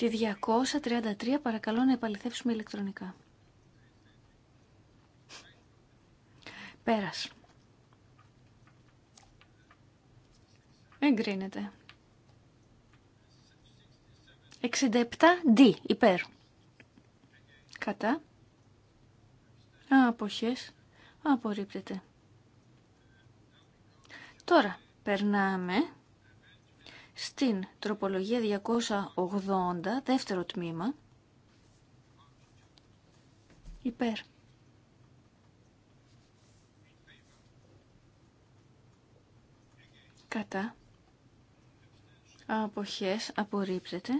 Τη 233 παρακαλώ να επαληθεύσουμε ηλεκτρονικά. Πέρας. Εγκρίνεται. 67D υπέρ. Κατά. Αποχές. Απορρίπτεται. Τώρα περνάμε στην τροπολογία 280, δεύτερο τμήμα, υπέρ. Κατά. Αποχές απορρίπτεται.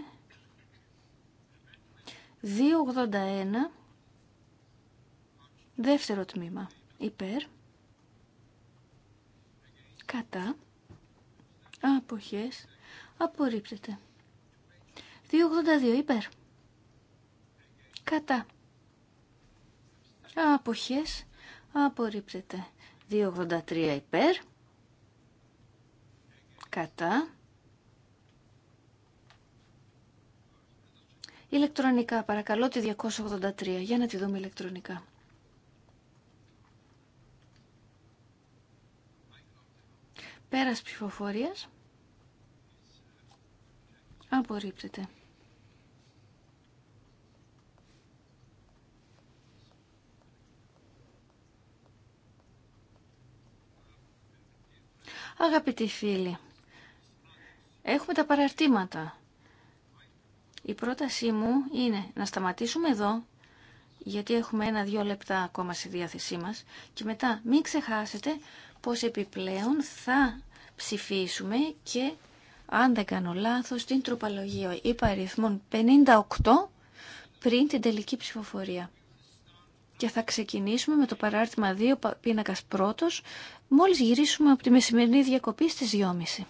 281, δεύτερο τμήμα, υπέρ. Κατά. Αποχές απορρίπτεται. 282 υπέρ. Κατά. Αποχές απορρίπτεται. 283 υπέρ. Κατά. Ηλεκτρονικά, παρακαλώ τη 283. Για να τη δούμε ηλεκτρονικά. Πέρας ψηφοφορίας. Απορρίπτεται. Αγαπητοί φίλοι, έχουμε τα παραρτήματα. Η πρότασή μου είναι να σταματήσουμε εδώ, γιατί έχουμε ένα-δύο λεπτά ακόμα στη διάθεσή μας, και μετά μην ξεχάσετε πως επιπλέον θα ψηφίσουμε και αν δεν κάνω λάθος, την τροπολογία υπαριθμών 58 πριν την τελική ψηφοφορία. Και θα ξεκινήσουμε με το παράρτημα 2 πίνακας πρώτος, μόλις γυρίσουμε από τη μεσημερινή διακοπή στις 2.30.